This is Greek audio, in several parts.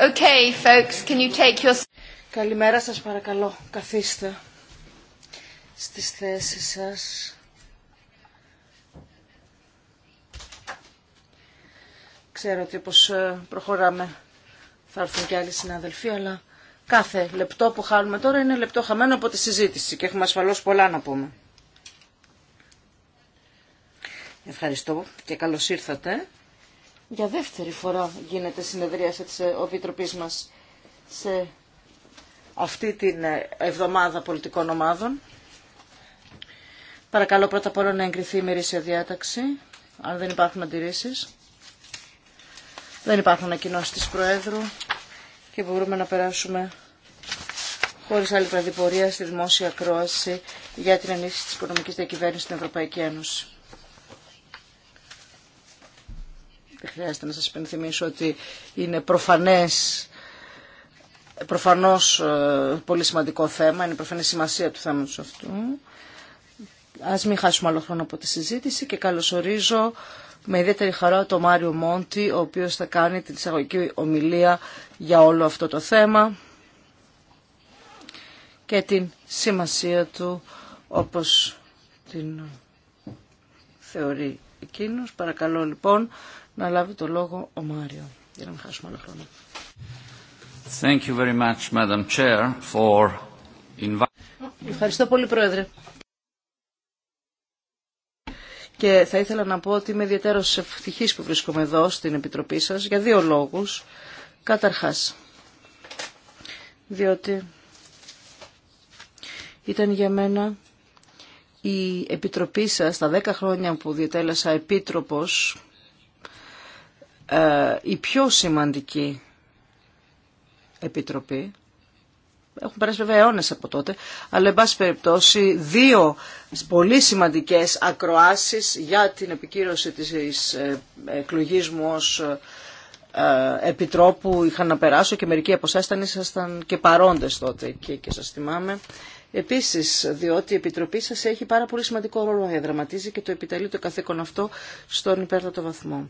Okay, folks, can you take your... Καλημέρα σας παρακαλώ. Καθίστε στις θέσεις σας. Ξέρω ότι όπως ε, προχωράμε θα έρθουν και άλλοι συναδελφοί, αλλά κάθε λεπτό που χάνουμε τώρα είναι λεπτό χαμένο από τη συζήτηση και έχουμε ασφαλώς πολλά να πούμε. Ευχαριστώ και καλώς ήρθατε. Για δεύτερη φορά γίνεται συνεδρίαση της ε, Επιτροπής μας σε αυτή την ε, εβδομάδα πολιτικών ομάδων. Παρακαλώ πρώτα απ' όλα να εγκριθεί η μυρίσια διάταξη, αν δεν υπάρχουν αντιρρήσεις. Δεν υπάρχουν ανακοινώσει της Προέδρου και μπορούμε να περάσουμε χωρίς άλλη πραδιπορία στη δημόσια ακρόαση για την ενίσχυση της οικονομικής διακυβέρνησης στην Ευρωπαϊκή Ένωση. χρειάζεται να σας υπενθυμίσω ότι είναι προφανές προφανώς ε, πολύ σημαντικό θέμα, είναι προφανή σημασία του θέματος αυτού. Ας μην χάσουμε άλλο χρόνο από τη συζήτηση και καλωσορίζω με ιδιαίτερη χαρά τον Μάριο Μόντι, ο οποίος θα κάνει την εισαγωγική ομιλία για όλο αυτό το θέμα και την σημασία του όπως την θεωρεί εκείνος. Παρακαλώ λοιπόν να λάβει το λόγο ο Μάριο, για να μην χάσουμε άλλο χρόνο. Thank you very much, Madam Chair, for... Ευχαριστώ πολύ, Πρόεδρε. Και θα ήθελα να πω ότι είμαι ιδιαίτερο ευτυχή που βρίσκομαι εδώ στην Επιτροπή σα, για δύο λόγου καταρχά. διότι ήταν για μένα η Επιτροπή σας τα δέκα χρόνια που διετέλεσα Επίτροπος ε, η πιο σημαντική επιτροπή, έχουν περάσει βέβαια αιώνες από τότε, αλλά εν πάση περιπτώσει δύο πολύ σημαντικές ακροάσεις για την επικύρωση της ε, εκλογής μου ως ε, επιτρόπου είχαν να περάσω και μερικοί από εσάς ήσασταν και παρόντες τότε και και σας θυμάμαι. Επίσης, διότι η Επιτροπή σας έχει πάρα πολύ σημαντικό ρόλο, Δραματίζει και το επιτελεί το καθήκον αυτό στον υπέρτατο βαθμό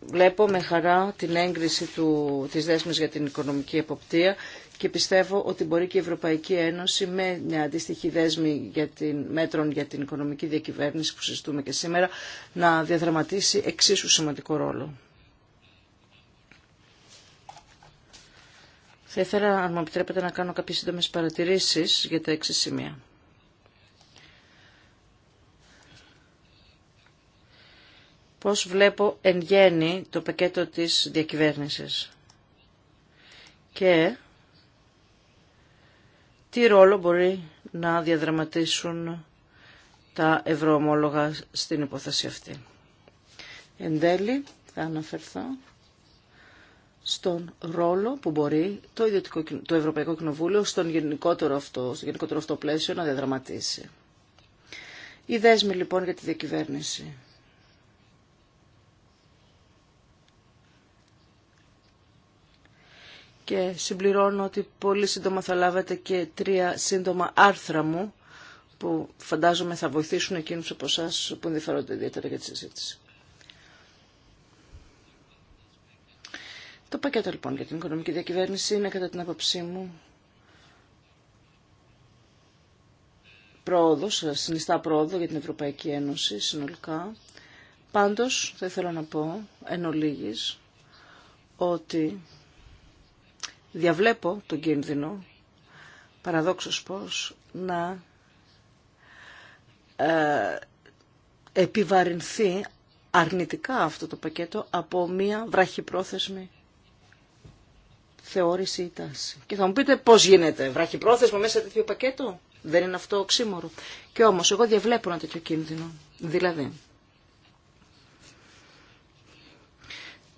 βλέπω με χαρά την έγκριση του, της δέσμης για την οικονομική εποπτεία και πιστεύω ότι μπορεί και η Ευρωπαϊκή Ένωση με μια αντίστοιχη δέσμη για την, μέτρων για την οικονομική διακυβέρνηση που συζητούμε και σήμερα να διαδραματίσει εξίσου σημαντικό ρόλο. Θα ήθελα, αν μου επιτρέπετε, να κάνω κάποιες σύντομες παρατηρήσεις για τα έξι σημεία. πώς βλέπω εν γέννη το πακέτο της διακυβέρνησης και τι ρόλο μπορεί να διαδραματίσουν τα ευρωομόλογα στην υπόθεση αυτή. Εν τέλει θα αναφερθώ στον ρόλο που μπορεί το, το Ευρωπαϊκό Κοινοβούλιο στον γενικότερο αυτό, στο γενικότερο αυτό πλαίσιο να διαδραματίσει. Οι δέσμοι, λοιπόν για τη διακυβέρνηση και συμπληρώνω ότι πολύ σύντομα θα λάβετε και τρία σύντομα άρθρα μου που φαντάζομαι θα βοηθήσουν εκείνους από εσά που ενδιαφέρονται ιδιαίτερα για τη συζήτηση. Το πακέτο λοιπόν για την οικονομική διακυβέρνηση είναι κατά την άποψή μου πρόοδο, ε, συνιστά πρόοδο για την Ευρωπαϊκή Ένωση συνολικά. Πάντως θα ήθελα να πω εν ολίγης, ότι διαβλέπω τον κίνδυνο, παραδόξως πως, να ε, επιβαρυνθεί αρνητικά αυτό το πακέτο από μία βραχυπρόθεσμη θεώρηση ή τάση. Και θα μου πείτε πώς γίνεται, βραχυπρόθεσμο μέσα σε τέτοιο πακέτο, δεν είναι αυτό οξύμορο. Και όμως εγώ διαβλέπω ένα τέτοιο κίνδυνο, δηλαδή...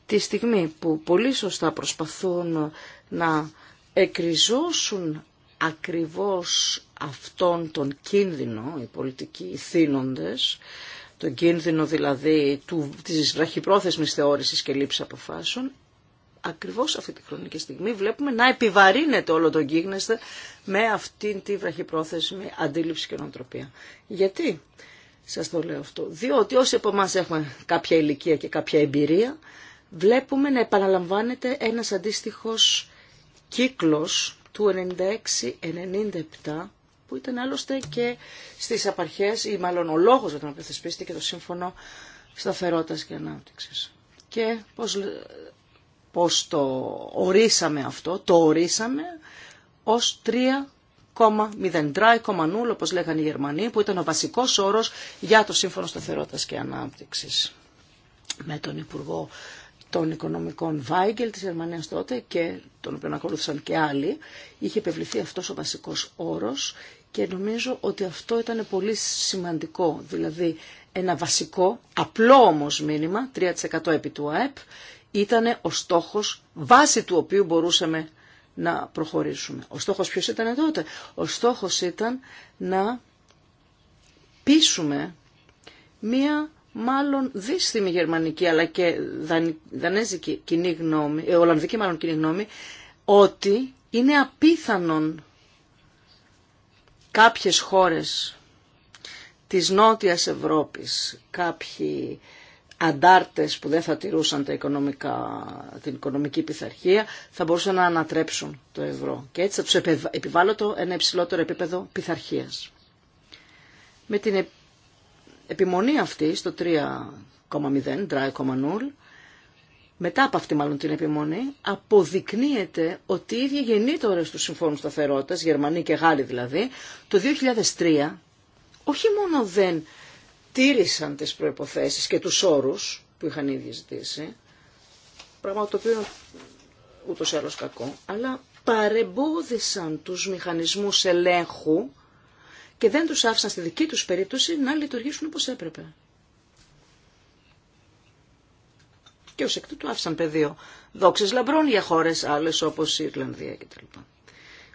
Τη στιγμή που πολύ σωστά προσπαθούν να εκριζώσουν ακριβώς αυτόν τον κίνδυνο, οι πολιτικοί θύνοντες, τον κίνδυνο δηλαδή του, της βραχυπρόθεσμης θεώρησης και λήψη αποφάσεων, ακριβώς αυτή τη χρονική στιγμή βλέπουμε να επιβαρύνεται όλο το γίγνεσθε με αυτήν τη βραχυπρόθεσμη αντίληψη και νοοτροπία. Γιατί σας το λέω αυτό. Διότι όσοι από εμά έχουμε κάποια ηλικία και κάποια εμπειρία, βλέπουμε να επαναλαμβάνεται ένας αντίστοιχος κύκλος του 96-97 που ήταν άλλωστε και στις απαρχές ή μάλλον ο λόγος για τον οποίο θεσπίστηκε το Σύμφωνο Σταθερότητας και Ανάπτυξης. Και πώς, πώς το ορίσαμε αυτό, το ορίσαμε ως 3,03,0 όπως λέγανε οι Γερμανοί που ήταν ο βασικός όρος για το Σύμφωνο Σταθερότητας και Ανάπτυξης με τον Υπουργό των οικονομικών Βάγκελ της Γερμανίας τότε και τον οποίο ακολούθησαν και άλλοι, είχε επιβληθεί αυτός ο βασικός όρος και νομίζω ότι αυτό ήταν πολύ σημαντικό, δηλαδή ένα βασικό, απλό όμως μήνυμα, 3% επί του ΑΕΠ, ήταν ο στόχος βάση του οποίου μπορούσαμε να προχωρήσουμε. Ο στόχος ποιος ήταν τότε. Ο στόχος ήταν να πείσουμε μία μάλλον δύστημη γερμανική αλλά και δανέζικη κοινή γνώμη, ε, ολλανδική μάλλον κοινή γνώμη, ότι είναι απίθανον κάποιες χώρες της Νότιας Ευρώπης, κάποιοι αντάρτες που δεν θα τηρούσαν τα οικονομικά, την οικονομική πειθαρχία θα μπορούσαν να ανατρέψουν το ευρώ και έτσι θα τους επιβάλλω το ένα υψηλότερο επίπεδο πειθαρχίας Με την επιμονή αυτή στο 3,0, μετά από αυτή μάλλον την επιμονή, αποδεικνύεται ότι οι ίδιοι γεννήτωρες του Συμφώνου Σταθερότητας, Γερμανοί και Γάλλοι δηλαδή, το 2003 όχι μόνο δεν τήρησαν τις προϋποθέσεις και τους όρους που είχαν ήδη ζητήσει, πράγμα το οποίο κακό, αλλά παρεμπόδισαν τους μηχανισμούς ελέγχου και δεν τους άφησαν στη δική τους περίπτωση να λειτουργήσουν όπως έπρεπε. Και ως εκ τούτου άφησαν πεδίο δόξες λαμπρών για χώρες άλλες όπως η Ιρλανδία κτλ.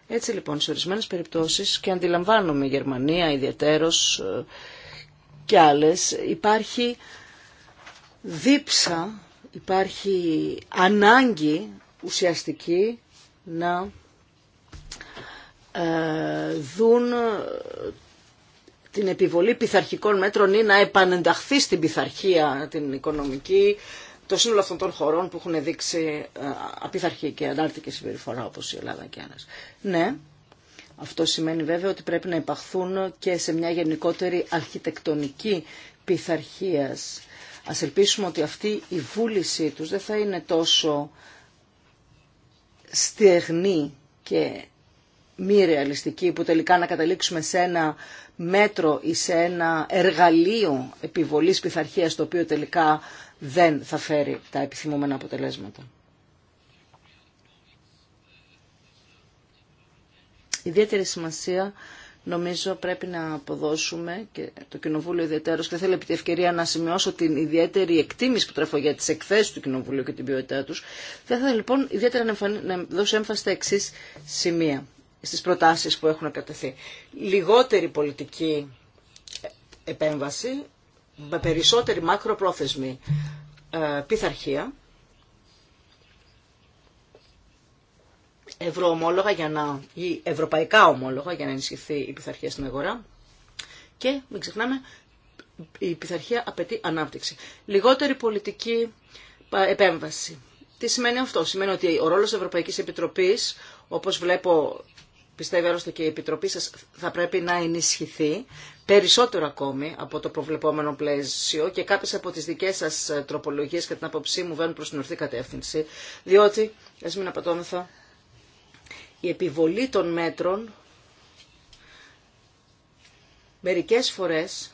Έτσι λοιπόν σε ορισμένε περιπτώσεις και αντιλαμβάνομαι η Γερμανία ιδιαίτερος ε, και άλλες υπάρχει δίψα, υπάρχει ανάγκη ουσιαστική να ε, δουν την επιβολή πειθαρχικών μέτρων ή να επανενταχθεί στην πειθαρχία την οικονομική το σύνολο αυτών των χωρών που έχουν δείξει ε, απειθαρχή και ανάρτικη συμπεριφορά όπως η Ελλάδα και άλλες. Ναι, αυτό σημαίνει βέβαια ότι πρέπει να επανενταχθει στην πειθαρχια την οικονομικη το συνολο αυτων των χωρων που εχουν δειξει απειθαρχη και αναρτητη συμπεριφορα οπως η ελλαδα και αλλες ναι αυτο σημαινει βεβαια οτι πρεπει να υπαχθουν και σε μια γενικότερη αρχιτεκτονική πειθαρχία. Ας ελπίσουμε ότι αυτή η βούλησή τους δεν θα είναι τόσο στεγνή και μη ρεαλιστική που τελικά να καταλήξουμε σε ένα μέτρο ή σε ένα εργαλείο επιβολής πειθαρχία το οποίο τελικά δεν θα φέρει τα επιθυμούμενα αποτελέσματα. Ιδιαίτερη σημασία νομίζω πρέπει να αποδώσουμε και το Κοινοβούλιο ιδιαίτερο και θέλω επί τη ευκαιρία να σημειώσω την ιδιαίτερη εκτίμηση που τρέφω για τις εκθέσεις του Κοινοβουλίου και την ποιότητά τους. Θα ήθελα λοιπόν ιδιαίτερα να δώσω έμφαση στα εξή σημεία στις προτάσεις που έχουν κατεθεί. Λιγότερη πολιτική επέμβαση, με περισσότερη μακροπρόθεσμη ε, πειθαρχία, ευρωομόλογα για να, ή ευρωπαϊκά ομόλογα για να ενισχυθεί η πειθαρχία στην αγορά και μην ξεχνάμε η πειθαρχία απαιτεί ανάπτυξη. Λιγότερη πολιτική ε, επέμβαση. Τι σημαίνει αυτό. Σημαίνει ότι ο ρόλος της Ευρωπαϊκής Επιτροπής, όπως βλέπω πιστεύει άλλωστε και η Επιτροπή σας, θα πρέπει να ενισχυθεί περισσότερο ακόμη από το προβλεπόμενο πλαίσιο και κάποιες από τις δικές σας τροπολογίες και την άποψή μου βαίνουν προς την ορθή κατεύθυνση, διότι, ας μην απατώμεθα, η επιβολή των μέτρων μερικές φορές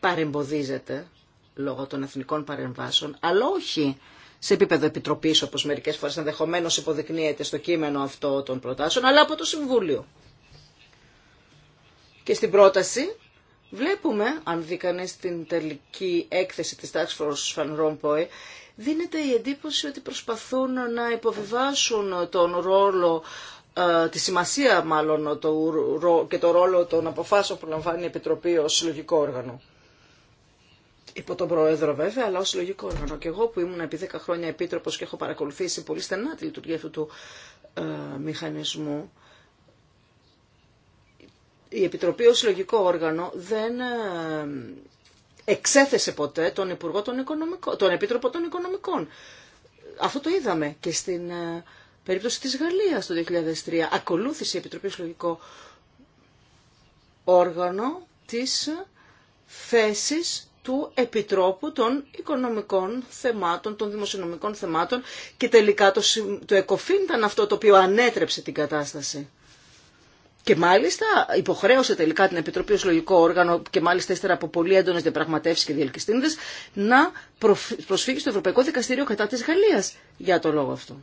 παρεμποδίζεται λόγω των εθνικών παρεμβάσεων, αλλά όχι σε επίπεδο επιτροπής όπως μερικέ φορές ενδεχομένω υποδεικνύεται στο κείμενο αυτό των προτάσεων, αλλά από το Συμβούλιο. Και στην πρόταση βλέπουμε, αν δει κανεί την τελική έκθεση της Tax Force Van δίνεται η εντύπωση ότι προσπαθούν να υποβιβάσουν τον ρόλο ε, τη σημασία μάλλον το, και το ρόλο των αποφάσεων που λαμβάνει η Επιτροπή ως συλλογικό όργανο υπό τον Πρόεδρο βέβαια, αλλά ως συλλογικό όργανο. Και εγώ που ήμουν επί 10 χρόνια επίτροπος και έχω παρακολουθήσει πολύ στενά τη λειτουργία αυτού του ε, μηχανισμού, η Επιτροπή ως συλλογικό όργανο δεν ε, εξέθεσε ποτέ τον, Υπουργό των Οικονομικών, τον Επίτροπο των Οικονομικών. Αυτό το είδαμε και στην ε, περίπτωση της Γαλλίας το 2003. Ακολούθησε η Επιτροπή ως συλλογικό όργανο της ε, θέσης του Επιτρόπου των Οικονομικών Θεμάτων, των Δημοσιονομικών Θεμάτων και τελικά το, το ΕΚΟΦΗΝ ήταν αυτό το οποίο ανέτρεψε την κατάσταση. Και μάλιστα υποχρέωσε τελικά την Επιτροπή ως λογικό όργανο και μάλιστα ύστερα από πολύ έντονες διαπραγματεύσεις και διελκυστίνδες να προσφύγει στο Ευρωπαϊκό Δικαστήριο κατά της Γαλλίας για το λόγο αυτό.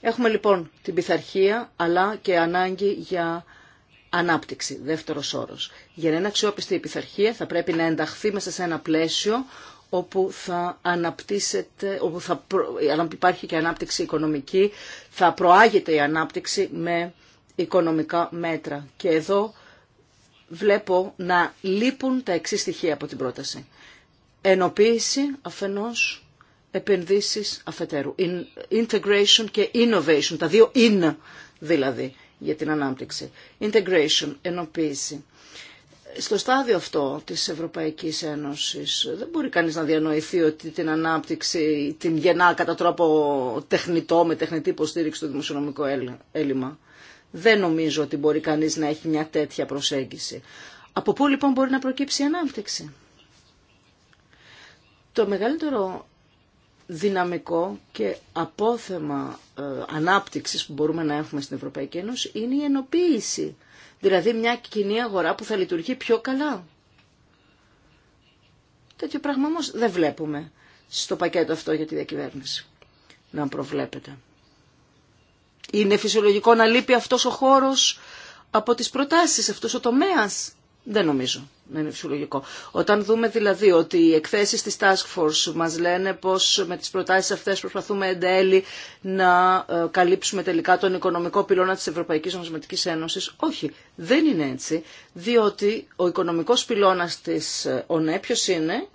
Έχουμε λοιπόν την πειθαρχία αλλά και ανάγκη για ανάπτυξη, δεύτερος όρος. Για να είναι αξιόπιστη η πειθαρχία θα πρέπει να ενταχθεί μέσα σε ένα πλαίσιο όπου θα αναπτύσσεται, όπου θα υπάρχει και ανάπτυξη οικονομική, θα προάγεται η ανάπτυξη με οικονομικά μέτρα. Και εδώ βλέπω να λείπουν τα εξή στοιχεία από την πρόταση. Ενοποίηση αφενός, επενδύσεις αφετέρου. integration και innovation, τα δύο in δηλαδή για την ανάπτυξη. Integration, ενοποίηση. Στο στάδιο αυτό της Ευρωπαϊκής Ένωσης δεν μπορεί κανείς να διανοηθεί ότι την ανάπτυξη την γεννά κατά τρόπο τεχνητό, με τεχνητή υποστήριξη του δημοσιονομικό έλλειμμα. Δεν νομίζω ότι μπορεί κανείς να έχει μια τέτοια προσέγγιση. Από πού λοιπόν μπορεί να προκύψει η ανάπτυξη. Το μεγαλύτερο δυναμικό και απόθεμα ε, ανάπτυξης που μπορούμε να έχουμε στην Ευρωπαϊκή Ένωση είναι η ενοποίηση. Δηλαδή μια κοινή αγορά που θα λειτουργεί πιο καλά. Τέτοιο πράγμα όμως δεν βλέπουμε στο πακέτο αυτό για τη διακυβέρνηση να προβλέπετε. Είναι φυσιολογικό να λείπει αυτός ο χώρος από τις προτάσεις, αυτός ο τομέας. Δεν νομίζω να είναι φυσιολογικό. Όταν δούμε δηλαδή ότι οι εκθέσεις της Task Force μας λένε πως με τις προτάσεις αυτές προσπαθούμε εν τέλει να ε, καλύψουμε τελικά τον οικονομικό πυλώνα της Ευρωπαϊκής Νομισματικής Ένωσης. Όχι, δεν είναι έτσι, διότι ο οικονομικός πυλώνας της ε, ΟΝΕ ποιος είναι,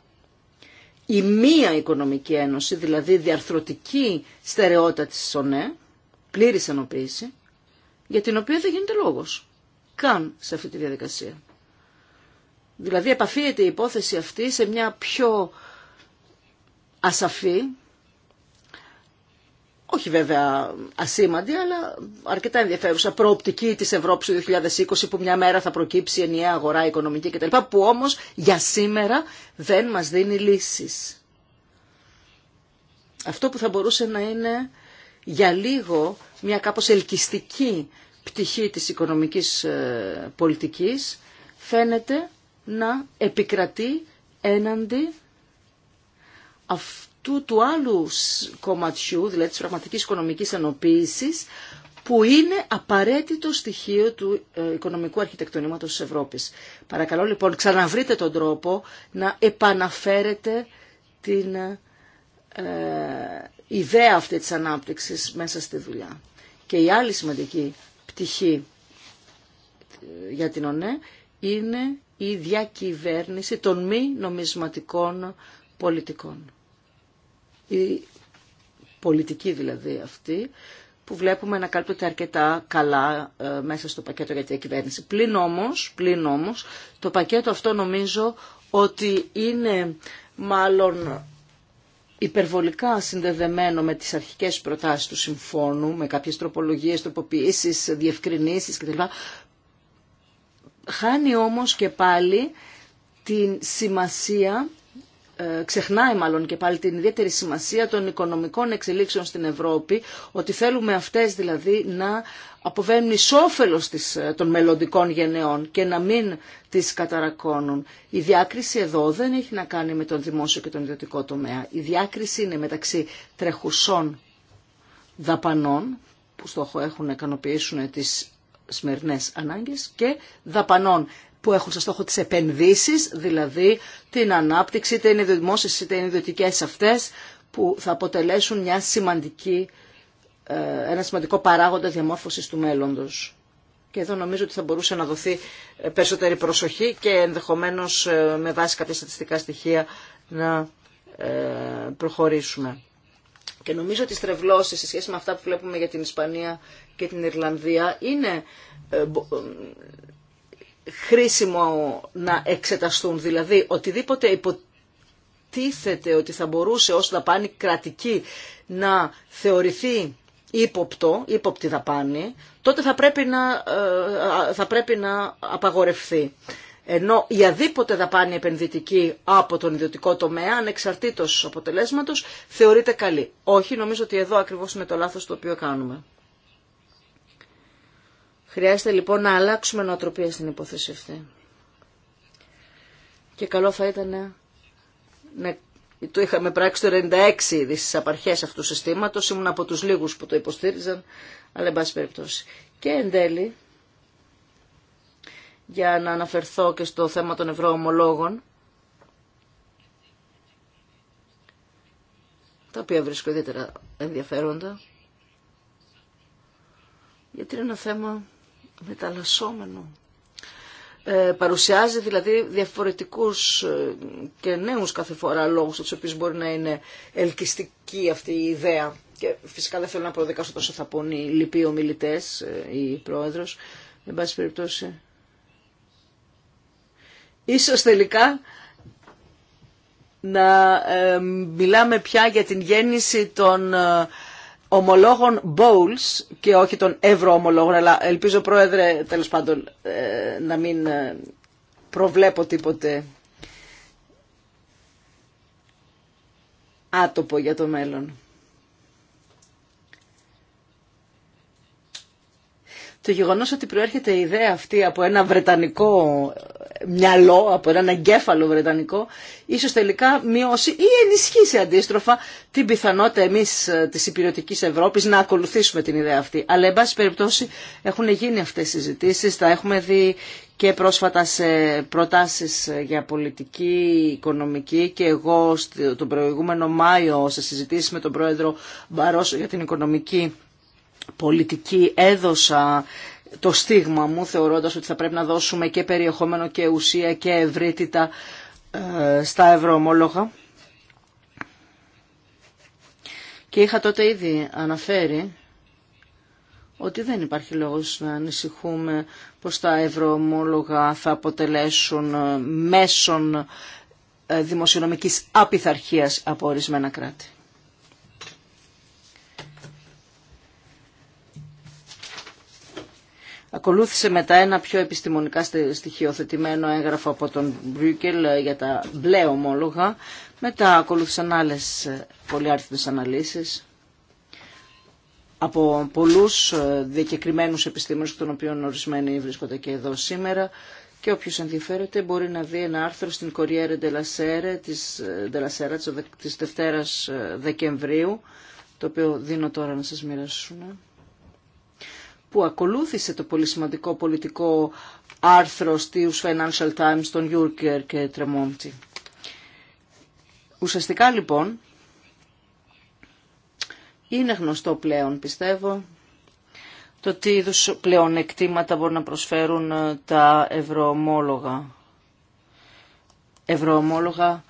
η μία οικονομική ένωση, δηλαδή διαρθρωτική στερεότητα της ΟΝΕ, πλήρης ενοποίηση, για την οποία δεν γίνεται λόγος καν σε αυτή τη διαδικασία. Δηλαδή επαφίεται η υπόθεση αυτή σε μια πιο ασαφή, όχι βέβαια ασήμαντη, αλλά αρκετά ενδιαφέρουσα προοπτική της Ευρώπης του 2020 που μια μέρα θα προκύψει ενιαία αγορά οικονομική κτλ. που όμως για σήμερα δεν μας δίνει λύσεις. Αυτό που θα μπορούσε να είναι για λίγο μια κάπως ελκυστική πτυχή της οικονομικής ε, πολιτικής φαίνεται να επικρατεί έναντι αυτού του άλλου κομματιού, δηλαδή της πραγματικής οικονομικής ενοποίησης, που είναι απαραίτητο στοιχείο του ε, οικονομικού αρχιτεκτονήματος της Ευρώπης. Παρακαλώ λοιπόν ξαναβρείτε τον τρόπο να επαναφέρετε την ε, ε, ιδέα αυτή της ανάπτυξης μέσα στη δουλειά. Και η άλλη σημαντική πτυχή για την ΟΝΕ είναι η διακυβέρνηση των μη νομισματικών πολιτικών. Η πολιτική δηλαδή αυτή που βλέπουμε να καλύπτεται αρκετά καλά ε, μέσα στο πακέτο για τη διακυβέρνηση. Πλην όμως, πλην όμως, το πακέτο αυτό νομίζω ότι είναι μάλλον υπερβολικά συνδεδεμένο με τις αρχικές προτάσεις του συμφώνου, με κάποιες τροπολογίες, τροποποιήσεις, διευκρινήσεις κτλ. Χάνει όμως και πάλι την σημασία, ε, ξεχνάει μάλλον και πάλι την ιδιαίτερη σημασία των οικονομικών εξελίξεων στην Ευρώπη, ότι θέλουμε αυτές δηλαδή να αποβαίνουν εις όφελος της, ε, των μελλοντικών γενεών και να μην τις καταρακώνουν. Η διάκριση εδώ δεν έχει να κάνει με τον δημόσιο και τον ιδιωτικό τομέα. Η διάκριση είναι μεταξύ τρεχουσών δαπανών, που στόχο έχουν να ικανοποιήσουν τις Σημερινέ ανάγκε και δαπανών που έχουν σε στόχο τις επενδύσεις, δηλαδή την ανάπτυξη, είτε είναι δημόσιες είτε είναι ιδιωτικές αυτές, που θα αποτελέσουν μια σημαντική, ε, ένα σημαντικό παράγοντα διαμόρφωσης του μέλλοντος. Και εδώ νομίζω ότι θα μπορούσε να δοθεί ε, περισσότερη προσοχή και ενδεχομένως ε, με βάση κάποια στατιστικά στοιχεία να προχωρήσουμε. Και νομίζω ότι οι στρεβλώσεις σε σχέση με αυτά που βλέπουμε για την Ισπανία και την Ιρλανδία είναι ε, ε, χρήσιμο να εξεταστούν. Δηλαδή, οτιδήποτε υποτίθεται ότι θα μπορούσε ως δαπάνη κρατική να θεωρηθεί ύποπτο, ύποπτη δαπάνη, τότε θα πρέπει να, ε, θα πρέπει να απαγορευθεί ενώ η αδίποτε δαπάνη επενδυτική από τον ιδιωτικό τομέα, ανεξαρτήτως αποτελέσματος, θεωρείται καλή. Όχι, νομίζω ότι εδώ ακριβώς είναι το λάθος το οποίο κάνουμε. Χρειάζεται λοιπόν να αλλάξουμε νοοτροπία στην υπόθεση αυτή. Και καλό θα ήταν να... Το είχαμε πράξει το 96 ήδη στις απαρχές αυτού του συστήματος, ήμουν από τους λίγους που το υποστήριζαν, αλλά εν πάση περιπτώσει. Και εν τέλει, για να αναφερθώ και στο θέμα των ευρωομολόγων, τα οποία βρίσκω ιδιαίτερα ενδιαφέροντα, γιατί είναι ένα θέμα μεταλλασσόμενο. Ε, παρουσιάζει δηλαδή διαφορετικούς ε, και νέους κάθε φορά λόγους, τους οποίους μπορεί να είναι ελκυστική αυτή η ιδέα. Και φυσικά δεν θέλω να προδικάσω τόσο θα πούν οι λοιποί ομιλητές, η ε, πρόεδρος. Εν πάση περιπτώσει, Ίσως τελικά να ε, μιλάμε πια για την γέννηση των ε, ομολόγων Bowles και όχι των ευρωομολόγων, αλλά ελπίζω πρόεδρε τέλος πάντων ε, να μην προβλέπω τίποτε άτοπο για το μέλλον. το γεγονός ότι προέρχεται η ιδέα αυτή από ένα βρετανικό μυαλό, από έναν εγκέφαλο βρετανικό, ίσως τελικά μειώσει ή ενισχύσει αντίστροφα την πιθανότητα εμείς ε, της υπηρετικής Ευρώπης να ακολουθήσουμε την ιδέα αυτή. Αλλά, εν πάση περιπτώσει, έχουν γίνει αυτές οι συζητήσεις, τα έχουμε δει και πρόσφατα σε προτάσεις ε, για πολιτική, οικονομική και εγώ τον προηγούμενο Μάιο σε συζητήσεις με τον πρόεδρο Μπαρόσο για την οικονομική πολιτική έδωσα το στίγμα μου θεωρώντας ότι θα πρέπει να δώσουμε και περιεχόμενο και ουσία και ευρύτητα ε, στα ευρωομόλογα. Και είχα τότε ήδη αναφέρει ότι δεν υπάρχει λόγος να ανησυχούμε πως τα ευρωομόλογα θα αποτελέσουν ε, μέσον ε, δημοσιονομικής απειθαρχίας από ορισμένα κράτη. Ακολούθησε μετά ένα πιο επιστημονικά στοιχειοθετημένο έγγραφο από τον Μπρίκελ για τα μπλε ομόλογα. Μετά ακολούθησαν άλλες ε, πολυάριθμες αναλύσεις από πολλούς ε, διακεκριμένους επιστήμονες, των οποίων ορισμένοι βρίσκονται και εδώ σήμερα. Και όποιος ενδιαφέρεται μπορεί να δει ένα άρθρο στην Κοριέρε Ντελασέρα της, ε, της Δευτέρας Δεκεμβρίου, το οποίο δίνω τώρα να σας μοιραστούμε που ακολούθησε το πολύ σημαντικό πολιτικό άρθρο στους Financial Times των Γιούρκερ και Τρεμόντι. Ουσιαστικά λοιπόν είναι γνωστό πλέον πιστεύω το τι είδου πλέον εκτήματα μπορούν να προσφέρουν ε, τα ευρωομόλογα. Ευρωομόλογα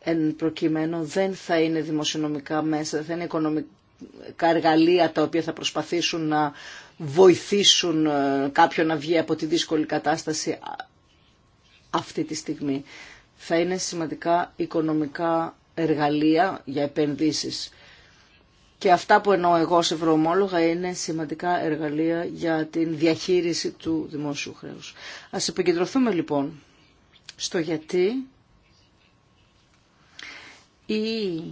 εν προκειμένου δεν θα είναι δημοσιονομικά μέσα, δεν θα είναι οικονομικά εργαλεία τα οποία θα προσπαθήσουν να βοηθήσουν ε, κάποιον να βγει από τη δύσκολη κατάσταση αυτή τη στιγμή. Θα είναι σημαντικά οικονομικά εργαλεία για επενδύσεις. Και αυτά που εννοώ εγώ σε ευρωομόλογα είναι σημαντικά εργαλεία για την διαχείριση του δημόσιου χρέους. Ας επικεντρωθούμε λοιπόν στο γιατί η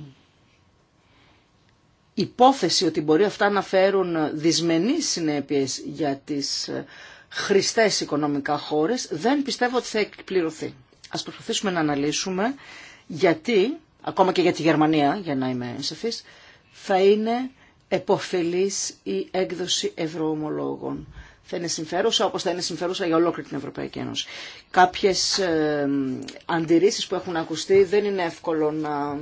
υπόθεση ότι μπορεί αυτά να φέρουν δυσμενείς συνέπειες για τις ε, χρηστές οικονομικά χώρες, δεν πιστεύω ότι θα εκπληρωθεί. Ας προσπαθήσουμε να αναλύσουμε γιατί, ακόμα και για τη Γερμανία, για να είμαι σαφής, θα είναι εποφελής η έκδοση ευρωομολόγων. Θα είναι συμφέρουσα όπως θα είναι συμφέρουσα για ολόκληρη την Ευρωπαϊκή Ένωση. Κάποιες ε, αντιρρήσεις που έχουν ακουστεί δεν είναι εύκολο να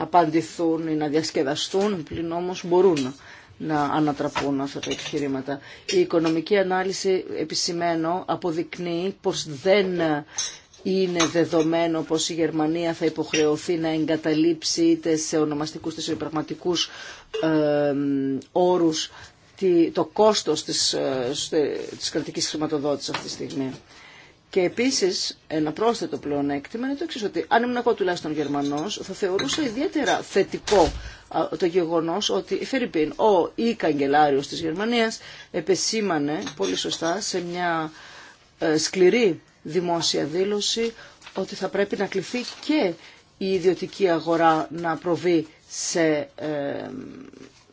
απαντηθούν ή να διασκεδαστούν, πλην όμως μπορούν να ανατραπούν αυτά τα επιχειρήματα. Η οικονομική ανάλυση, επισημένω, αποδεικνύει πως δεν είναι δεδομένο πως η Γερμανία θα υποχρεωθεί να εγκαταλείψει είτε σε ονομαστικούς είτε σε πραγματικούς το κόστος της, ε, της κρατικής χρηματοδότησης αυτή τη στιγμή. Και επίση, ένα πρόσθετο πλεονέκτημα είναι το εξή, ότι αν ήμουν εγώ τουλάχιστον Γερμανό, θα θεωρούσα ιδιαίτερα θετικό το γεγονό ότι η Φερρυπίν, ο ή καγκελάριο τη Γερμανία, επεσήμανε πολύ σωστά σε μια ε, σκληρή δημόσια δήλωση ότι θα πρέπει να κληθεί και η ιδιωτική αγορά να προβεί σε ε,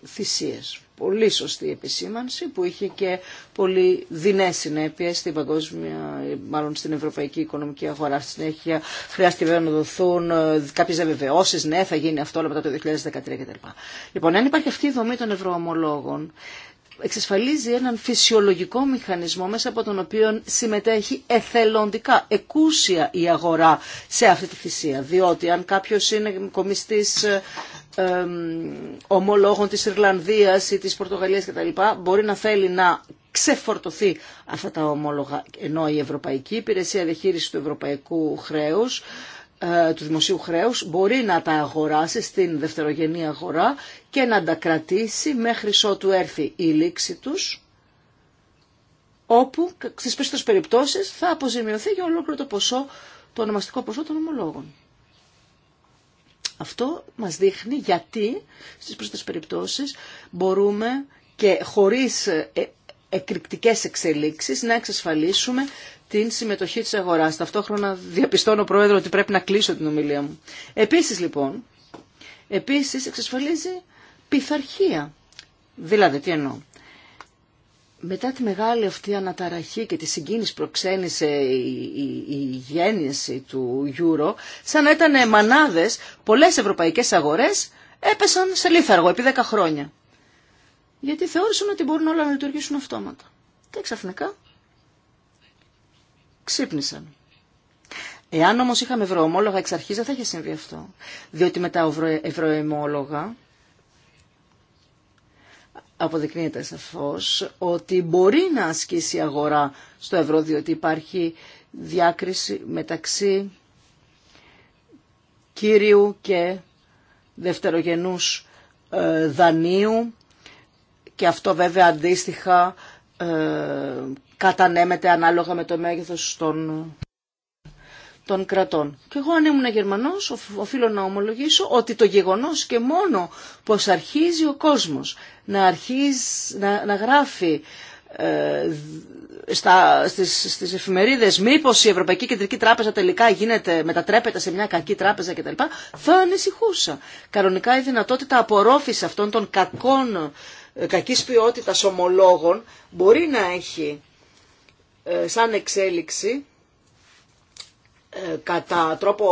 θυσίες. Πολύ σωστή επισήμανση που είχε και πολύ δεινές συνέπειε στην παγκόσμια, μάλλον στην ευρωπαϊκή οικονομική αγορά. Στη συνέχεια χρειάστηκε να δοθούν ε, κάποιε διαβεβαιώσεις, ναι, θα γίνει αυτό όλα μετά το 2013 κτλ. Λοιπόν, αν υπάρχει αυτή η δομή των ευρωομολόγων, εξασφαλίζει έναν φυσιολογικό μηχανισμό μέσα από τον οποίο συμμετέχει εθελοντικά, εκούσια η αγορά σε αυτή τη θυσία. Διότι αν κάποιος είναι κομιστής ε, ομολόγων της Ιρλανδίας ή της Πορτογαλίας κτλ. μπορεί να θέλει να ξεφορτωθεί αυτά τα ομόλογα, ενώ η Ευρωπαϊκή Υπηρεσία Διαχείρισης του Ευρωπαϊκού Χρέους ε, του δημοσίου χρέους μπορεί να τα αγοράσει στην δευτερογενή αγορά και να τα κρατήσει μέχρι ότου έρθει η λήξη τους όπου στις περισσότερες περιπτώσεις θα αποζημιωθεί για ολόκληρο το ποσό το ονομαστικό ποσό των ομολόγων. Αυτό μας δείχνει γιατί στις πρώτες περιπτώσεις μπορούμε και χωρίς ε, ε, εκρηκτικές εξελίξεις να εξασφαλίσουμε την συμμετοχή της αγοράς. Ταυτόχρονα διαπιστώνω, Πρόεδρο, ότι πρέπει να κλείσω την ομιλία μου. Επίσης, λοιπόν, επίσης εξασφαλίζει πειθαρχία. Δηλαδή, τι εννοώ. Μετά τη μεγάλη αυτή αναταραχή και τη συγκίνηση που προξένησε η, η, γέννηση του Euro, σαν να ήταν μανάδες, πολλές ευρωπαϊκές αγορές έπεσαν σε λίθαργο επί 10 χρόνια. Γιατί θεώρησαν ότι μπορούν όλα να λειτουργήσουν αυτόματα. Και ξαφνικά ξύπνησαν. Εάν όμως είχαμε ευρωομόλογα εξ αρχής δεν θα είχε συμβεί αυτό. Διότι με τα ευρωομόλογα αποδεικνύεται σαφώς ότι μπορεί να ασκήσει η αγορά στο ευρώ διότι υπάρχει διάκριση μεταξύ κύριου και δευτερογενούς ε, δανείου και αυτό βέβαια αντίστοιχα ε, κατανέμεται ανάλογα με το μέγεθος των των κρατών. Και εγώ αν ήμουν Γερμανός οφείλω να ομολογήσω ότι το γεγονός και μόνο πως αρχίζει ο κόσμος να, αρχίζει, να, γράφει ε, στα, στις, εφημερίδες μήπως η Ευρωπαϊκή Κεντρική Τράπεζα τελικά γίνεται, μετατρέπεται σε μια κακή τράπεζα κτλ. Θα ανησυχούσα. Κανονικά η δυνατότητα απορρόφηση αυτών των κακών, ε, κακής ποιότητας ομολόγων μπορεί να έχει ε, σαν εξέλιξη κατά τρόπο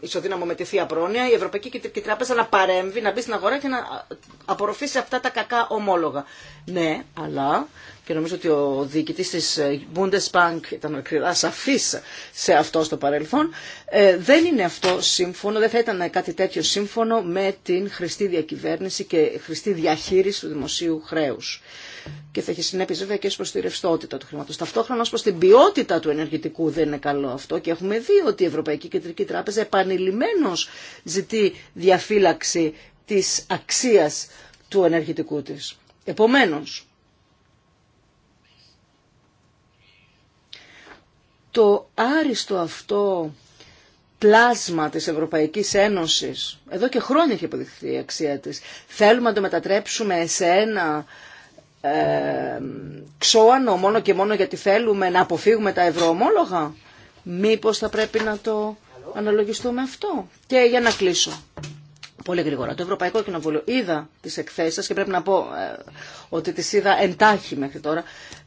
ισοδύναμο με τη θεία πρόνοια, η Ευρωπαϊκή Κεντρική Τράπεζα να παρέμβει, να μπει στην αγορά και να απορροφήσει αυτά τα κακά ομόλογα. Ναι, αλλά και νομίζω ότι ο διοικητής της Bundesbank ήταν ακριβά σαφής σε αυτό στο παρελθόν, ε, δεν είναι αυτό σύμφωνο, δεν θα ήταν κάτι τέτοιο σύμφωνο με την χρηστή διακυβέρνηση και χρηστή διαχείριση του δημοσίου χρέους και θα έχει συνέπειε βέβαια και προ τη ρευστότητα του χρήματο. Ταυτόχρονα προ την ποιότητα του ενεργητικού δεν είναι καλό αυτό και έχουμε δει ότι η Ευρωπαϊκή Κεντρική Τράπεζα επανειλημμένω ζητεί διαφύλαξη τη αξία του ενεργητικού τη. Επομένω, το άριστο αυτό πλάσμα της Ευρωπαϊκής Ένωσης, εδώ και χρόνια έχει αποδειχθεί η αξία της, θέλουμε να το μετατρέψουμε σε ένα ξόανο μόνο και μόνο γιατί θέλουμε να αποφύγουμε τα ευρωομόλογα. Μήπως θα πρέπει να το αναλογιστούμε αυτό. Και για να κλείσω. Πολύ γρήγορα. Το Ευρωπαϊκό Κοινοβούλιο είδα τις εκθέσεις και πρέπει να πω ε, ότι τις είδα εντάχει μέχρι τώρα.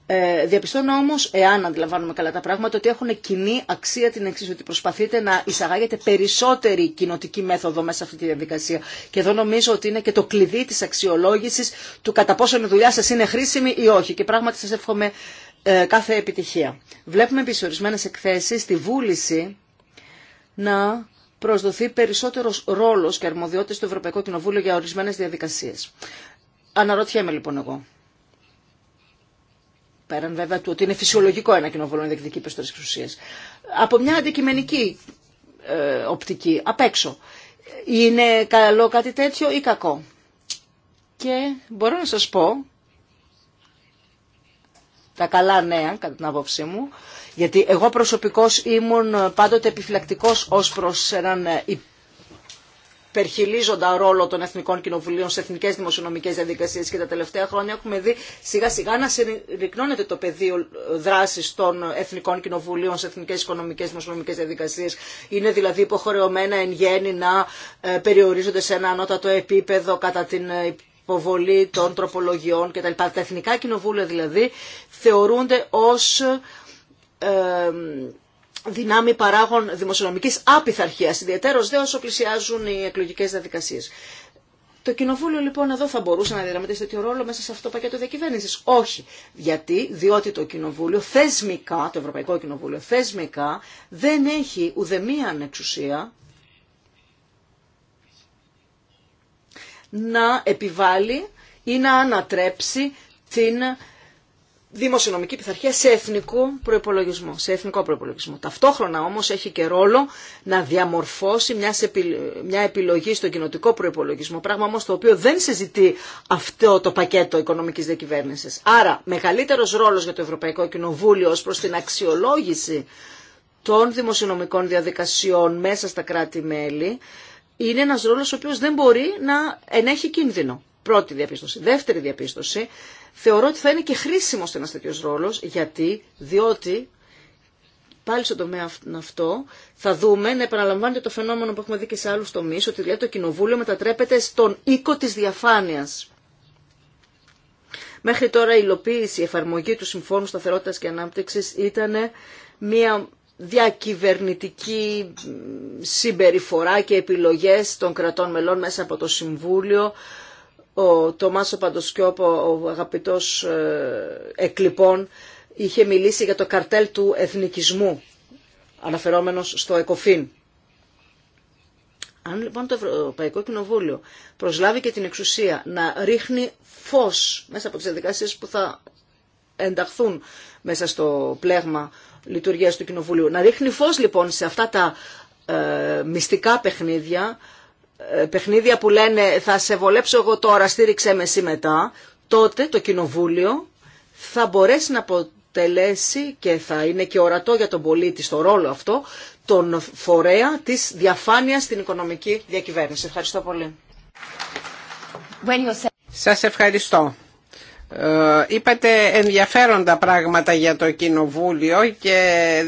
Ε, διαπιστώνω όμω, εάν αντιλαμβάνουμε καλά τα πράγματα, ότι έχουν κοινή αξία την εξή, ότι προσπαθείτε να εισαγάγετε περισσότερη κοινοτική μέθοδο μέσα σε αυτή τη διαδικασία. Και εδώ νομίζω ότι είναι και το κλειδί τη αξιολόγηση του κατά πόσο η δουλειά σα είναι χρήσιμη ή όχι. Και πράγματι σα εύχομαι ε, κάθε επιτυχία. Βλέπουμε επίση ορισμένε εκθέσει στη βούληση να προσδοθεί περισσότερο ρόλο και αρμοδιότητα στο Ευρωπαϊκό Κοινοβούλιο για ορισμένε διαδικασίε. Αναρωτιέμαι λοιπόν εγώ πέραν βέβαια του ότι είναι φυσιολογικό ένα κοινοβούλιο να διεκδικεί περισσότερε εξουσίε, από μια αντικειμενική ε, οπτική, απ' έξω. Είναι καλό κάτι τέτοιο ή κακό. Και μπορώ να σας πω τα καλά νέα, κατά την άποψή μου, γιατί εγώ προσωπικώς ήμουν πάντοτε επιφυλακτικός ως προς έναν υπερχιλίζοντα ρόλο των Εθνικών Κοινοβουλίων σε εθνικέ δημοσιονομικέ διαδικασίε και τα τελευταία χρόνια έχουμε δει σιγά σιγά να συρρυκνώνεται το πεδίο δράση των Εθνικών Κοινοβουλίων σε εθνικέ οικονομικέ δημοσιονομικέ διαδικασίε. Είναι δηλαδή υποχρεωμένα εν γέννη να ε, περιορίζονται σε ένα ανώτατο επίπεδο κατά την ε, υποβολή των τροπολογιών κτλ. Τα εθνικά κοινοβούλια δηλαδή θεωρούνται ω δυνάμει παράγων δημοσιονομικής απειθαρχίας, ιδιαίτερος δε όσο πλησιάζουν οι εκλογικές διαδικασίες. Το Κοινοβούλιο λοιπόν εδώ θα μπορούσε να διαδραματίσει τέτοιο ρόλο μέσα σε αυτό το πακέτο διακυβέρνηση. Όχι. Γιατί, διότι το Κοινοβούλιο θεσμικά, το Ευρωπαϊκό Κοινοβούλιο θεσμικά δεν έχει ουδεμία ανεξουσία να επιβάλλει ή να ανατρέψει την δημοσιονομική πειθαρχία σε εθνικό προπολογισμό. Σε εθνικό προπολογισμό. Ταυτόχρονα όμω, έχει και ρόλο να διαμορφώσει μια επιλογή στον κοινοτικό προπολογισμό, πράγμα όμω, το οποίο δεν συζητεί αυτό το πακέτο οικονομική διακυβέρνηση. Άρα μεγαλύτερο ρόλο για το Ευρωπαϊκό Κοινοβούλιο ω προ την αξιολόγηση των δημοσιονομικών διαδικασιών μέσα στα κράτη-μέλη είναι ένας ρόλος ο οποίος δεν μπορεί να ενέχει κίνδυνο. Πρώτη διαπίστωση. Δεύτερη διαπίστωση, θεωρώ ότι θα είναι και χρήσιμο σε ένα τέτοιο ρόλο, γιατί, διότι πάλι στον τομέα αυτό θα δούμε να επαναλαμβάνεται το φαινόμενο που έχουμε δει και σε άλλου τομεί, ότι δηλαδή το κοινοβούλιο μετατρέπεται στον οίκο τη διαφάνεια. Μέχρι τώρα η υλοποίηση, η εφαρμογή του Συμφώνου Σταθερότητα και Ανάπτυξη ήταν μια διακυβερνητική συμπεριφορά και επιλογές των κρατών μελών μέσα από το Συμβούλιο ο Τομάσο Παντοσκιόπο, ο αγαπητός ε, εκλυπών, είχε μιλήσει για το καρτέλ του εθνικισμού, αναφερόμενος στο ΕΚΟΦΗΝ. Αν λοιπόν το Ευρωπαϊκό Κοινοβούλιο προσλάβει και την εξουσία να ρίχνει φως μέσα από τις διαδικασίες που θα ενταχθούν μέσα στο πλέγμα λειτουργίας του Κοινοβουλίου, να ρίχνει φως λοιπόν σε αυτά τα ε, μυστικά παιχνίδια, ε, παιχνίδια που λένε θα σε βολέψω εγώ τώρα, στήριξέ με εσύ μετά, τότε το κοινοβούλιο θα μπορέσει να αποτελέσει και θα είναι και ορατό για τον πολίτη στο ρόλο αυτό, τον φορέα της διαφάνειας στην οικονομική διακυβέρνηση. Ευχαριστώ πολύ. Σας ευχαριστώ. Ε, είπατε ενδιαφέροντα πράγματα για το Κοινοβούλιο και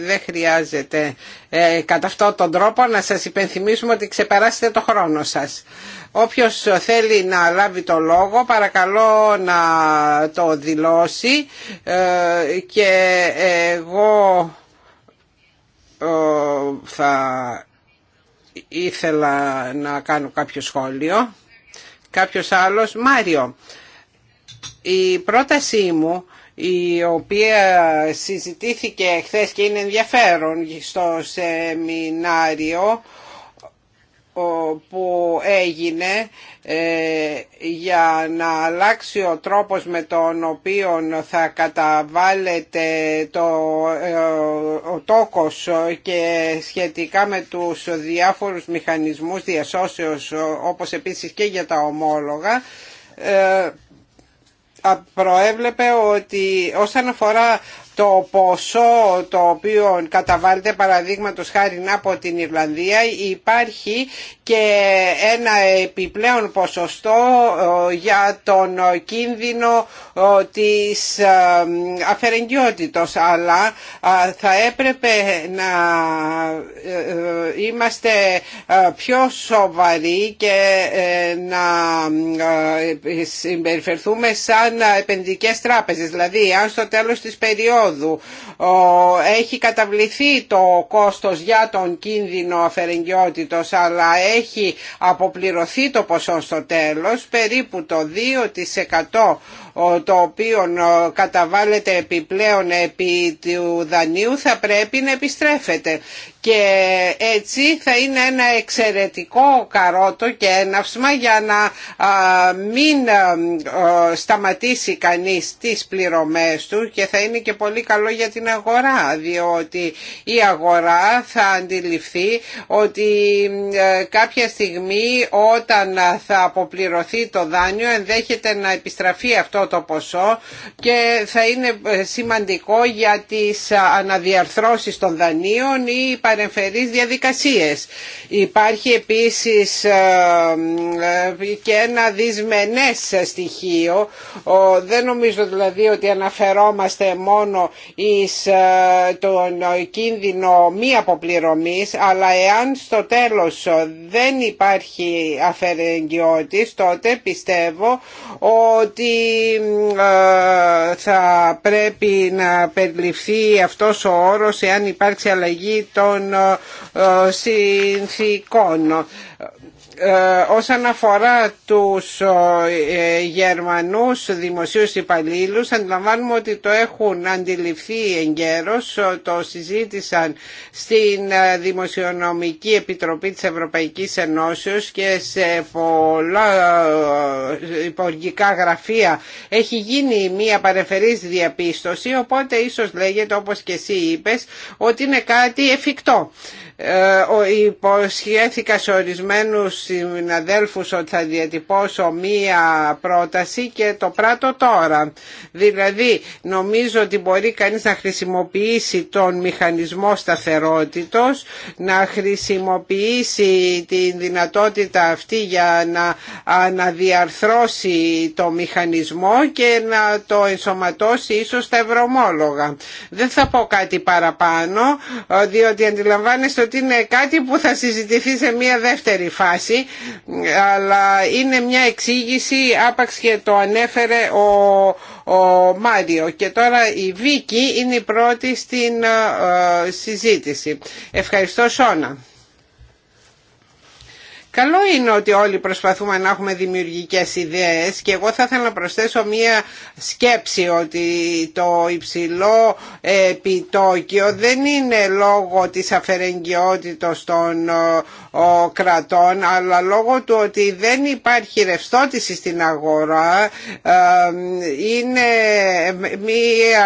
δεν χρειάζεται ε, κατά αυτόν τον τρόπο να σας υπενθυμίσουμε ότι ξεπεράσετε το χρόνο σας. Όποιος θέλει να λάβει το λόγο παρακαλώ να το δηλώσει ε, και εγώ θα ήθελα να κάνω κάποιο σχόλιο. Κάποιος άλλος, Μάριο. Η πρότασή μου η οποία συζητήθηκε χθες και είναι ενδιαφέρον στο σεμινάριο που έγινε ε, για να αλλάξει ο τρόπος με τον οποίο θα καταβάλλεται το, ε, ο τόκος και σχετικά με τους διάφορους μηχανισμούς διασώσεως όπως επίσης και για τα ομόλογα ε, προέβλεπε ότι όσον αφορά το ποσό το οποίο καταβάλλεται παραδείγματο χάρη από την Ιρλανδία υπάρχει και ένα επιπλέον ποσοστό ε, για τον κίνδυνο ε, της ε, αφαιρεγγιότητος αλλά θα έπρεπε να είμαστε πιο σοβαροί και να συμπεριφερθούμε σαν επενδυτικές τράπεζες δηλαδή αν στο τέλος της περίοδου έχει καταβληθεί το κόστος για τον κίνδυνο αφαιρεγγιότητος αλλά έχει αποπληρωθεί το ποσό στο τέλος περίπου το 2% το οποίο καταβάλλεται επιπλέον επί του δανείου θα πρέπει να επιστρέφεται και έτσι θα είναι ένα εξαιρετικό καρότο και έναυσμα για να μην σταματήσει κανείς τις πληρωμές του και θα είναι και πολύ καλό για την αγορά διότι η αγορά θα αντιληφθεί ότι ε, κάποια στιγμή όταν θα αποπληρωθεί το δάνειο ενδέχεται να επιστραφεί αυτό αυτό το ποσό και θα είναι ε, σημαντικό για τις ε, αναδιαρθρώσεις των δανείων ή παρεμφερείς διαδικασίες. Υπάρχει επίσης ε, και ένα δυσμενές στοιχείο. Δεν νομίζω δηλαδή ότι αναφερόμαστε μόνο εις τον κίνδυνο μη αποπληρωμής αλλά εάν στο τέλος δεν υπάρχει αφαιρεγγιώτης τότε πιστεύω ότι ε, θα πρέπει να περιληφθεί αυτός ο όρος εάν υπάρξει αλλαγή των ε, συνθήκων. Ε, όσον αφορά τους ε, Γερμανούς δημοσίους υπαλλήλους αντιλαμβάνουμε ότι το έχουν αντιληφθεί εγκαίρως, ε, το συζήτησαν στην Δημοσιονομική Επιτροπή της Ευρωπαϊκής Ενώσεως και σε πολλά υπουργικά γραφεία έχει γίνει μια παρεφερής διαπίστωση οπότε ίσως λέγεται όπως και εσύ είπες ότι είναι κάτι εφικτό. Ε, υποσχέθηκα σε ορισμένους συναδέλφους ότι θα διατυπώσω μία πρόταση και το πράττω τώρα. Δηλαδή νομίζω ότι μπορεί κανείς να χρησιμοποιήσει τον μηχανισμό σταθερότητος, να χρησιμοποιήσει την δυνατότητα αυτή για να αναδιαρθρώσει το μηχανισμό και να το ενσωματώσει ίσως τα ευρωμόλογα. Δεν θα πω κάτι παραπάνω, ε, διότι αντιλαμβάνεστε ότι είναι κάτι που θα συζητηθεί σε μια δεύτερη φάση αλλά είναι μια εξήγηση άπαξ και το ανέφερε ο, Μάριο και τώρα η Βίκη είναι η πρώτη στην ε, ε, συζήτηση. Ευχαριστώ σόνα. Καλό είναι ότι όλοι προσπαθούμε να έχουμε δημιουργικές ιδέες και εγώ θα ήθελα να προσθέσω μία σκέψη ότι το υψηλό επιτόκιο δεν είναι λόγω της αφαιρεγγιότητας των κρατών αλλά λόγω του ότι δεν υπάρχει ρευστότηση στην αγορά ε, είναι μία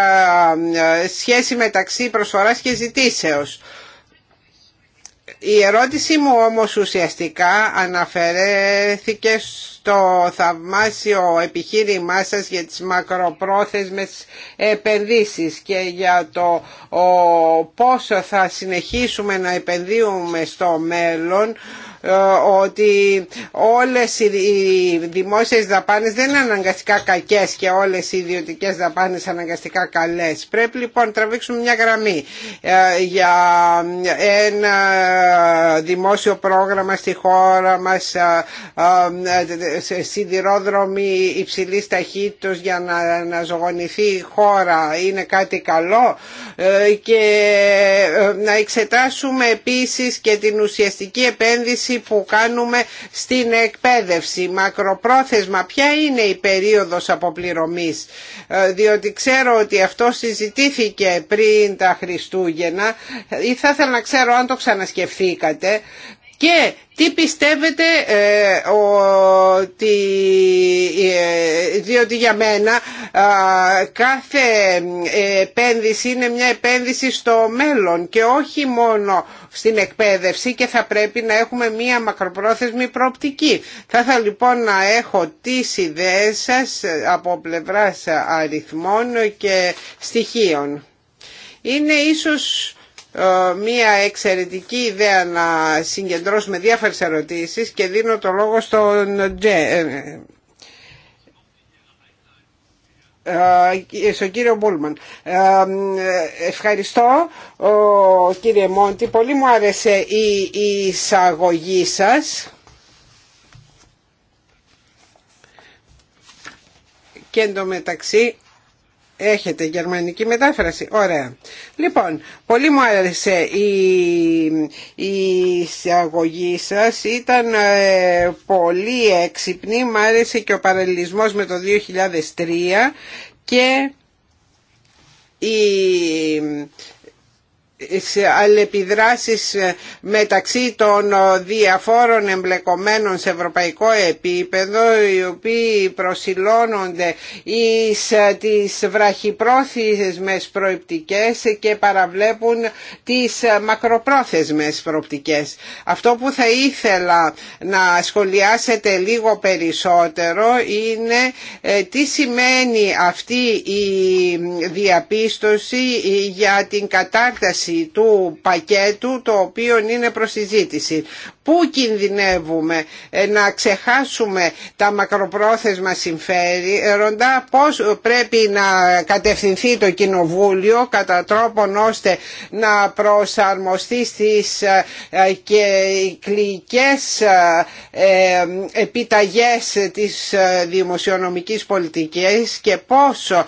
ε, σχέση μεταξύ προσφοράς και ζητήσεως. Η ερώτησή μου όμως ουσιαστικά αναφερέθηκε στο θαυμάσιο επιχείρημά σας για τις μακροπρόθεσμες επενδύσεις και για το πόσο θα συνεχίσουμε να επενδύουμε στο μέλλον ε, ότι όλες οι δημόσιες δαπάνες δεν είναι αναγκαστικά κακές και όλες οι ιδιωτικές δαπάνες αναγκαστικά καλές. Πρέπει λοιπόν να τραβήξουμε μια γραμμή ε, για ένα δημόσιο πρόγραμμα στη χώρα μας ε, σιδηρόδρομοι υψηλής ταχύτητος για να αναζωογονηθεί η χώρα είναι κάτι καλό και να εξετάσουμε επίσης και την ουσιαστική επένδυση που κάνουμε στην εκπαίδευση. Μακροπρόθεσμα ποια είναι η περίοδος αποπληρωμής ε, διότι ξέρω ότι αυτό συζητήθηκε πριν τα Χριστούγεννα ή ε, θα ήθελα να ξέρω αν το ξανασκεφθήκατε και τι πιστεύετε ε, ότι ε, διότι για μένα κάθε επένδυση είναι μια επένδυση στο μέλλον και όχι μόνο στην εκπαίδευση και θα πρέπει να έχουμε μια μακροπρόθεσμη προοπτική. Θα ήθελα λοιπόν να έχω τις ιδέες σας από πλευράς αριθμών και στοιχείων. Είναι ίσως ε, μια εξαιρετική ιδέα να συγκεντρώσουμε διάφορες ερωτήσεις και δίνω το λόγο στον ε, ε, κύριο Μπούλμαν. Ευχαριστώ κύριε Μόντι. Πολύ μου άρεσε η εισαγωγή σας. Και εντωμεταξύ Έχετε γερμανική μετάφραση. Ωραία. Λοιπόν, πολύ μου άρεσε η, η εισαγωγή σας. Ήταν ε, πολύ έξυπνη. Μου άρεσε και ο παραλληλισμός με το 2003 και η σε αλληλεπιδράσεις ε, μεταξύ των ε, διαφόρων εμπλεκομένων σε ευρωπαϊκό επίπεδο οι οποίοι προσιλώνονται εις ε, τις βραχυπρόθεσμες προεπτικές και παραβλέπουν τις μακροπρόθεσμες προοπτικές. Αυτό που θα ήθελα να σχολιάσετε λίγο περισσότερο είναι τι σημαίνει αυτή η διαπίστωση για την κατάρταση του πακέτου το οποίο είναι προσυζήτηση. Πού κινδυνεύουμε ε, να ξεχάσουμε τα μακροπρόθεσμα συμφέροντα, πώς πρέπει να κατευθυνθεί το Κοινοβούλιο κατά τρόπον ώστε να προσαρμοστεί στις ε, και κλικές ε, επιταγές της δημοσιονομικής πολιτικής και πόσο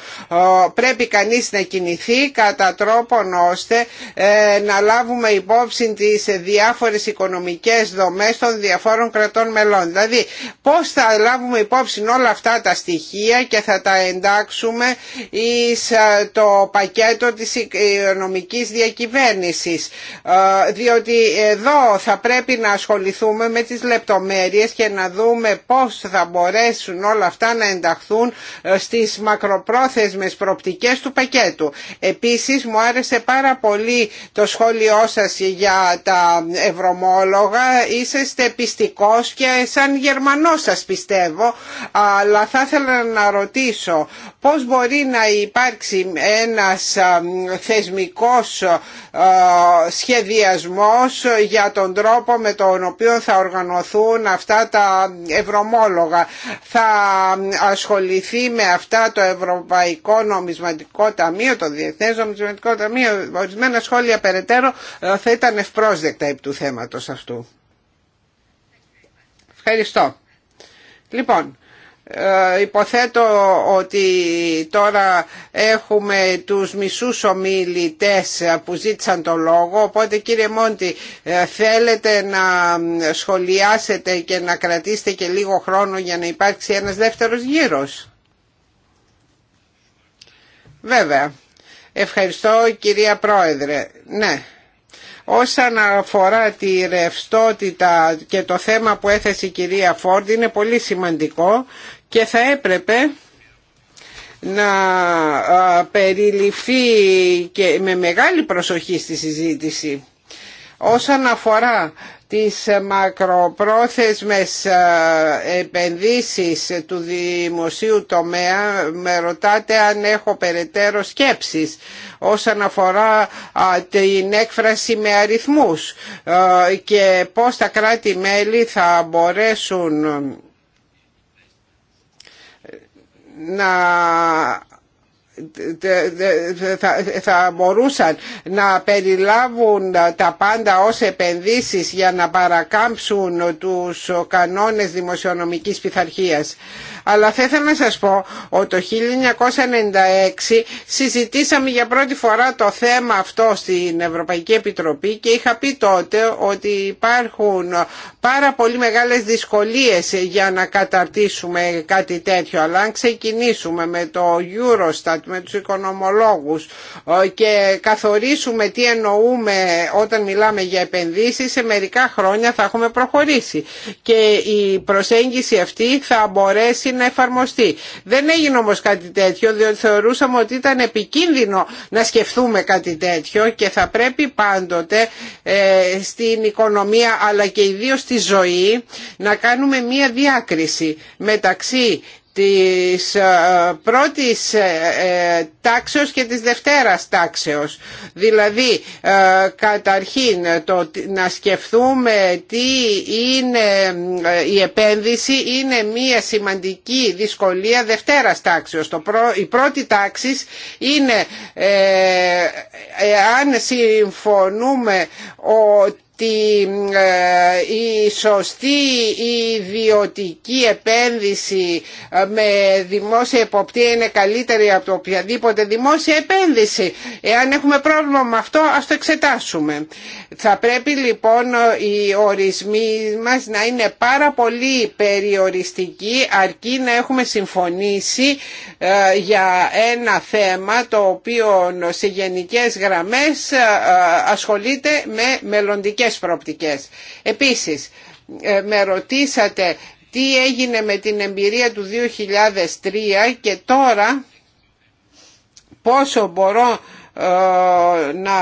πρέπει κανείς να κινηθεί κατά τρόπον ώστε ε, να λάβουμε υπόψη τις διάφορες οικονομικές δομές των διαφόρων κρατών μελών. Δηλαδή πώς θα λάβουμε υπόψη όλα αυτά τα στοιχεία και θα τα εντάξουμε εις ε, το πακέτο της οικονομικής διακυβέρνησης. Ε, διότι εδώ θα πρέπει να ασχοληθούμε με τις λεπτομέρειες και να δούμε πώς θα μπορέσουν όλα αυτά να ενταχθούν στις μακροπρόθεσμες προπτικές του πακέτου. Επίσης μου άρεσε πάρα πολύ το σχόλιο σας για τα ευρωμόλογα. Είσαστε πιστικός και σαν Γερμανός σας πιστεύω, αλλά θα ήθελα να ρωτήσω πώς μπορεί να υπάρξει ένας θεσμικός σχεδιασμός για τον τρόπο με τον οποίο θα οργανωθούν αυτά τα ευρωμόλογα. Θα ασχοληθεί με αυτά το Ευρωπαϊκό Νομισματικό Ταμείο, το Διεθνές Νομισματικό Ταμείο, ορισμένα σχόλια περαιτέρω ε, θα ήταν ευπρόσδεκτα επί του θέματος αυτού. Ευχαριστώ. Λοιπόν, ε, υποθέτω ότι τώρα έχουμε τους μισούς ομιλητές που ζήτησαν το λόγο οπότε κύριε Μόντι ε, θέλετε να σχολιάσετε και να κρατήσετε και λίγο χρόνο για να υπάρξει ένας δεύτερος γύρος. Βέβαια. Ευχαριστώ κυρία Πρόεδρε. Ναι. Όσον αφορά τη ρευστότητα και το θέμα που έθεσε η κυρία Φόρντ είναι πολύ σημαντικό και θα έπρεπε να περιληφθεί και με μεγάλη προσοχή στη συζήτηση. Όσον αφορά τις μακροπρόθεσμες ε, επενδύσεις του δημοσίου τομέα με ρωτάτε αν έχω περαιτέρω σκέψεις όσον αφορά την έκφραση με αριθμούς ε, και πώς τα κράτη-μέλη θα μπορέσουν να θα μπορούσαν να περιλάβουν τα πάντα ως επενδύσεις για να παρακάμψουν τους κανόνες δημοσιονομικής πειθαρχίας. Αλλά θα ήθελα να σας πω ότι το 1996 συζητήσαμε για πρώτη φορά το θέμα αυτό στην Ευρωπαϊκή Επιτροπή και είχα πει τότε ότι υπάρχουν πάρα πολύ μεγάλες δυσκολίες για να καταρτήσουμε κάτι τέτοιο. Αλλά αν ξεκινήσουμε με το Eurostat, με τους οικονομολόγους και καθορίσουμε τι εννοούμε όταν μιλάμε για επενδύσεις, σε μερικά χρόνια θα έχουμε προχωρήσει. Και η προσέγγιση αυτή θα μπορέσει να εφαρμοστεί. Δεν έγινε όμως κάτι τέτοιο διότι θεωρούσαμε ότι ήταν επικίνδυνο να σκεφτούμε κάτι τέτοιο και θα πρέπει πάντοτε ε, στην οικονομία αλλά και ιδίως στη ζωή να κάνουμε μία διάκριση μεταξύ της ε, πρώτης ε, ε, τάξεως και της δευτέρας τάξεως. Δηλαδή, καταρχήν το να σκεφτούμε τι είναι η επένδυση είναι μια σημαντική δυσκολία δευτέρας τάξεως. Η πρώτη τάξη είναι αν συμφωνούμε ότι ε, η σωστή ιδιωτική επένδυση ε, με δημόσια εποπτεία είναι καλύτερη από οποιαδήποτε δημόσια επένδυση. Εάν έχουμε πρόβλημα με αυτό ας το εξετάσουμε. Θα πρέπει λοιπόν οι ορισμοί μας να είναι πάρα πολύ περιοριστικοί αρκεί να έχουμε συμφωνήσει ε, για ένα θέμα το οποίο σε γενικές γραμμές ασχολείται με μελλοντικές Επίση, Επίσης, ε, με ρωτήσατε τι έγινε με την εμπειρία του 2003 και τώρα πόσο μπορώ ε, να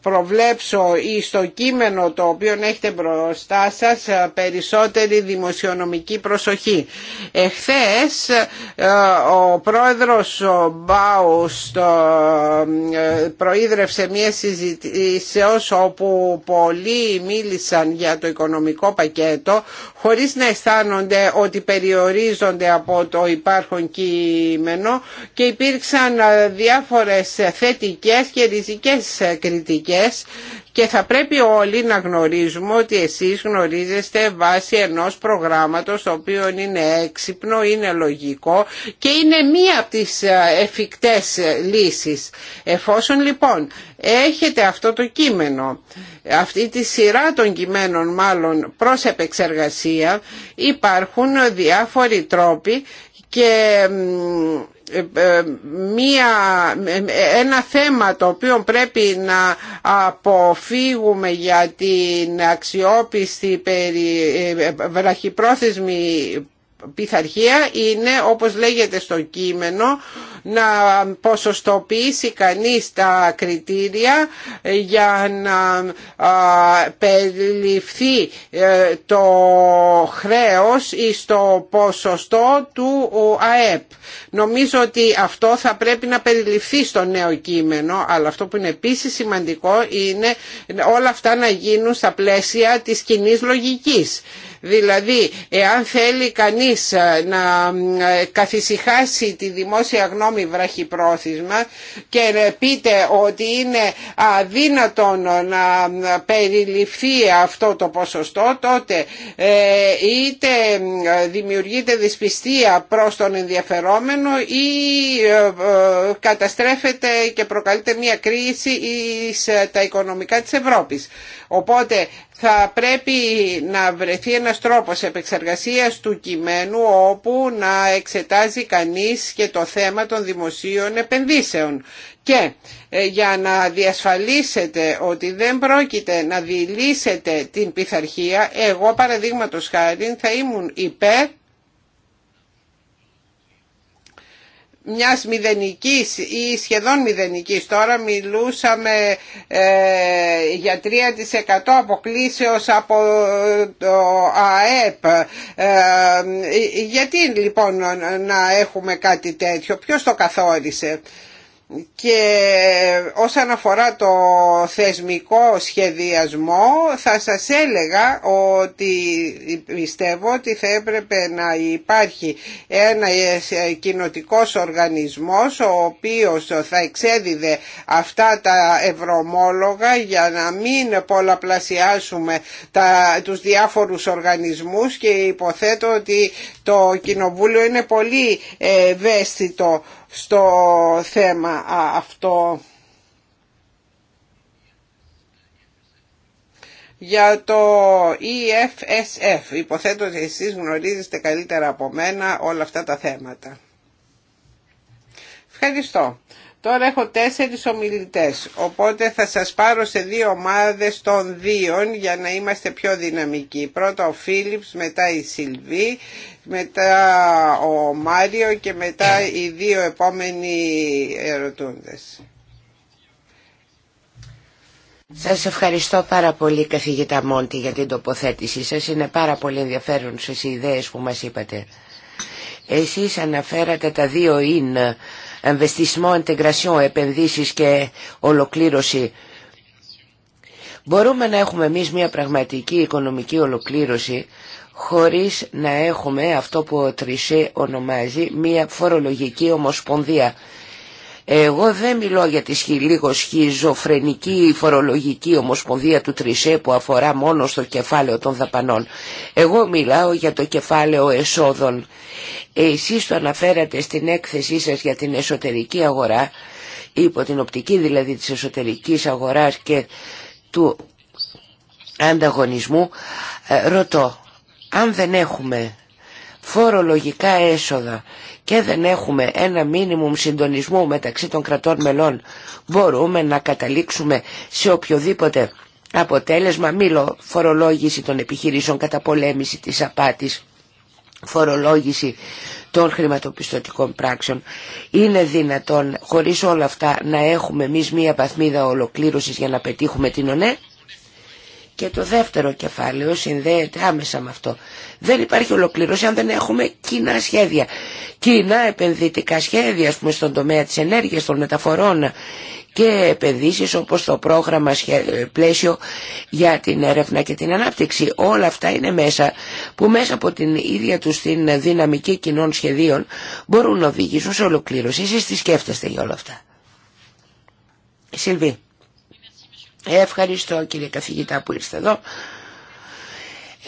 προβλέψω ή στο κείμενο το οποίο έχετε μπροστά σας περισσότερη δημοσιονομική προσοχή. Εχθές ο πρόεδρος Μπάους προείδρευσε μια συζήτηση όπου πολλοί μίλησαν για το οικονομικό πακέτο χωρίς να αισθάνονται ότι περιορίζονται από το υπάρχον κείμενο και υπήρξαν διάφορες θετικές και ριζικές κριτικές και θα πρέπει όλοι να γνωρίζουμε ότι εσείς γνωρίζεστε βάσει ενός προγράμματος το οποίο είναι έξυπνο, είναι λογικό και είναι μία από τις ε, εφικτές ε, λύσεις. Εφόσον λοιπόν έχετε αυτό το κείμενο, αυτή τη σειρά των κειμένων μάλλον προς επεξεργασία υπάρχουν διάφοροι τρόποι και ε, ε, μία, ένα θέμα το οποίο πρέπει να αποφύγουμε για την αξιόπιστη περι, ε, βραχυπρόθεσμη πειθαρχία είναι όπως λέγεται στο κείμενο να ποσοστοποιήσει κανείς τα κριτήρια για να περιληφθεί ε, το χρέος στο ποσοστό του ΑΕΠ. Νομίζω ότι αυτό θα πρέπει να περιληφθεί στο νέο κείμενο αλλά αυτό που είναι επίσης σημαντικό είναι όλα αυτά να γίνουν στα πλαίσια της κοινή λογικής Δηλαδή, εάν θέλει κανείς ε, να ε, καθησυχάσει τη δημόσια γνώμη βραχυπρόθεσμα και πείτε ότι είναι αδύνατον να περιληφθεί αυτό το ποσοστό, τότε ε, είτε δημιουργείται δυσπιστία προς τον ενδιαφερόμενο ή καταστρέφεται και προκαλείται μια κρίση στα οικονομικά της Ευρώπης. Οπότε θα πρέπει να βρεθεί ένας τρόπος επεξεργασίας του κειμένου όπου να εξετάζει κανείς και το θέμα των δημοσίων επενδύσεων. Και ε, για να διασφαλίσετε ότι δεν πρόκειται να διλύσετε την πειθαρχία, εγώ παραδείγματος χάρη θα ήμουν υπέρ μιας μηδενικής ή σχεδόν μηδενικής τώρα μιλούσαμε ε, για 3% αποκλήσεως από το ΑΕΠ ε, ε, γιατί λοιπόν να έχουμε κάτι τέτοιο ποιος το καθόρισε και όσον αφορά το θεσμικό σχεδιασμό θα σας έλεγα ότι πιστεύω ότι θα έπρεπε να υπάρχει ένα κοινοτικό οργανισμός ο οποίος θα εξέδιδε αυτά τα ευρωμόλογα για να μην πολλαπλασιάσουμε τα, τους διάφορους οργανισμούς και υποθέτω ότι το Κοινοβούλιο είναι πολύ ευαίσθητο στο θέμα αυτό. για το EFSF. Υποθέτω ότι εσείς γνωρίζετε καλύτερα από μένα όλα αυτά τα θέματα. Ευχαριστώ. Τώρα έχω τέσσερις ομιλητές, οπότε θα σας πάρω σε δύο ομάδες των δύο για να είμαστε πιο δυναμικοί. Πρώτα ο Φίλιπς, μετά η Σιλβή, μετά ο Μάριο και μετά οι δύο επόμενοι ερωτούντες. Σας ευχαριστώ πάρα πολύ καθηγητά Μόντι για την τοποθέτησή σας. Είναι πάρα πολύ ενδιαφέρον οι ιδέες που μας είπατε. Εσείς αναφέρατε τα δύο είναι Ανδεστισμό, εντεγκρασιό, επενδύσεις και ολοκλήρωση. Μπορούμε να έχουμε εμείς μια πραγματική οικονομική ολοκλήρωση χωρίς να έχουμε αυτό που ο Τρισέ ονομάζει μια φορολογική ομοσπονδία εγώ δεν μιλώ για τη λίγο σχιζοφρενική φορολογική ομοσπονδία του Τρισέ που αφορά μόνο στο κεφάλαιο των δαπανών. Εγώ μιλάω για το κεφάλαιο εσόδων. Εσείς το αναφέρατε στην έκθεσή σας για την εσωτερική αγορά, υπό την οπτική δηλαδή της εσωτερικής αγοράς και του ανταγωνισμού. Ε, ρωτώ, αν δεν έχουμε φορολογικά έσοδα και δεν έχουμε ένα μίνιμουμ συντονισμού μεταξύ των κρατών μελών μπορούμε να καταλήξουμε σε οποιοδήποτε αποτέλεσμα μήλο φορολόγηση των επιχειρήσεων κατά πολέμηση της απάτης φορολόγηση των χρηματοπιστωτικών πράξεων είναι δυνατόν χωρίς όλα αυτά να έχουμε εμεί μία βαθμίδα ολοκλήρωσης για να πετύχουμε την ΟΝΕ και το δεύτερο κεφάλαιο συνδέεται άμεσα με αυτό. Δεν υπάρχει ολοκληρώση αν δεν έχουμε κοινά σχέδια. Κοινά επενδυτικά σχέδια, ας πούμε, στον τομέα της ενέργειας, των μεταφορών και επενδύσεις όπως το πρόγραμμα πλαίσιο για την έρευνα και την ανάπτυξη. Όλα αυτά είναι μέσα που μέσα από την ίδια τους την δυναμική κοινών σχεδίων μπορούν να οδηγήσουν σε ολοκλήρωση. Εσείς τι σκέφτεστε για όλα αυτά. Σιλβί. Ευχαριστώ κύριε καθηγητά που είστε εδώ.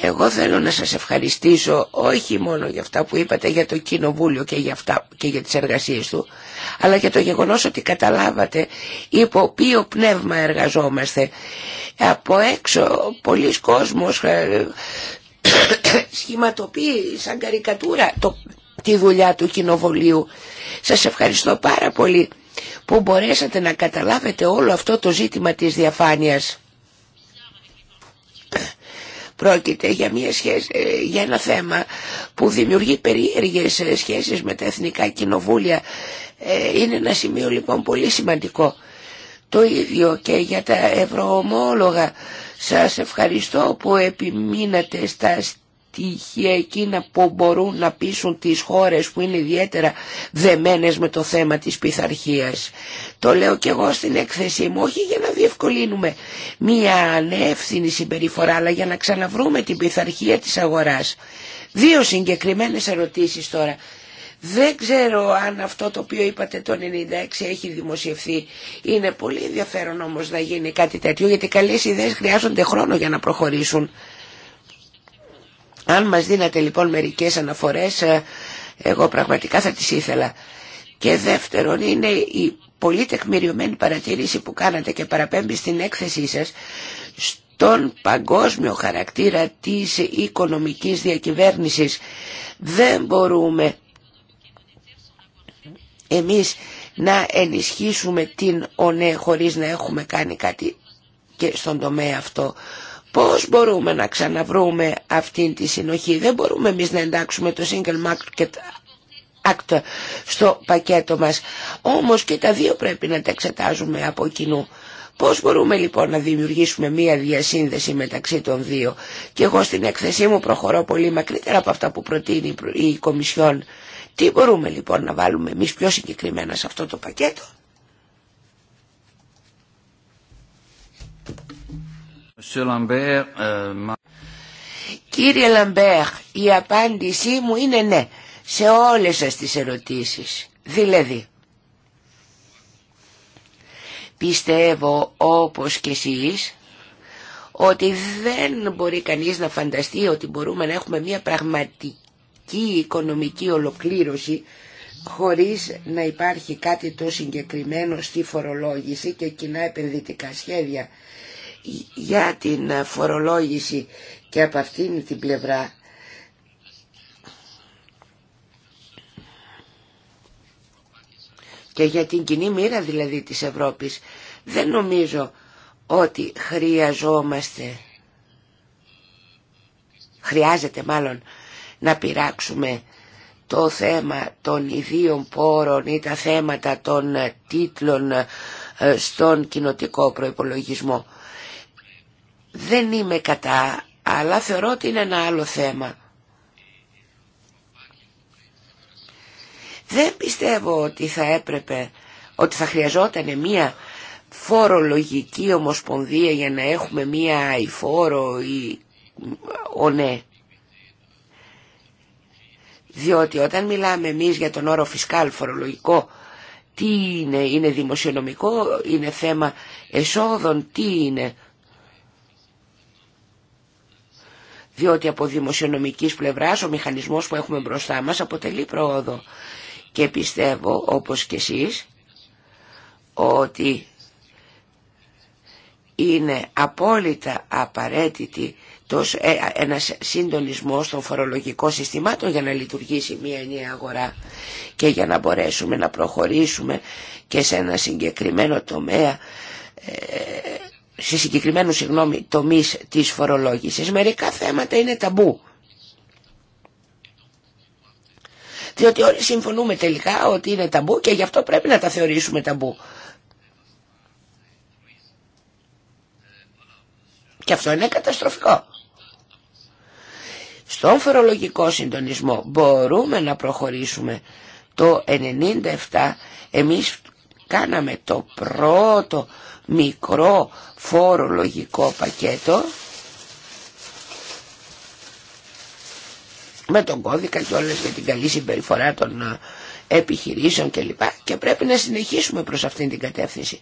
Εγώ θέλω να σας ευχαριστήσω όχι μόνο για αυτά που είπατε για το Κοινοβούλιο και για, αυτά, και για τις εργασίες του, αλλά για το γεγονός ότι καταλάβατε υπό ποιο πνεύμα εργαζόμαστε. Από έξω πολλοί κόσμος ε, σχηματοποιεί σαν καρικατούρα το, τη δουλειά του Κοινοβουλίου. Σας ευχαριστώ πάρα πολύ που μπορέσατε να καταλάβετε όλο αυτό το ζήτημα της διαφάνειας. Πρόκειται για, μια σχέση, ε, για ένα θέμα που δημιουργεί περίεργες ε, σχέσεις με τα εθνικά κοινοβούλια. Ε, είναι ένα σημείο λοιπόν πολύ σημαντικό. Το ίδιο και για τα ευρωομόλογα. Σας ευχαριστώ που επιμείνατε στα στοιχεία εκείνα που μπορούν να πείσουν τις χώρες που είναι ιδιαίτερα δεμένες με το θέμα της πειθαρχία. Το λέω και εγώ στην έκθεσή μου, όχι για να διευκολύνουμε μία ανεύθυνη συμπεριφορά, αλλά για να ξαναβρούμε την πειθαρχία της αγοράς. Δύο συγκεκριμένες ερωτήσεις τώρα. Δεν ξέρω αν αυτό το οποίο είπατε το 96 έχει δημοσιευθεί. Είναι πολύ ενδιαφέρον όμως να γίνει κάτι τέτοιο γιατί καλές ιδέες χρειάζονται χρόνο για να προχωρήσουν. Αν μας δίνατε λοιπόν μερικές αναφορές, ε, εγώ πραγματικά θα τις ήθελα. Και δεύτερον είναι η πολύ τεκμηριωμένη παρατήρηση που κάνατε και παραπέμπει στην έκθεσή σας στον παγκόσμιο χαρακτήρα της οικονομικής διακυβέρνησης. Δεν μπορούμε εμείς να ενισχύσουμε την ΟΝΕ χωρίς να έχουμε κάνει κάτι και στον τομέα αυτό. Πώς μπορούμε να ξαναβρούμε αυτήν τη συνοχή. Δεν μπορούμε εμείς να εντάξουμε το Single Market Act στο πακέτο μας. Όμως και τα δύο πρέπει να τα εξετάζουμε από κοινού. Πώς μπορούμε λοιπόν να δημιουργήσουμε μία διασύνδεση μεταξύ των δύο. Και εγώ στην έκθεσή μου προχωρώ πολύ μακρύτερα από αυτά που προτείνει η Κομισιόν. Τι μπορούμε λοιπόν να βάλουμε εμείς πιο συγκεκριμένα σε αυτό το πακέτο Euh, Κύριε Λαμπέρ, η απάντησή μου είναι ναι σε όλες σας τις ερωτήσεις. Δηλαδή, πιστεύω όπως και εσείς ότι δεν μπορεί κανείς να φανταστεί ότι μπορούμε να έχουμε μια πραγματική οικονομική ολοκλήρωση χωρίς να υπάρχει κάτι το συγκεκριμένο στη φορολόγηση και κοινά επενδυτικά σχέδια για την φορολόγηση και από αυτήν την πλευρά και για την κοινή μοίρα δηλαδή της Ευρώπης δεν νομίζω ότι χρειαζόμαστε χρειάζεται μάλλον να πειράξουμε το θέμα των ιδίων πόρων ή τα θέματα των τίτλων ε, στον κοινοτικό προϋπολογισμό. Δεν είμαι κατά, αλλά θεωρώ ότι είναι ένα άλλο θέμα. Δεν πιστεύω ότι θα έπρεπε, ότι θα χρειαζόταν μία φορολογική ομοσπονδία για να έχουμε μία αηφόρο ή ο ναι. Διότι όταν μιλάμε εμείς για τον όρο φυσκάλ φορολογικό, τι είναι, είναι δημοσιονομικό, είναι θέμα εσόδων, τι είναι. διότι από δημοσιονομικής πλευράς ο μηχανισμός που έχουμε μπροστά μας αποτελεί πρόοδο. Και πιστεύω, όπως και εσείς, ότι είναι απόλυτα απαραίτητη ε, ένας συντονισμός των φορολογικών συστημάτων για να λειτουργήσει μια ενιαία αγορά και για να μπορέσουμε να προχωρήσουμε και σε ένα συγκεκριμένο τομέα ε, σε συγκεκριμένου, συγγνώμη, τομείς της φορολόγησης. Μερικά θέματα είναι ταμπού. Διότι όλοι συμφωνούμε τελικά ότι είναι ταμπού και γι' αυτό πρέπει να τα θεωρήσουμε ταμπού. Και αυτό είναι καταστροφικό. Στον φορολογικό συντονισμό μπορούμε να προχωρήσουμε. Το 97 εμείς κάναμε το πρώτο μικρό φορολογικό πακέτο με τον κώδικα και όλες για την καλή συμπεριφορά των ε, επιχειρήσεων κλπ. Και πρέπει να συνεχίσουμε προς αυτήν την κατεύθυνση.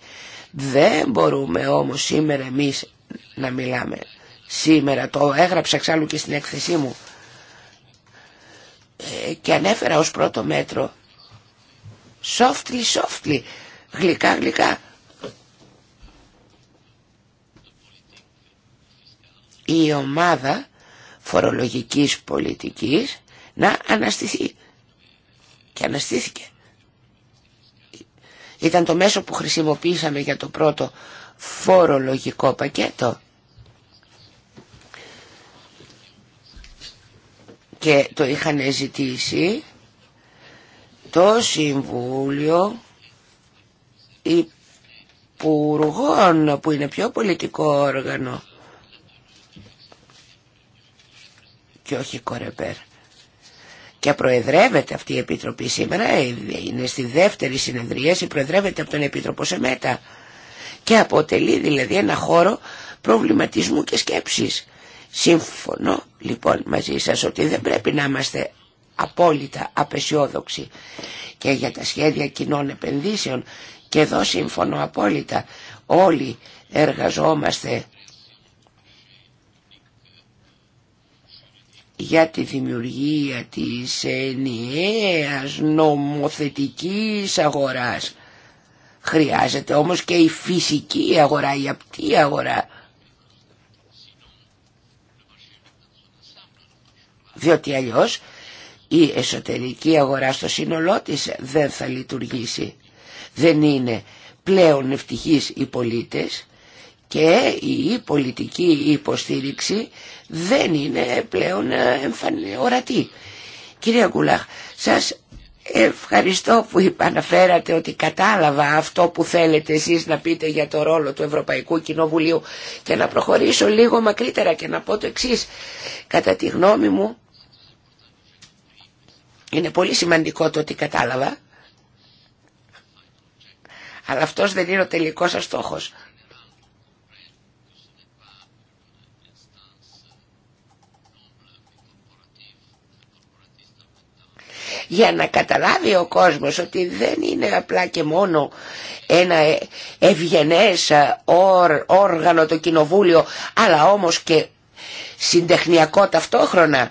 Δεν μπορούμε όμως σήμερα εμείς να μιλάμε. Σήμερα το έγραψα εξάλλου και στην έκθεσή μου ε, και ανέφερα ως πρώτο μέτρο softly softly γλυκά γλυκά η ομάδα φορολογικής πολιτικής να αναστηθεί. Και αναστήθηκε. Ήταν το μέσο που χρησιμοποίησαμε για το πρώτο φορολογικό πακέτο. Και το είχαν ζητήσει το Συμβούλιο Υπουργών που είναι πιο πολιτικό όργανο και όχι Κορεπέρ. Και προεδρεύεται αυτή η Επιτροπή σήμερα, ε, είναι στη δεύτερη συνεδρίαση, προεδρεύεται από τον Επίτροπο Σεμέτα και αποτελεί δηλαδή ένα χώρο προβληματισμού και σκέψης. Σύμφωνο λοιπόν μαζί σας ότι δεν πρέπει να είμαστε απόλυτα απεσιόδοξοι και για τα σχέδια κοινών επενδύσεων και εδώ σύμφωνο απόλυτα όλοι εργαζόμαστε για τη δημιουργία της ενιαίας νομοθετικής αγοράς. Χρειάζεται όμως και η φυσική αγορά, η απτή αγορά. Διότι αλλιώς η εσωτερική αγορά στο σύνολό της δεν θα λειτουργήσει. Δεν είναι πλέον ευτυχείς οι πολίτες και η πολιτική υποστήριξη δεν είναι πλέον ε, ορατή. Κυρία Αγκουλάχ, σας ευχαριστώ που αναφέρατε ότι κατάλαβα αυτό που θέλετε εσείς να πείτε για το ρόλο του Ευρωπαϊκού Κοινοβουλίου και να προχωρήσω λίγο μακρύτερα και να πω το εξής. Κατά τη γνώμη μου είναι πολύ σημαντικό το ότι κατάλαβα αλλά αυτός δεν είναι ο τελικός σας στόχος. για να καταλάβει ο κόσμος ότι δεν είναι απλά και μόνο ένα ευγενές ε, όργανο το κοινοβούλιο αλλά όμως και συντεχνιακό ταυτόχρονα.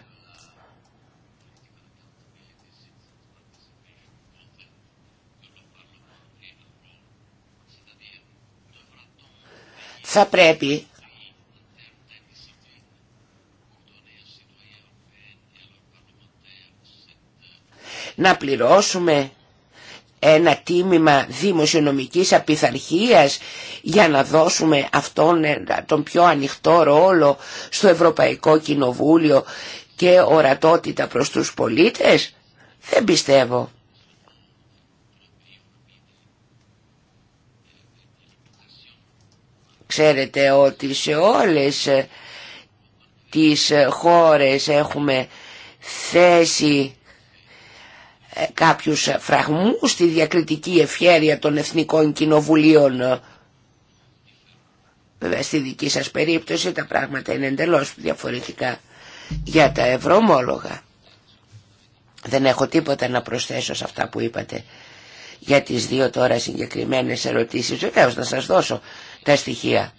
Θα πρέπει να πληρώσουμε ένα τίμημα δημοσιονομικής απειθαρχίας για να δώσουμε αυτόν τον πιο ανοιχτό ρόλο στο Ευρωπαϊκό Κοινοβούλιο και ορατότητα προς τους πολίτες. Δεν πιστεύω. Ξέρετε ότι σε όλες τις χώρες έχουμε θέση ε, κάποιους φραγμούς στη διακριτική ευχέρεια των εθνικών κοινοβουλίων. Ε, βέβαια στη δική σας περίπτωση τα πράγματα είναι εντελώς διαφορετικά για τα ευρωμόλογα. Δεν έχω τίποτα να προσθέσω σε αυτά που είπατε για τις δύο τώρα συγκεκριμένες ερωτήσεις. Βεβαίω να σας δώσω τα στοιχεία.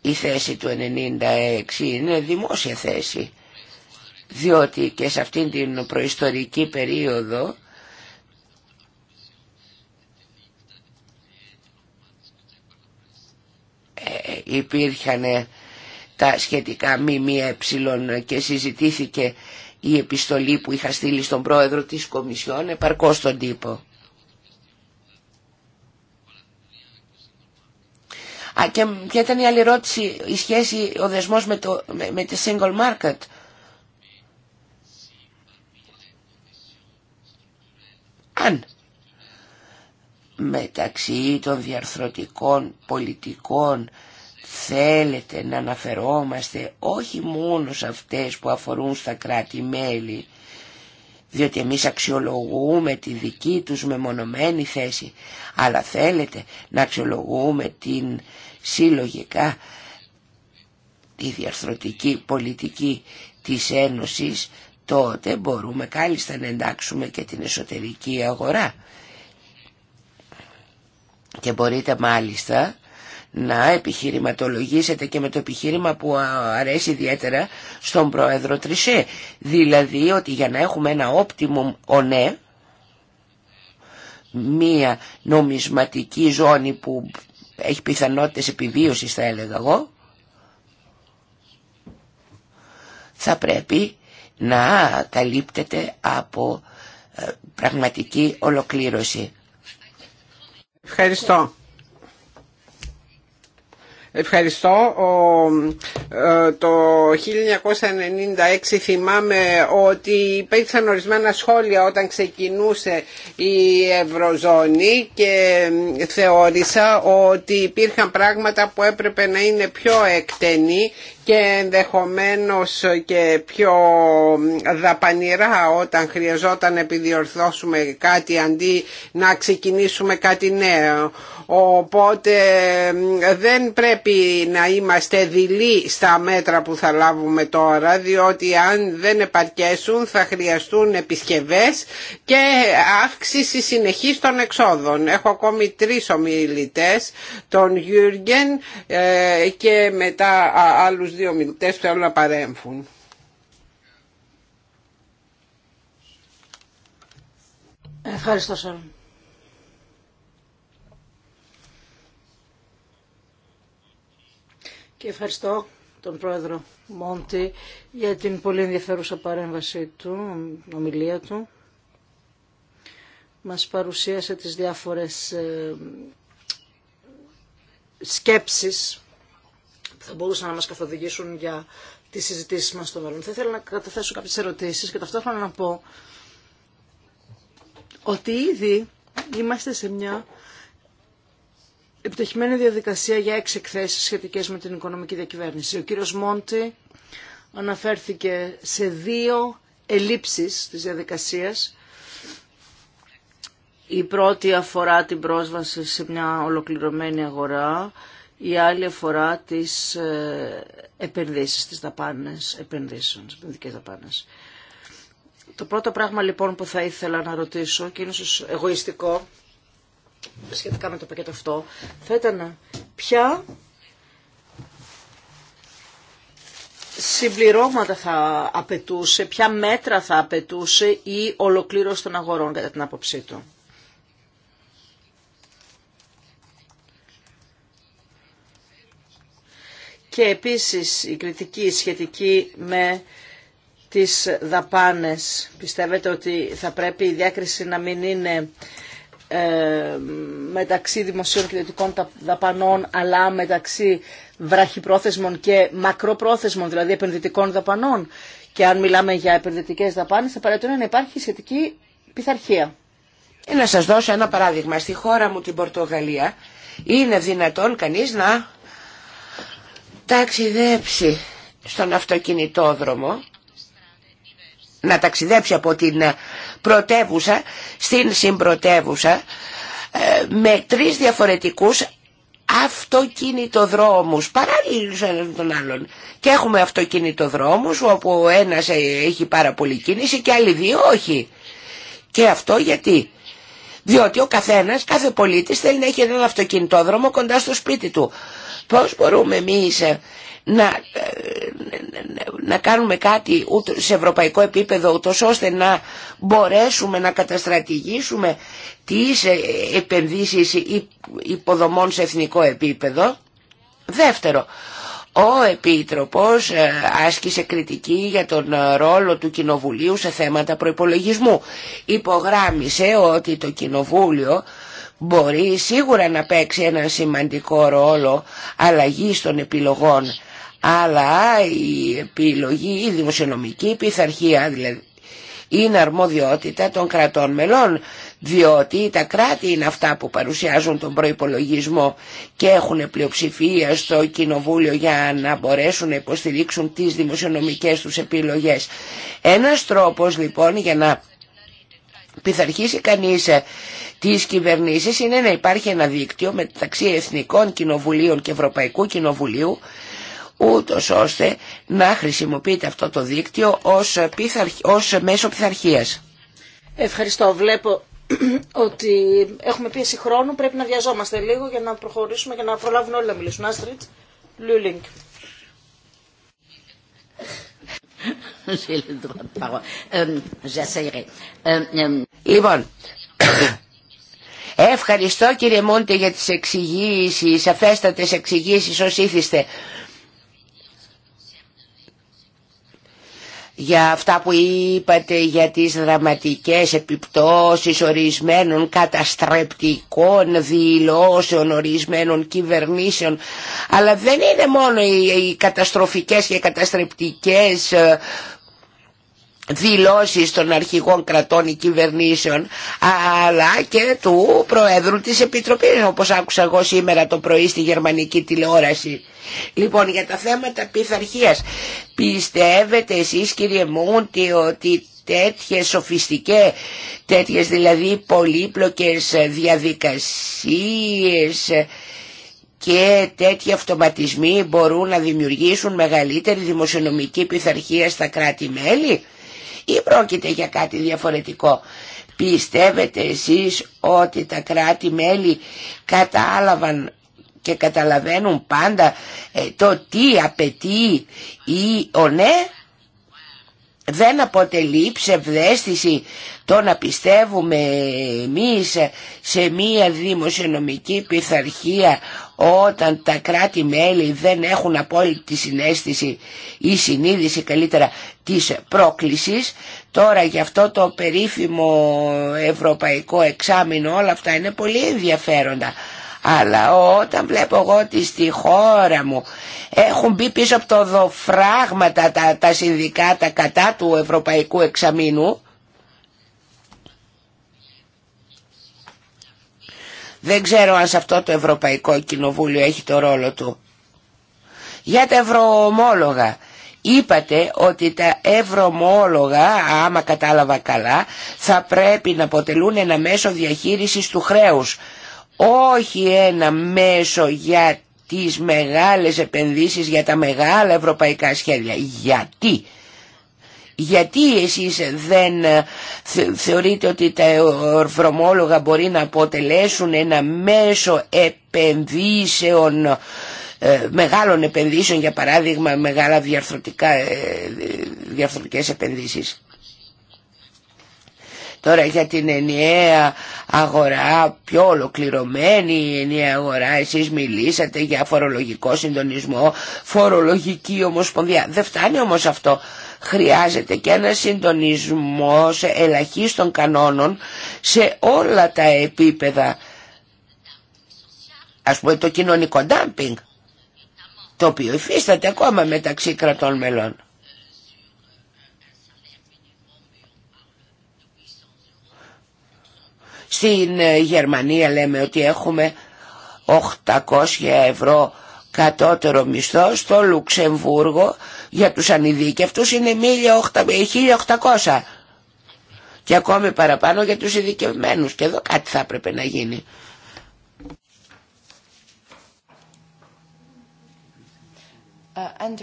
Η θέση του 96 είναι δημόσια θέση διότι και σε αυτήν την προϊστορική περίοδο ε, υπήρχαν τα σχετικά ΜΜΕ και συζητήθηκε η επιστολή που είχα στείλει στον πρόεδρο της Κομισιόν επαρκώς στον τύπο. Α, και ποια ήταν η άλλη ερώτηση, η σχέση, ο δεσμός με, το, με τη single market. αν μεταξύ των διαρθρωτικών πολιτικών θέλετε να αναφερόμαστε όχι μόνο σε αυτές που αφορούν στα κράτη-μέλη, διότι εμείς αξιολογούμε τη δική τους μεμονωμένη θέση, αλλά θέλετε να αξιολογούμε την συλλογικά τη διαρθρωτική πολιτική της Ένωσης τότε μπορούμε κάλλιστα να εντάξουμε και την εσωτερική αγορά. Και μπορείτε μάλιστα να επιχειρηματολογήσετε και με το επιχείρημα που αρέσει ιδιαίτερα στον πρόεδρο Τρισέ. Δηλαδή ότι για να έχουμε ένα optimum ΩΝΕ, ναι, μία νομισματική ζώνη που έχει πιθανότητες επιβίωσης θα έλεγα εγώ, θα πρέπει να καλύπτεται από ε, πραγματική ολοκλήρωση. Ευχαριστώ. Ευχαριστώ. Ε, το 1996 θυμάμαι ότι υπήρξαν ορισμένα σχόλια όταν ξεκινούσε η Ευρωζώνη και θεώρησα ότι υπήρχαν πράγματα που έπρεπε να είναι πιο εκτενή και ενδεχομένως και πιο δαπανηρά όταν χρειαζόταν επιδιορθώσουμε κάτι αντί να ξεκινήσουμε κάτι νέο. Οπότε δεν πρέπει να είμαστε δειλοί στα μέτρα που θα λάβουμε τώρα διότι αν δεν επαρκέσουν θα χρειαστούν επισκευές και αύξηση συνεχής των εξόδων. Έχω ακόμη τρεις ομιλητές, τον Γιούργεν ε, και μετά άλλους δύο ομιλητές που θέλουν να παρέμφουν. Ευχαριστώ σας και ευχαριστώ τον πρόεδρο Μόντι για την πολύ ενδιαφέρουσα παρέμβασή του, ομιλία του. Μας παρουσίασε τις διάφορες ε, σκέψεις που θα μπορούσαν να μας καθοδηγήσουν για τις συζητήσεις μας στο μέλλον. Θα ήθελα να καταθέσω κάποιες ερωτήσεις και ταυτόχρονα να πω ότι ήδη είμαστε σε μια επιτυχημένη διαδικασία για έξι εκθέσεις σχετικές με την οικονομική διακυβέρνηση. Ο κύριος Μόντι αναφέρθηκε σε δύο ελλείψεις της διαδικασίας. Η πρώτη αφορά την πρόσβαση σε μια ολοκληρωμένη αγορά, η άλλη αφορά τις ε, επενδύσεις, τις δαπάνες, επενδύσεων, τις επενδυτικές δαπάνες. Το πρώτο πράγμα λοιπόν που θα ήθελα να ρωτήσω και είναι εγωιστικό σχετικά με το πακέτο αυτό θα ήταν ποια συμπληρώματα θα απαιτούσε, ποια μέτρα θα απαιτούσε η ολοκλήρωση των αγορών κατά την άποψή του. Και επίσης η κριτική σχετική με τις δαπάνες. Πιστεύετε ότι θα πρέπει η διάκριση να μην είναι ε, μεταξύ δημοσίων και ιδιωτικών δαπανών αλλά μεταξύ βραχυπρόθεσμων και μακροπρόθεσμων, δηλαδή επενδυτικών δαπανών. Και αν μιλάμε για επενδυτικές δαπάνες, θα παρατηρούν να υπάρχει σχετική πειθαρχία. Ε, να σας δώσω ένα παράδειγμα. Στη χώρα μου την Πορτογαλία είναι δυνατόν κανείς να ταξιδέψει στον αυτοκινητόδρομο να ταξιδέψει από την ε, πρωτεύουσα στην συμπρωτεύουσα ε, με τρεις διαφορετικούς αυτοκινητοδρόμους παράλληλους έναν τον άλλον και έχουμε αυτοκινητοδρόμους όπου ο ένας ε, έχει πάρα πολύ κίνηση και άλλοι δύο όχι και αυτό γιατί διότι ο καθένας, κάθε πολίτης θέλει να έχει έναν αυτοκινητόδρομο κοντά στο σπίτι του πώς μπορούμε εμείς να, ε, να κάνουμε κάτι σε ευρωπαϊκό επίπεδο ούτως ώστε να μπορέσουμε να καταστρατηγήσουμε τις ε, επενδύσεις υποδομών σε εθνικό επίπεδο. Δεύτερο, ο Επίτροπος ε, άσκησε κριτική για τον ρόλο του Κοινοβουλίου σε θέματα προϋπολογισμού. Υπογράμμισε ότι το Κοινοβούλιο μπορεί σίγουρα να παίξει ένα σημαντικό ρόλο αλλαγή των επιλογών αλλά η επιλογή, η δημοσιονομική πειθαρχία δηλαδή, είναι αρμοδιότητα των κρατών μελών, διότι τα κράτη είναι αυτά που παρουσιάζουν τον προϋπολογισμό και έχουν πλειοψηφία στο Κοινοβούλιο για να μπορέσουν να υποστηρίξουν τις δημοσιονομικές τους επιλογές. Ένας τρόπος λοιπόν για να πειθαρχήσει κανείς ε, τις κυβερνήσεις είναι να υπάρχει ένα δίκτυο μεταξύ Εθνικών Κοινοβουλίων και Ευρωπαϊκού Κοινοβουλίου ούτως ώστε να χρησιμοποιείται αυτό το δίκτυο ως, ως μέσο πειθαρχίας. Ευχαριστώ. Βλέπω ότι έχουμε πίεση χρόνου, πρέπει να βιαζόμαστε λίγο για να προχωρήσουμε και να προλάβουν όλοι να μιλήσουν. Άστριτ, Λούλινγκ. Euh, euh, euh, λοιπόν, ευχαριστώ κύριε Μόντε για τις εξηγήσεις, αφέστατες εξηγήσεις ως ήθιστε. για αυτά που είπατε για τις δραματικές επιπτώσεις ορισμένων καταστρεπτικών δηλώσεων ορισμένων κυβερνήσεων αλλά δεν είναι μόνο οι καταστροφικές και καταστρεπτικές ε, δηλώσεις των αρχηγών κρατών ή κυβερνήσεων αλλά και του Προέδρου της Επιτροπής όπως άκουσα εγώ σήμερα το πρωί στη γερμανική τηλεόραση. Λοιπόν για τα θέματα πειθαρχία. πιστεύετε εσείς κύριε Μούντι ότι τέτοιες σοφιστικέ, τέτοιες δηλαδή πολύπλοκες διαδικασίες και τέτοιοι αυτοματισμοί μπορούν να δημιουργήσουν μεγαλύτερη δημοσιονομική πειθαρχία στα κράτη-μέλη ή πρόκειται για κάτι διαφορετικό. Πιστεύετε εσείς ότι τα κράτη-μέλη κατάλαβαν και καταλαβαίνουν πάντα ε, το τι απαιτεί ή ο ναι δεν αποτελεί ψευδέστηση το να πιστεύουμε εμείς σε μία δημοσιονομική πειθαρχία όταν τα κράτη-μέλη δεν έχουν απόλυτη συνέστηση ή συνείδηση καλύτερα της πρόκλησης. Τώρα για αυτό το περίφημο ευρωπαϊκό εξάμεινο όλα αυτά είναι πολύ ενδιαφέροντα. Αλλά όταν βλέπω εγώ ότι στη χώρα μου έχουν μπει πίσω από το δοφράγματα τα, τα συνδικάτα κατά του Ευρωπαϊκού Εξαμήνου, δεν ξέρω αν σε αυτό το Ευρωπαϊκό Κοινοβούλιο έχει το ρόλο του. Για τα ευρωομόλογα. Είπατε ότι τα ευρωομόλογα, άμα κατάλαβα καλά, θα πρέπει να αποτελούν ένα μέσο διαχείρισης του χρέους όχι ένα μέσο για τις μεγάλες επενδύσεις, για τα μεγάλα ευρωπαϊκά σχέδια. Γιατί. Γιατί εσείς δεν ε, θεωρείτε ότι τα ορφρομόλογα μπορεί να αποτελέσουν ένα μέσο επενδύσεων, ε, μεγάλων επενδύσεων, για παράδειγμα μεγάλα διαρθρωτικά, ε, διαρθρωτικές επενδύσεις. Τώρα για την ενιαία αγορά, πιο ολοκληρωμένη η ενιαία αγορά, εσείς μιλήσατε για φορολογικό συντονισμό, φορολογική ομοσπονδία. Δεν φτάνει όμως αυτό. Χρειάζεται και ένα συντονισμό σε ελαχίστων κανόνων σε όλα τα επίπεδα. Ας πούμε το κοινωνικό ντάμπινγκ, το οποίο υφίσταται ακόμα μεταξύ κρατών μελών. Στην ε, Γερμανία λέμε ότι έχουμε 800 ευρώ κατώτερο μισθό στο Λουξεμβούργο για τους ανειδίκευτους είναι 1800 ε, και ακόμη παραπάνω για τους ειδικευμένους και εδώ κάτι θα έπρεπε να γίνει. Ε,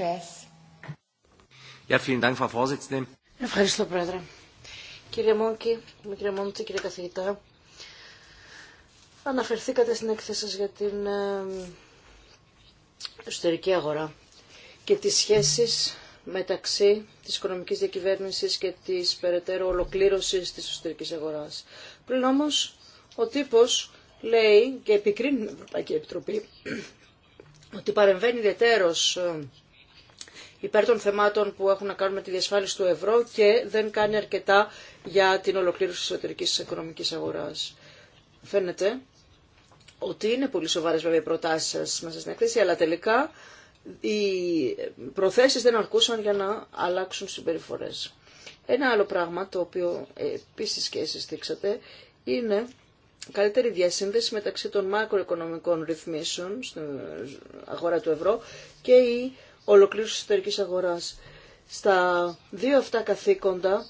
Ευχαριστώ Πρόεδρε. Κύριε Μόνκη, κύριε Μόνκη, κύριε Καθηγητά, Αναφερθήκατε στην έκθεση σας για την ε, εσωτερική αγορά και τις σχέσεις μεταξύ της οικονομικής διακυβέρνησης και της περαιτέρω ολοκλήρωσης της εσωτερικής αγοράς. Πριν όμως ο τύπος λέει και επικρίνει την Ευρωπαϊκή Επιτροπή ότι παρεμβαίνει ιδιαίτερος ε, υπέρ των θεμάτων που έχουν να κάνουν με τη διασφάλιση του ευρώ και δεν κάνει αρκετά για την ολοκλήρωση της εσωτερικής οικονομικής αγοράς. Φαίνεται ότι είναι πολύ σοβαρές βέβαια οι προτάσεις σας μέσα στην εκθέση, αλλά τελικά οι προθέσεις δεν αρκούσαν για να αλλάξουν συμπεριφορές. Ένα άλλο πράγμα το οποίο ε, επίσης και εσείς δείξατε είναι καλύτερη διασύνδεση μεταξύ των μακροοικονομικών ρυθμίσεων στην αγορά του ευρώ και η ολοκλήρωση της εταιρικής αγοράς. Στα δύο αυτά καθήκοντα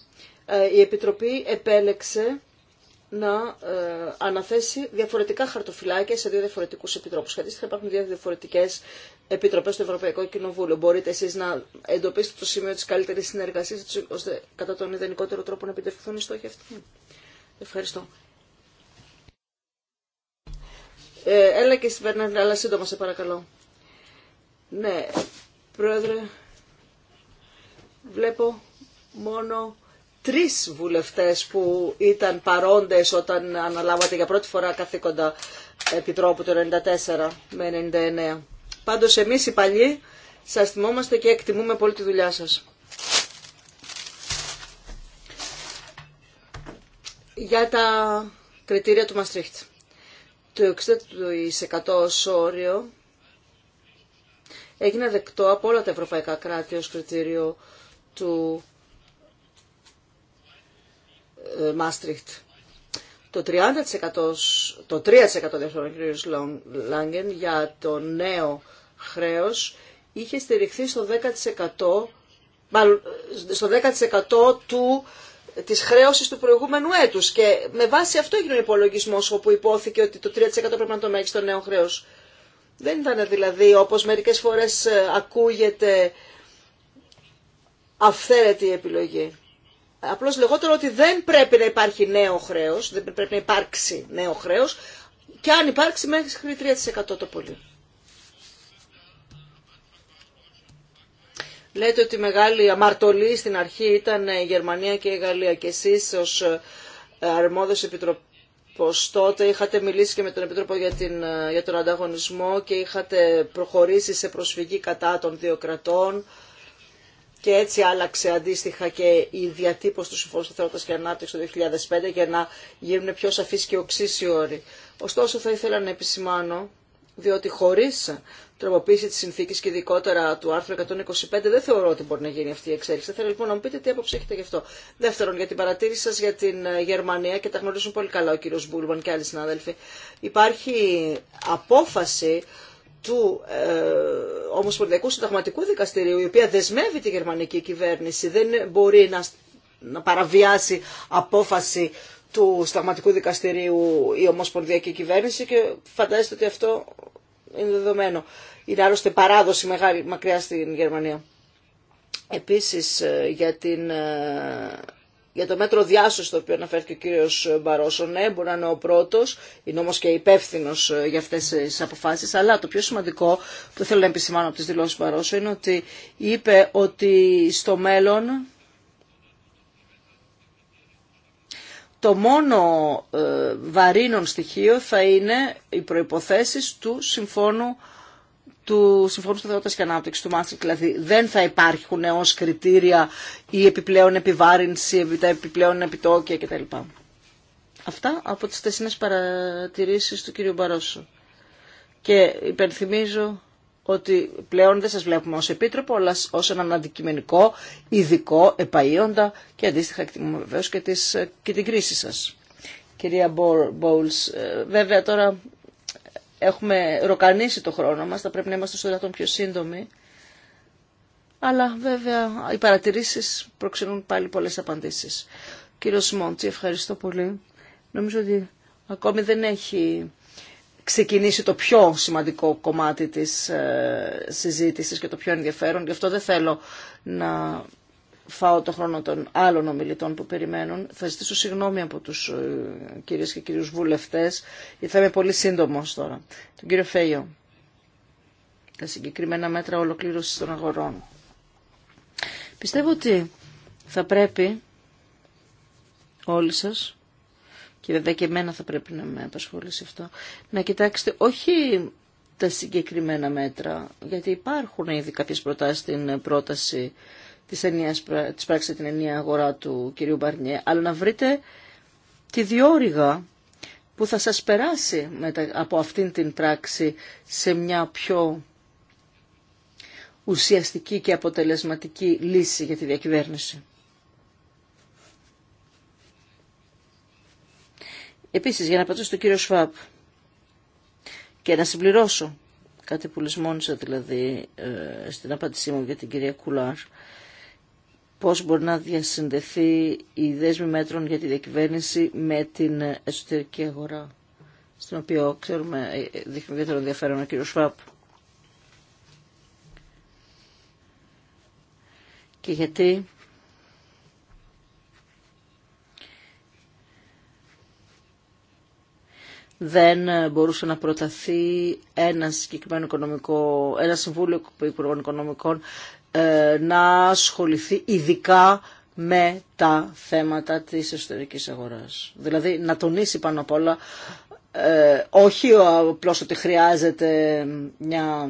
ε, η Επιτροπή επέλεξε να ε, αναθέσει διαφορετικά χαρτοφυλάκια σε δύο διαφορετικούς επιτρόπους. Γιατί θα υπάρχουν δύο διαφορετικές επιτροπές στο Ευρωπαϊκό Κοινοβούλιο. Μπορείτε εσείς να εντοπίσετε το σημείο της καλύτερης συνεργασίας, ώστε κατά τον ιδανικότερο τρόπο να επιτευχθούν οι στόχοι αυτοί. Ευχαριστώ. Ε, έλα και στην αλλά σύντομα σε παρακαλώ. Ναι, πρόεδρε, βλέπω μόνο τρεις βουλευτές που ήταν παρόντες όταν αναλάβατε για πρώτη φορά καθήκοντα επιτρόπου το 94 με 99. Πάντως εμείς οι παλιοί σας θυμόμαστε και εκτιμούμε πολύ τη δουλειά σας. Για τα κριτήρια του Μαστρίχτ. Το 60% ως όριο έγινε δεκτό από όλα τα ευρωπαϊκά κράτη ως κριτήριο του ε, το 30%, το 3% κ. για το νέο χρέος είχε στηριχθεί στο 10%, στο 10% του Τη χρέωση του προηγούμενου έτου. Και με βάση αυτό έγινε ο υπολογισμό όπου υπόθηκε ότι το 3% πρέπει να το μέχρι στο νέο χρέο. Δεν ήταν δηλαδή όπως μερικές φορές ε, ακούγεται αυθαίρετη επιλογή απλώς λεγόταν ότι δεν πρέπει να υπάρχει νέο χρέος, δεν πρέπει να υπάρξει νέο χρέος και αν υπάρξει μέχρι 3% το πολύ. Λέτε ότι η μεγάλη αμαρτωλή στην αρχή ήταν η Γερμανία και η Γαλλία και εσείς ως ε, αρμόδιος επιτροπός τότε είχατε μιλήσει και με τον Επίτροπο για, την, ε, για τον ανταγωνισμό και είχατε προχωρήσει σε προσφυγή κατά των δύο κρατών και έτσι άλλαξε αντίστοιχα και η διατύπωση του Συμφώνου Σταθερότητα και Ανάπτυξη το 2005 για να γίνουν πιο σαφεί και οξύσιοι οι όροι. Ωστόσο θα ήθελα να επισημάνω, διότι χωρί τροποποίηση τη συνθήκη και ειδικότερα του άρθρου 125 δεν θεωρώ ότι μπορεί να γίνει αυτή η εξέλιξη. Θέλω λοιπόν να μου πείτε τι άποψη έχετε γι' αυτό. Δεύτερον, για την παρατήρηση σα για την ε, Γερμανία και τα γνωρίζουν πολύ καλά ο κύριο Μπούλμαν και άλλοι συνάδελφοι. Υπάρχει απόφαση του ε, Ομοσπονδιακού Συνταγματικού Δικαστηρίου, η οποία δεσμεύει τη γερμανική κυβέρνηση, δεν μπορεί να, παραβιάσει απόφαση του Συνταγματικού Δικαστηρίου η Ομοσπονδιακή Κυβέρνηση και φαντάζεστε ότι αυτό είναι δεδομένο. Είναι άλλωστε παράδοση μεγάλη μακριά στην Γερμανία. Επίσης ε, για την ε, για το μέτρο διάσωση το οποίο αναφέρθηκε ο κύριος Μπαρόσο. Ναι, μπορεί να είναι ο πρώτος, είναι όμω και υπεύθυνο ε, για αυτές τις αποφάσεις, αλλά το πιο σημαντικό που θέλω να επισημάνω από τις δηλώσεις Μπαρόσο είναι ότι είπε ότι στο μέλλον το μόνο ε, βαρύνων στοιχείο θα είναι οι προϋποθέσεις του συμφώνου του Συμφώνου Σταθερότητα και Ανάπτυξη του Μάστρικ. Δηλαδή δεν θα υπάρχουν ω κριτήρια η επιπλέον επιβάρυνση, τα επιπλέον επιτόκια κτλ. Αυτά από τι τεσσινέ παρατηρήσεις του κ. Μπαρόσου. Και υπενθυμίζω ότι πλέον δεν σας βλέπουμε ως επίτροπο, αλλά ως έναν αντικειμενικό, ειδικό, επαΐοντα και αντίστοιχα εκτιμούμε βεβαίω και, την κρίση σας. Κυρία Μπόουλς, ε, βέβαια τώρα έχουμε ροκανίσει το χρόνο μας, θα πρέπει να είμαστε στο δυνατόν πιο σύντομοι. Αλλά βέβαια οι παρατηρήσεις προξενούν πάλι πολλές απαντήσεις. Κύριο Σμόντσι, ευχαριστώ πολύ. Νομίζω ότι ακόμη δεν έχει ξεκινήσει το πιο σημαντικό κομμάτι της ε, συζήτησης και το πιο ενδιαφέρον. Γι' αυτό δεν θέλω να φάω το χρόνο των άλλων ομιλητών που περιμένουν. Θα ζητήσω συγγνώμη από τους ε, κυρίες και κυρίους βουλευτές, γιατί θα είμαι πολύ σύντομο τώρα. Τον κύριο Φέιο, τα συγκεκριμένα μέτρα ολοκλήρωση των αγορών. Πιστεύω ότι θα πρέπει όλοι σας, και βέβαια και εμένα θα πρέπει να με απασχολήσει αυτό, να κοιτάξετε όχι τα συγκεκριμένα μέτρα, γιατί υπάρχουν ήδη κάποιες προτάσεις στην πρόταση της, ενίας, της πράξης την ενιαία αγορά του κυρίου Μπαρνιέ, αλλά να βρείτε τη διόρυγα που θα σας περάσει μετα, από αυτήν την πράξη σε μια πιο ουσιαστική και αποτελεσματική λύση για τη διακυβέρνηση. Επίσης, για να πατήσω στον κύριο Σφάπ και να συμπληρώσω κάτι που λησμόνισα δηλαδή ε, στην απάντησή μου για την κυρία Κουλάρ, πώς μπορεί να διασυνδεθεί η δέσμη μέτρων για τη διακυβέρνηση με την εσωτερική αγορά, στην οποία ξέρουμε ε, ε, δείχνει ιδιαίτερο ενδιαφέρον ο κ. Σφάπ. Και γιατί δεν μπορούσε να προταθεί ένα συγκεκριμένο οικονομικό, ένα συμβούλιο υπουργών οικονομικών ε, να ασχοληθεί ειδικά με τα θέματα της εσωτερικής αγοράς. Δηλαδή να τονίσει πάνω απ' όλα ε, όχι απλώ ότι χρειάζεται μια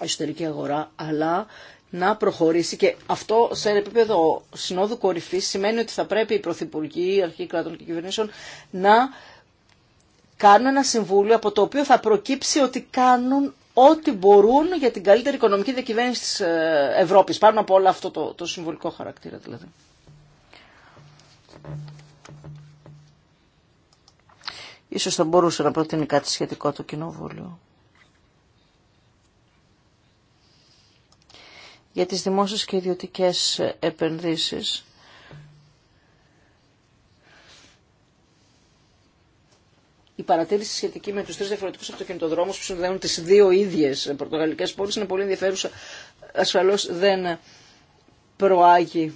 εσωτερική αγορά, αλλά να προχωρήσει και αυτό σε επίπεδο συνόδου κορυφή σημαίνει ότι θα πρέπει οι πρωθυπουργοί, οι αρχή κράτων και κυβερνήσεων να κάνουν ένα συμβούλιο από το οποίο θα προκύψει ότι κάνουν ό,τι μπορούν για την καλύτερη οικονομική διακυβέρνηση της ε, Ευρώπης. Πάνω από όλο αυτό το, το συμβολικό χαρακτήρα δηλαδή. Ίσως θα μπορούσε να προτείνει κάτι σχετικό το Κοινοβούλιο. Για τις δημόσιες και ιδιωτικές επενδύσεις η παρατήρηση σχετική με του τρει διαφορετικού αυτοκινητοδρόμου που συνδέουν τι δύο ίδιε πορτογαλικέ πόλει είναι πολύ ενδιαφέρουσα. Ασφαλώ δεν προάγει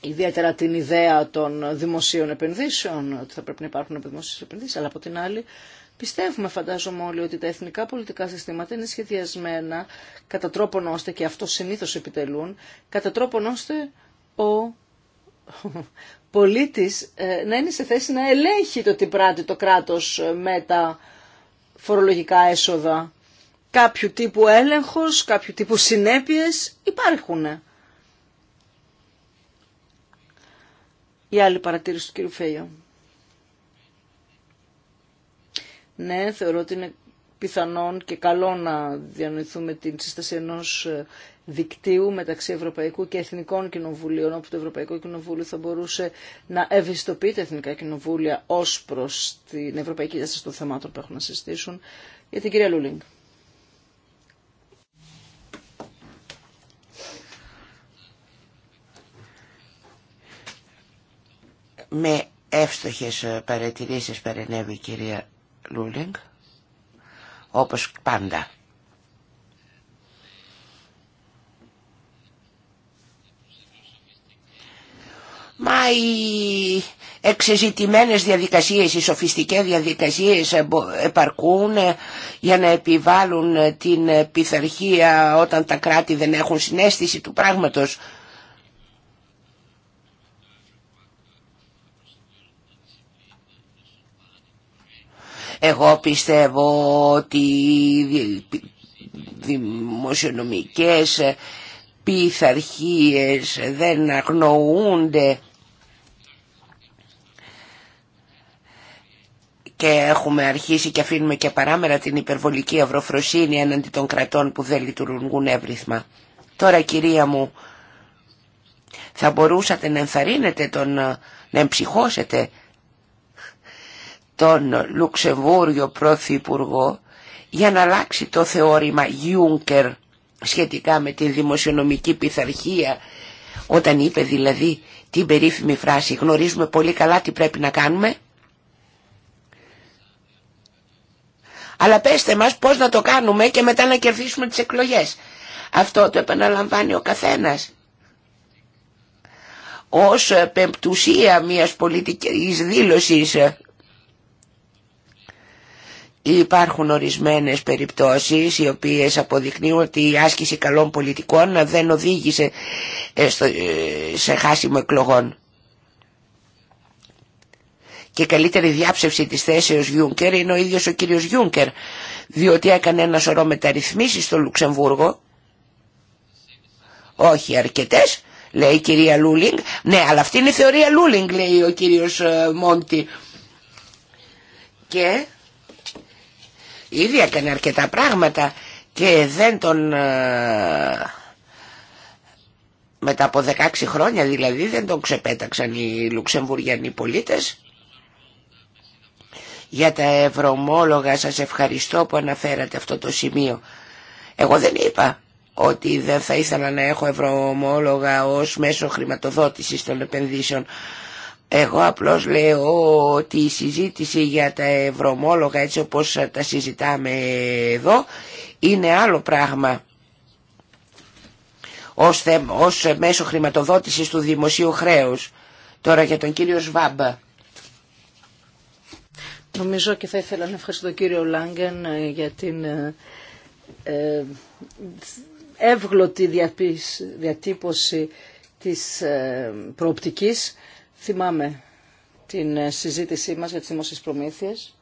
ιδιαίτερα την ιδέα των δημοσίων επενδύσεων, ότι θα πρέπει να υπάρχουν δημοσίε επενδύσει, αλλά από την άλλη πιστεύουμε, φαντάζομαι όλοι, ότι τα εθνικά πολιτικά συστήματα είναι σχεδιασμένα κατά τρόπον ώστε, και αυτό συνήθω επιτελούν, κατά τρόπον ώστε ο πολίτης ε, να είναι σε θέση να ελέγχει το τι πράττει το κράτος ε, με τα φορολογικά έσοδα. Κάποιου τύπου έλεγχος, κάποιου τύπου συνέπειες υπάρχουν. Η άλλη παρατήρηση του κ. Φέγιο. Ναι, θεωρώ ότι είναι πιθανόν και καλό να διανοηθούμε την συστασία ενός ε, δικτύου μεταξύ Ευρωπαϊκού και Εθνικών Κοινοβουλίων, όπου το Ευρωπαϊκό Κοινοβούλιο θα μπορούσε να ευαισθητοποιεί τα Εθνικά Κοινοβούλια ω προ την Ευρωπαϊκή Διάσταση των θεμάτων που έχουν να συστήσουν, Για την κυρία Λούλινγκ. Με εύστοχες παρατηρήσεις παρενέβη η κυρία Λούλινγκ, όπως πάντα. Μα οι εξεζητημένες διαδικασίες, οι σοφιστικές διαδικασίες επαρκούν ε, για να επιβάλλουν ε, την πειθαρχία όταν τα κράτη δεν έχουν συνέστηση του πράγματος. Εγώ πιστεύω ότι οι δημοσιονομικές ε, πειθαρχίες δεν αγνοούνται και έχουμε αρχίσει και αφήνουμε και παράμερα την υπερβολική αυροφροσύνη έναντι των κρατών που δεν λειτουργούν εύρυθμα. Τώρα κυρία μου, θα μπορούσατε να ενθαρρύνετε τον, να εμψυχώσετε τον Λουξεμβούργιο Πρωθυπουργό για να αλλάξει το θεώρημα Γιούνκερ σχετικά με τη δημοσιονομική πειθαρχία όταν είπε δηλαδή την περίφημη φράση γνωρίζουμε πολύ καλά τι πρέπει να κάνουμε Αλλά πέστε μας πώς να το κάνουμε και μετά να κερδίσουμε τις εκλογές. Αυτό το επαναλαμβάνει ο καθένας. Ως ε, πεμπτουσία μιας πολιτικής δήλωσης ε, υπάρχουν ορισμένες περιπτώσεις οι οποίες αποδεικνύουν ότι η άσκηση καλών πολιτικών δεν οδήγησε ε, σε χάσιμο εκλογών και καλύτερη διάψευση της θέσεως Γιούνκερ είναι ο ίδιος ο κύριος Γιούνκερ, διότι έκανε ένα σωρό μεταρρυθμίσεις στο Λουξεμβούργο, όχι αρκετές, λέει η κυρία Λούλινγκ, ναι αλλά αυτή είναι η θεωρία Λούλινγκ λέει ο κύριος ε, Μόντι και ήδη έκανε αρκετά πράγματα και δεν τον ε, μετά από 16 χρόνια δηλαδή δεν τον ξεπέταξαν οι Λουξεμβουργιανοί πολίτες για τα ευρωμόλογα σας ευχαριστώ που αναφέρατε αυτό το σημείο. Εγώ δεν είπα ότι δεν θα ήθελα να έχω ευρωμόλογα ως μέσο χρηματοδότησης των επενδύσεων. Εγώ απλώς λέω ότι η συζήτηση για τα ευρωμόλογα έτσι όπως τα συζητάμε εδώ είναι άλλο πράγμα ως, ως μέσο χρηματοδότησης του δημοσίου χρέους. Τώρα για τον κύριο Σβάμπα. Νομίζω και θα ήθελα να ευχαριστώ τον κύριο Λάγκεν ε, για την ε, ε, εύγλωτη διατύπωση της προοπτικής. Θυμάμαι την συζήτησή μας για τις δημόσιες προμήθειες.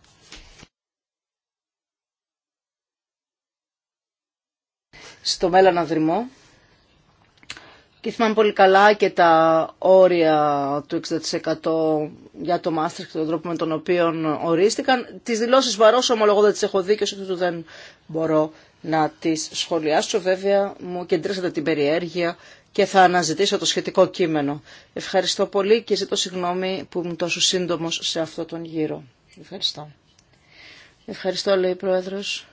Στο μέλλον αδρυμό. Και θυμάμαι πολύ καλά και τα όρια του 60% για το Μάστρικ και τον τρόπο με τον οποίο ορίστηκαν. Τις δηλώσεις βαρός ομολογώ δεν τις έχω δει και δεν μπορώ να τις σχολιάσω. Βέβαια μου κεντρήσατε την περιέργεια και θα αναζητήσω το σχετικό κείμενο. Ευχαριστώ πολύ και ζητώ συγγνώμη που ήμουν τόσο σύντομος σε αυτό τον γύρο. Ευχαριστώ. Ευχαριστώ λέει η Πρόεδρος.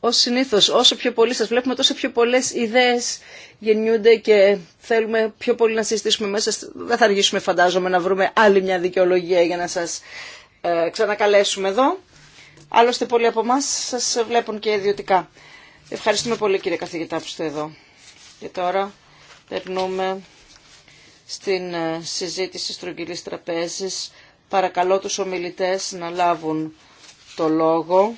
ως συνήθως, όσο πιο πολύ σας βλέπουμε, τόσο πιο πολλές ιδέες γεννιούνται και θέλουμε πιο πολύ να συζητήσουμε μέσα. Δεν θα αργήσουμε φαντάζομαι να βρούμε άλλη μια δικαιολογία για να σας ε, ξανακαλέσουμε εδώ. Άλλωστε πολλοί από εμά σας βλέπουν και ιδιωτικά. Ευχαριστούμε πολύ κύριε καθηγητά που είστε εδώ. Και τώρα περνούμε στην ε, συζήτηση στρογγυλής τραπέζης. Παρακαλώ τους ομιλητές να λάβουν το λόγο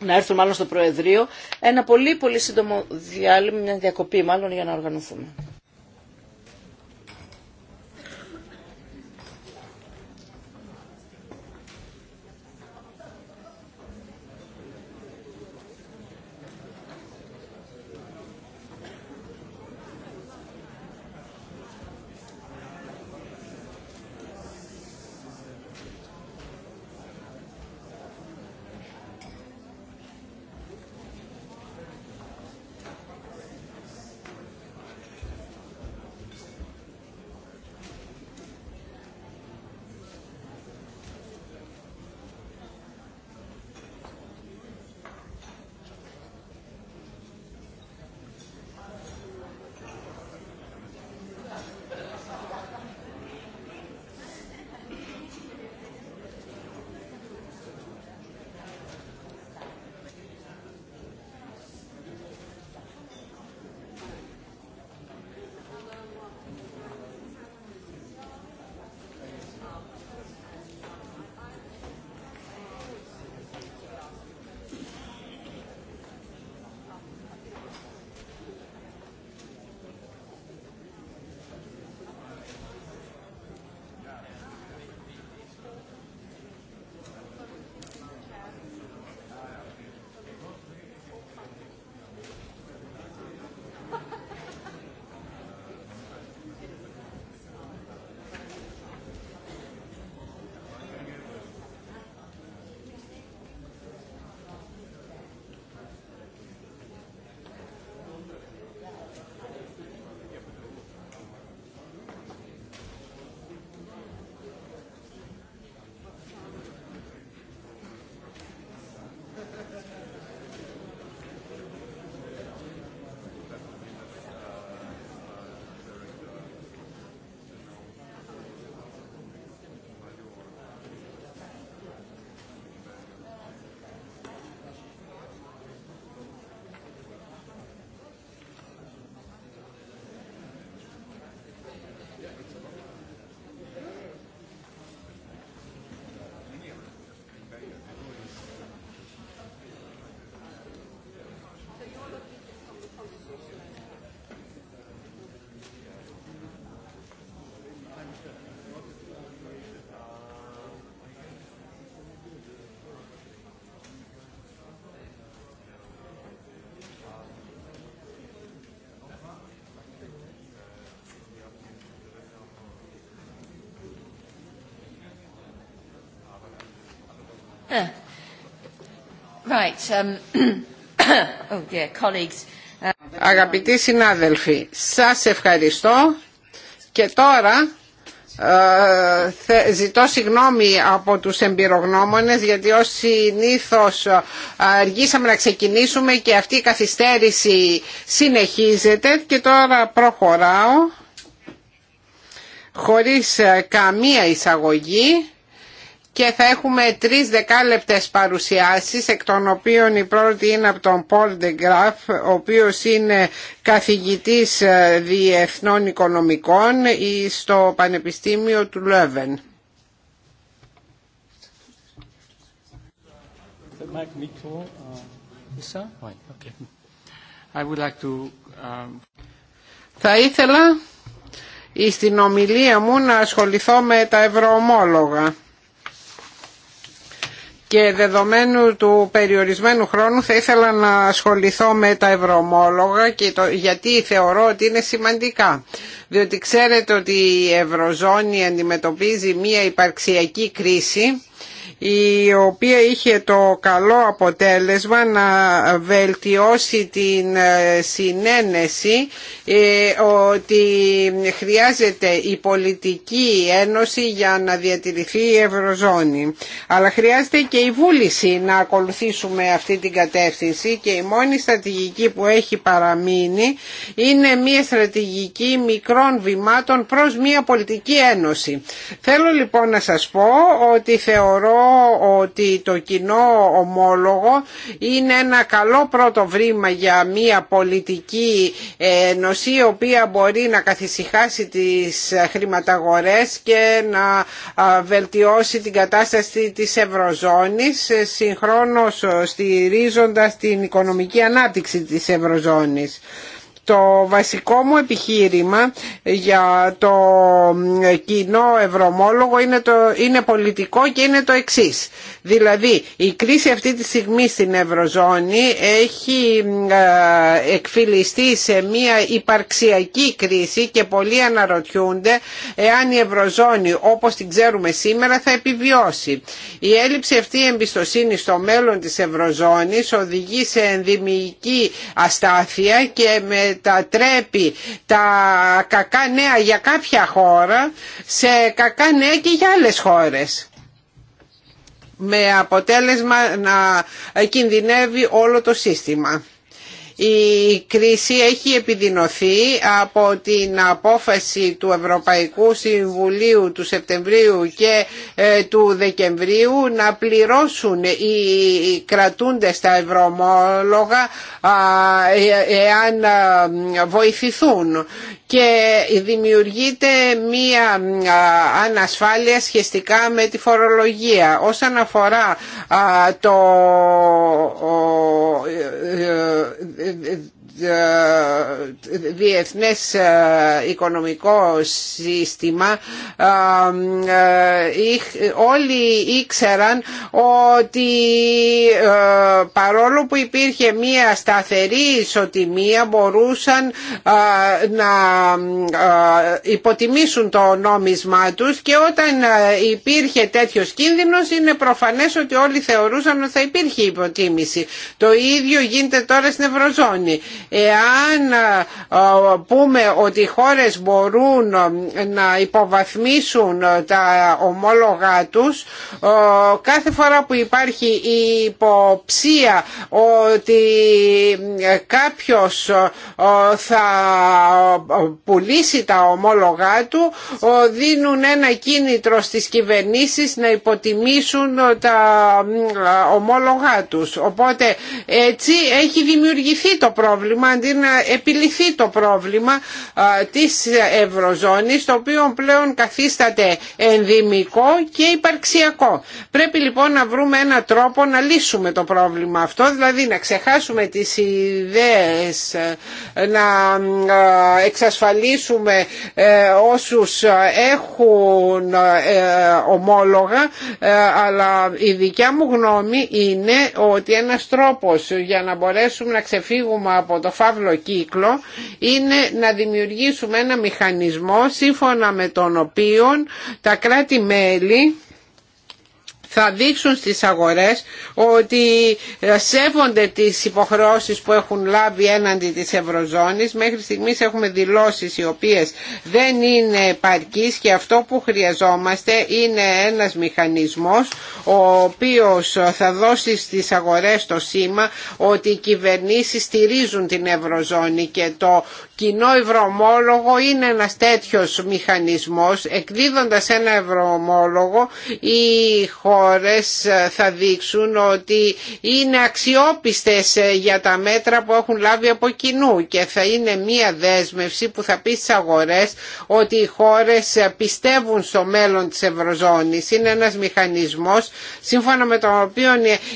να έρθουν μάλλον στο Προεδρείο ένα πολύ πολύ σύντομο διάλειμμα, μια διακοπή μάλλον για να οργανωθούμε. Um, oh uh, Αγαπητοί συνάδελφοι, σας ευχαριστώ και τώρα ε, ζητώ συγγνώμη από τους εμπειρογνώμονες γιατί ως συνήθως ε, αργήσαμε να ξεκινήσουμε και αυτή η καθυστέρηση συνεχίζεται και τώρα προχωράω χωρίς ε, καμία εισαγωγή και θα έχουμε τρεις δεκάλεπτες παρουσιάσεις εκ των οποίων η πρώτη είναι από τον Paul de ο οποίος είναι καθηγητής ε, διεθνών οικονομικών στο Πανεπιστήμιο του Λέβεν. Ε, um, θα ήθελα στην ομιλία μου να ασχοληθώ με τα ευρωομόλογα και δεδομένου του περιορισμένου χρόνου θα ήθελα να ασχοληθώ με τα ευρωομόλογα και το, γιατί θεωρώ ότι είναι σημαντικά. Διότι ξέρετε ότι η Ευρωζώνη αντιμετωπίζει μία υπαρξιακή κρίση η οποία είχε το καλό αποτέλεσμα να βελτιώσει την ε, συνένεση ε, ότι χρειάζεται η πολιτική ένωση για να διατηρηθεί η Ευρωζώνη. Αλλά χρειάζεται και η βούληση να ακολουθήσουμε αυτή την κατεύθυνση και η μόνη στρατηγική που έχει παραμείνει είναι μια στρατηγική μικρών βημάτων προς μια πολιτική ένωση. Θέλω λοιπόν να σας πω ότι θεωρώ ότι το κοινό ομόλογο είναι ένα καλό πρώτο βρήμα για μια πολιτική ενωσή η οποία μπορεί να καθησυχάσει τις χρηματαγορές και να βελτιώσει την κατάσταση της Ευρωζώνης συγχρόνως στηρίζοντας την οικονομική ανάπτυξη της Ευρωζώνης. Το βασικό μου επιχείρημα για το κοινό ευρωμόλογο είναι, το, είναι πολιτικό και είναι το εξής. Δηλαδή η κρίση αυτή τη στιγμή στην Ευρωζώνη έχει εκφυλιστεί σε μια υπαρξιακή κρίση και πολλοί αναρωτιούνται εάν η Ευρωζώνη όπως την ξέρουμε σήμερα θα επιβιώσει. Η έλλειψη αυτή η εμπιστοσύνη στο μέλλον της Ευρωζώνης οδηγεί σε ενδημική αστάθεια και μετατρέπει τα κακά νέα για κάποια χώρα σε κακά νέα και για άλλες χώρες με αποτέλεσμα να κινδυνεύει όλο το σύστημα. Η κρίση έχει επιδεινωθεί από την απόφαση του Ευρωπαϊκού Συμβουλίου του Σεπτεμβρίου και ε, του Δεκεμβρίου να πληρώσουν οι κρατούντες τα ευρωομόλογα ε, εάν ε, βοηθηθούν και δημιουργείται μία ανασφάλεια σχετικά με τη φορολογία. Όσον αφορά το ε, ε, ε, διεθνές ε, οικονομικό σύστημα ε, όλοι ήξεραν ότι παρόλο που υπήρχε μία σταθερή ισοτιμία μπορούσαν να υποτιμήσουν το νόμισμά τους και όταν υπήρχε τέτοιος κίνδυνος είναι προφανές ότι όλοι θεωρούσαν ότι θα υπήρχε υποτίμηση. Το ίδιο γίνεται τώρα στην Ευρωζώνη. Εάν πούμε ότι οι χώρες μπορούν να υποβαθμίσουν τα ομόλογα τους, κάθε φορά που υπάρχει η υποψία ότι ε, κάποιος θα πουλήσει τα ομόλογά του, δίνουν ένα κίνητρο στις κυβερνήσεις να υποτιμήσουν τα ομόλογα τους. Οπότε έτσι έχει δημιουργηθεί το πρόβλημα πρόβλημα αντί να επιληθεί το πρόβλημα της Ευρωζώνης το οποίο πλέον καθίσταται ενδυμικό και υπαρξιακό. Πρέπει λοιπόν να βρούμε ένα τρόπο να λύσουμε το πρόβλημα αυτό δηλαδή να ξεχάσουμε τις ιδέες να εξασφαλίσουμε ε, όσους έχουν ε, ομόλογα ε, αλλά η δικιά μου γνώμη είναι ότι ένας τρόπος για να μπορέσουμε να ξεφύγουμε από το φαύλο κύκλο είναι να δημιουργήσουμε ένα μηχανισμό σύμφωνα με τον οποίο τα κράτη-μέλη θα δείξουν στις αγορές ότι ε, σέβονται τις υποχρεώσεις που έχουν λάβει έναντι της Ευρωζώνης. Μέχρι στιγμής έχουμε δηλώσεις οι οποίες δεν είναι παρκείς και αυτό που χρειαζόμαστε είναι ένας μηχανισμός ο οποίος θα δώσει στις αγορές το σήμα ότι οι κυβερνήσεις στηρίζουν την Ευρωζώνη και το κοινό ευρωομόλογο είναι ένας τέτοιος μηχανισμός εκδίδοντας ένα ευρωομόλογο η χώρες ε, θα δείξουν ότι είναι αξιόπιστες ε, για τα μέτρα που έχουν λάβει από κοινού και θα είναι μία δέσμευση που θα πει στις αγορές ότι οι χώρες ε, πιστεύουν στο μέλλον της Ευρωζώνης. Είναι ένας μηχανισμός σύμφωνα με τον οποίο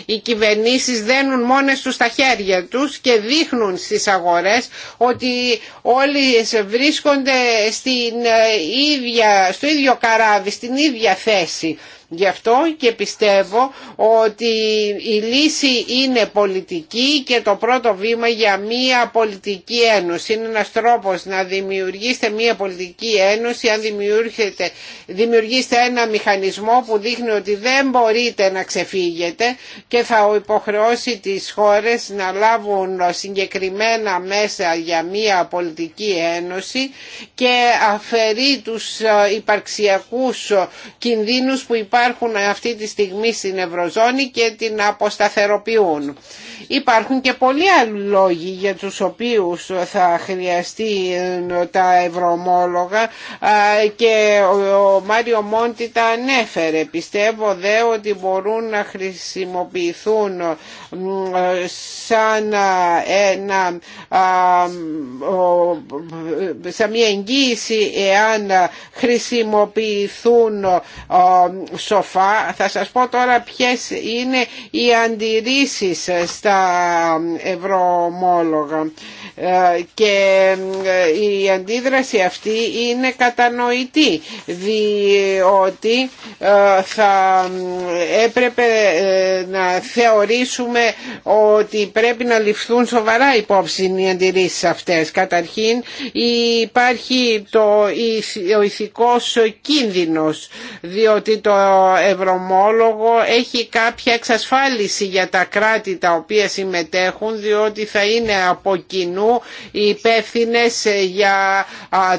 οι κυβερνήσεις δένουν μόνες τους τα χέρια τους και δείχνουν στις αγορές ότι όλοι βρίσκονται στην ίδια, στο ίδιο καράβι, στην ίδια θέση. Γι' αυτό και πιστεύω ότι η λύση είναι πολιτική και το πρώτο βήμα για μία πολιτική ένωση. Είναι ένας τρόπος να δημιουργήσετε μία πολιτική ένωση αν δημιουργήσετε ένα μηχανισμό που δείχνει ότι δεν μπορείτε να ξεφύγετε και θα υποχρεώσει τις χώρες να λάβουν συγκεκριμένα μέσα για μία πολιτική ένωση και αφαιρεί τους ε, υπαρξιακούς κινδύνους που υπάρχουν αυτή τη στιγμή στην Ευρωζώνη και την αποσταθεροποιούν. Υπάρχουν και πολλοί άλλοι λόγοι για τους οποίους θα χρειαστεί τα ευρωομόλογα και ο Μάριο Μόντι τα ανέφερε. Πιστεύω δε ότι μπορούν να χρησιμοποιηθούν σαν, ένα, σαν μια εγγύηση εάν χρησιμοποιηθούν σοφά. Θα σας πω τώρα ποιες είναι οι αντιρρήσεις στα ευρωμόλογα ευρωομόλογα ε, και ε, η αντίδραση αυτή είναι κατανοητή διότι ε, θα έπρεπε να θεωρήσουμε ότι πρέπει να ληφθούν σοβαρά υπόψη οι αντιρρήσεις αυτές. Καταρχήν υπάρχει το, ο ηθικός κίνδυνος διότι το ευρωμόλογο έχει κάποια εξασφάλιση για τα κράτη τα οποία συμμετέχουν διότι θα είναι από κοινού υπεύθυνε για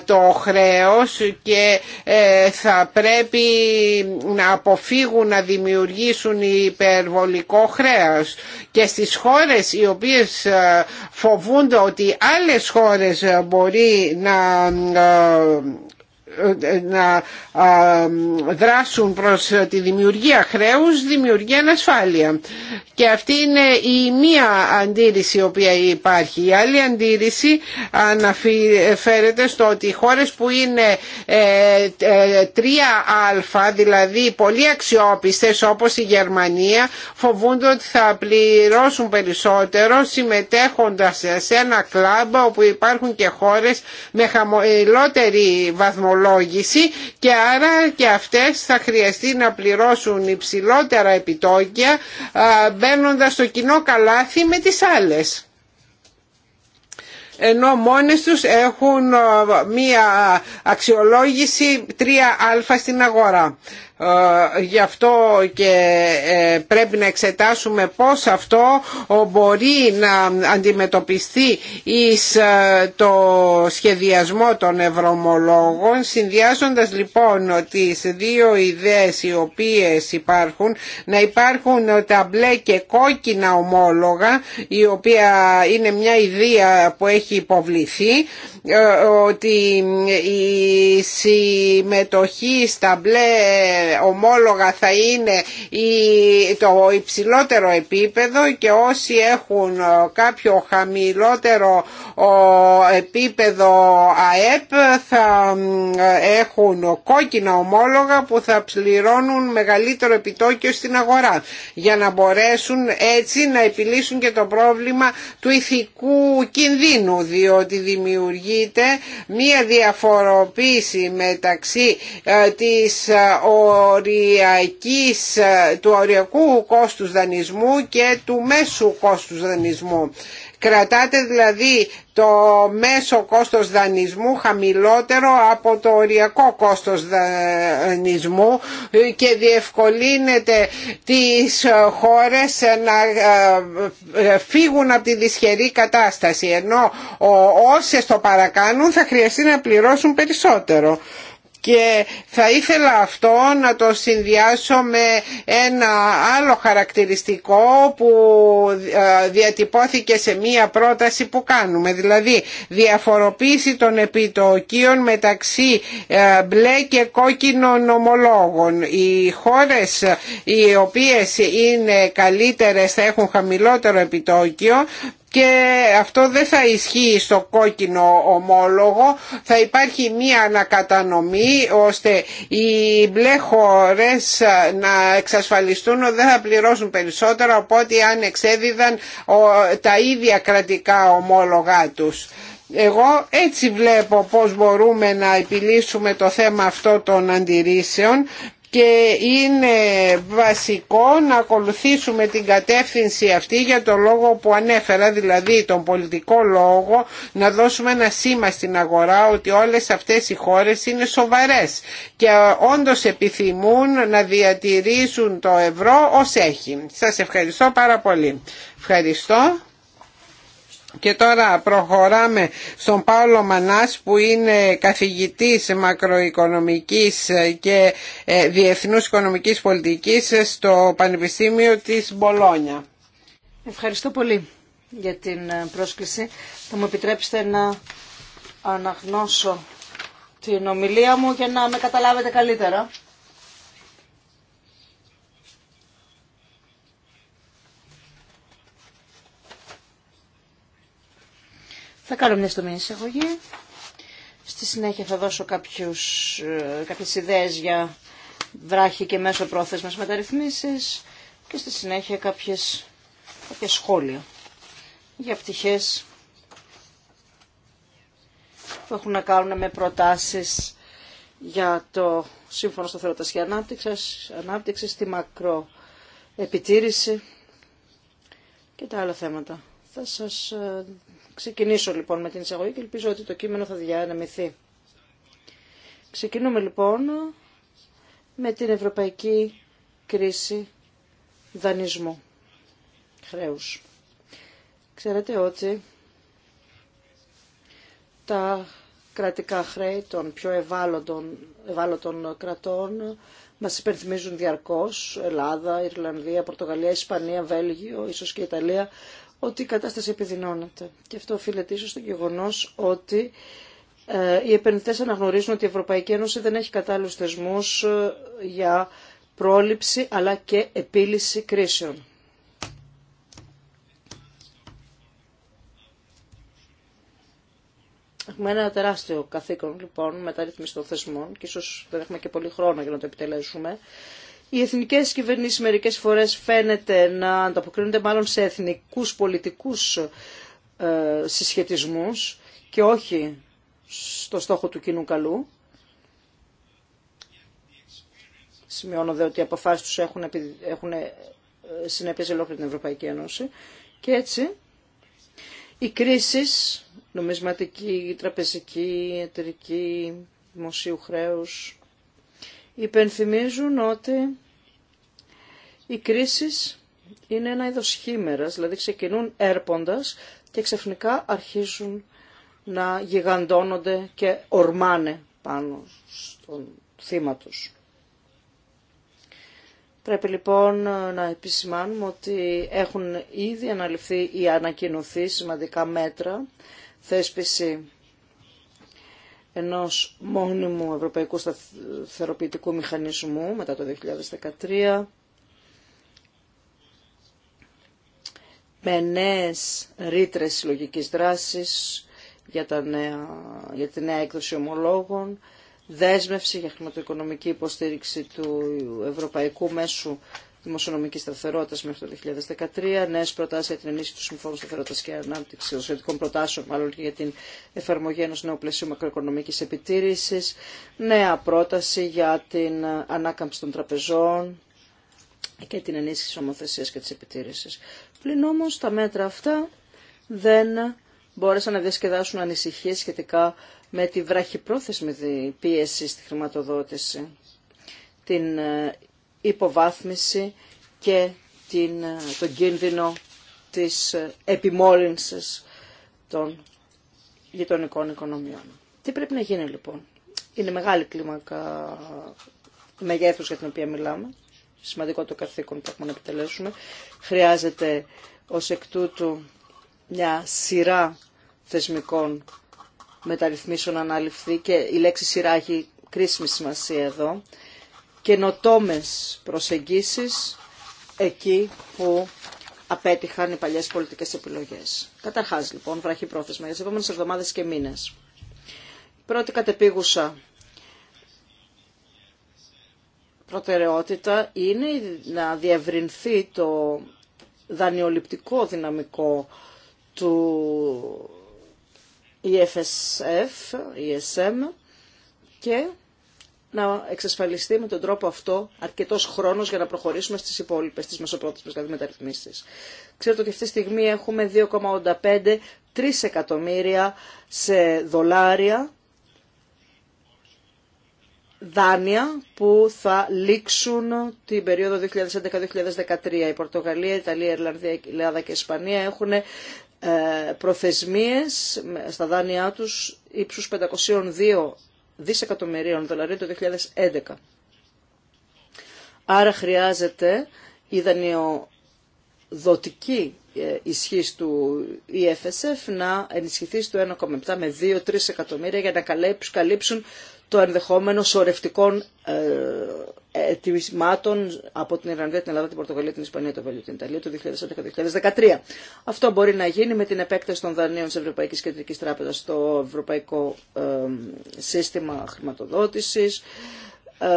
το χρέος και ε, θα πρέπει να αποφύγουν να δημιουργήσουν υπερβολικό χρέος και στις χώρες οι οποίες ε, φοβούνται ότι άλλες χώρες μπορεί να ε, να δράσουν προς τη δημιουργία χρέους δημιουργεί ανασφάλεια και αυτή είναι η μία αντίρρηση η οποία υπάρχει η άλλη αντίρρηση αναφέρεται στο ότι οι χώρες που είναι 3α ε, ε, δηλαδή πολύ αξιόπιστες όπως η Γερμανία φοβούνται ότι θα πληρώσουν περισσότερο συμμετέχοντας σε ένα κλαμπ όπου υπάρχουν και χώρες με χαμηλότερη βαθμολόγηση και άρα και αυτές θα χρειαστεί να πληρώσουν υψηλότερα επιτόκια μπαίνοντας στο κοινό καλάθι με τις άλλες ενώ μόνες τους έχουν μία αξιολόγηση 3α στην αγορά. Ε, γι' αυτό και ε, πρέπει να εξετάσουμε πώς αυτό ε, μπορεί να αντιμετωπιστεί εις το σχεδιασμό των ευρωμολόγων συνδυάζοντας λοιπόν τις δύο ιδέες οι οποίες υπάρχουν να υπάρχουν τα μπλε και κόκκινα ομόλογα η οποία είναι μια ιδέα που έχει υποβληθεί ότι η συμμετοχή στα μπλε ομόλογα θα είναι το υψηλότερο επίπεδο και όσοι έχουν ε, κάποιο χαμηλότερο επίπεδο ΑΕΠ θα έχουν κόκκινα ομόλογα που θα πληρώνουν μεγαλύτερο επιτόκιο στην αγορά για να μπορέσουν έτσι να επιλύσουν και το πρόβλημα του ηθικού κινδύνου διότι δημιουργείται μία διαφοροποίηση μεταξύ ε, της ε, οριακής, ε, του οριακού κόστους δανεισμού και του μέσου κόστους δανεισμού. Κρατάτε δηλαδή το μέσο κόστος δανεισμού χαμηλότερο από το οριακό κόστος δανεισμού και διευκολύνεται τις χώρες να ε, ε, φύγουν από τη δυσχερή κατάσταση ενώ όσες το παρακάνουν θα χρειαστεί να πληρώσουν περισσότερο και θα ήθελα αυτό να το συνδυάσω με ένα άλλο χαρακτηριστικό που ε, διατυπώθηκε σε μία πρόταση που κάνουμε δηλαδή διαφοροποίηση των επιτοκίων μεταξύ ε, μπλε και κόκκινων ομολόγων οι χώρες οι οποίες είναι καλύτερες θα έχουν χαμηλότερο επιτόκιο και αυτό δεν θα ισχύει στο κόκκινο ομόλογο. Θα υπάρχει μία ανακατανομή ώστε οι μπλε χώρες να εξασφαλιστούν ότι δεν θα πληρώσουν περισσότερα από αν εξέδιδαν τα ίδια κρατικά ομόλογά τους. Εγώ έτσι βλέπω πώς μπορούμε να επιλύσουμε το θέμα αυτό των αντιρρήσεων και είναι βασικό να ακολουθήσουμε την κατεύθυνση αυτή για το λόγο που ανέφερα, δηλαδή τον πολιτικό λόγο, να δώσουμε ένα σήμα στην αγορά ότι όλες αυτές οι χώρες είναι σοβαρές και όντως επιθυμούν να διατηρήσουν το ευρώ ως έχει. Σας ευχαριστώ πάρα πολύ. Ευχαριστώ. Και τώρα προχωράμε στον Πάολο Μανάς που είναι καθηγητής μακροοικονομικής και ε, διεθνούς οικονομικής πολιτικής στο Πανεπιστήμιο της Μπολόνια. Ευχαριστώ πολύ για την ε, πρόσκληση. Θα μου επιτρέψετε να αναγνώσω την ομιλία μου για να με καταλάβετε καλύτερα. Θα κάνω μια στομή εισαγωγή. Στη συνέχεια θα δώσω κάποιους, ε, κάποιες ιδέες για βράχη και μέσο πρόθεσμες μεταρρυθμίσεις και στη συνέχεια κάποιες, κάποια σχόλια για πτυχές που έχουν να κάνουν με προτάσεις για το Σύμφωνο στο και Ανάπτυξης, ανάπτυξης τη μακροεπιτήρηση και τα άλλα θέματα. Θα σας ε, Ξεκινήσω λοιπόν με την εισαγωγή και ελπίζω ότι το κείμενο θα διανεμηθεί. Ξεκινούμε λοιπόν με την ευρωπαϊκή κρίση δανεισμού χρέους. Ξέρετε ότι τα κρατικά χρέη των πιο ευάλωτων, κρατών μας υπενθυμίζουν διαρκώς Ελλάδα, Ιρλανδία, Πορτογαλία, Ισπανία, Βέλγιο, ίσως και Ιταλία ότι η κατάσταση επιδεινώνεται. Και αυτό οφείλεται ίσως στο γεγονός ότι ε, οι επενδυτές αναγνωρίζουν ότι η Ευρωπαϊκή Ένωση δεν έχει κατάλληλους θεσμούς ε, για πρόληψη αλλά και επίλυση κρίσεων. Έχουμε ένα τεράστιο καθήκον λοιπόν μεταρρύθμιση των θεσμών και ίσως δεν έχουμε και πολύ χρόνο για να το επιτελέσουμε. Οι εθνικέ κυβερνήσει, μερικέ φορές φαίνεται να ανταποκρίνονται μάλλον σε εθνικούς πολιτικούς ε, συσχετισμούς και όχι στο στόχο του κοινού καλού. Σημειώνω δε ότι οι αποφάσει του έχουν, έχουν ε, σε ολόκληρη την Ευρωπαϊκή Ένωση. Και έτσι οι κρίσει, νομισματική, τραπεζική, εταιρική, δημοσίου χρέους, υπενθυμίζουν ότι οι κρίσεις είναι ένα είδος χήμερας, δηλαδή ξεκινούν έρποντας και ξαφνικά αρχίζουν να γιγαντώνονται και ορμάνε πάνω στον θύμα τους. Πρέπει λοιπόν να επισημάνουμε ότι έχουν ήδη αναλυφθεί ή ανακοινωθεί σημαντικά μέτρα, θέσπιση ενός μόνιμου Ευρωπαϊκού Σταθεροποιητικού Μηχανισμού μετά το 2013 με νέες ρήτρες συλλογική δράσης για, για τη νέα έκδοση ομολόγων, δέσμευση για χρηματοοικονομική υποστήριξη του Ευρωπαϊκού Μέσου δημοσιονομική σταθερότητα μέχρι το 2013, νέε προτάσει για την ενίσχυση του Συμφώνου Σταθερότητα και Ανάπτυξη, ουσιαστικών προτάσεων μάλλον και για την εφαρμογή ενό νέου πλαισίου μακροοικονομική επιτήρηση, νέα πρόταση για την ανάκαμψη των τραπεζών και την ενίσχυση ομοθεσία και τη επιτήρηση. Πλην όμω τα μέτρα αυτά δεν μπόρεσαν να διασκεδάσουν ανησυχίες σχετικά με τη βραχυπρόθεσμη πίεση στη χρηματοδότηση, την ε, υποβάθμιση και την, τον κίνδυνο της επιμόλυνσης των γειτονικών οικονομιών. Τι πρέπει να γίνει λοιπόν. Είναι μεγάλη κλίμακα μεγέθους για την οποία μιλάμε. Σημαντικό το καθήκον που έχουμε να επιτελέσουμε. Χρειάζεται ως εκ τούτου μια σειρά θεσμικών μεταρρυθμίσεων να αναλυφθεί και η λέξη σειρά έχει κρίσιμη σημασία εδώ καινοτόμες προσεγγίσεις εκεί που απέτυχαν οι παλιές πολιτικές επιλογές. Καταρχάς λοιπόν, βραχή πρόθεσμα για τις επόμενες εβδομάδες και μήνες. Πρώτη κατεπίγουσα προτεραιότητα είναι να διευρυνθεί το δανειοληπτικό δυναμικό του EFSF, ESM και να εξασφαλιστεί με τον τρόπο αυτό αρκετό χρόνο για να προχωρήσουμε στι υπόλοιπε στι μεσοπρόθεσμε δηλαδή μεταρρυθμίσεις. Ξέρετε ότι αυτή τη στιγμή έχουμε 2,85-3 εκατομμύρια σε δολάρια δάνεια που θα λήξουν την περίοδο 2011-2013. Η Πορτογαλία, η Ιταλία, η Ιρλανδία, η Ελλάδα και η Ισπανία έχουν ε, προθεσμίες στα δάνειά τους ύψους 502 δισεκατομμυρίων δολαρίων το 2011. Άρα χρειάζεται η δανειοδοτική ε, ισχύ του EFSF να ενισχυθεί στο 1,7 με 2-3 εκατομμύρια για να καλύψουν το ενδεχόμενο σωρευτικών ε, ε, ετοιμισμάτων από την Ιρλανδία, την Ελλάδα, την Πορτογαλία, την Ισπανία, το Βέλγιο, την Ιταλία το 2011-2013. Αυτό μπορεί να γίνει με την επέκταση των δανείων τη Ευρωπαϊκή Κεντρική Τράπεζα στο Ευρωπαϊκό ε, Σύστημα Χρηματοδότηση. Ε,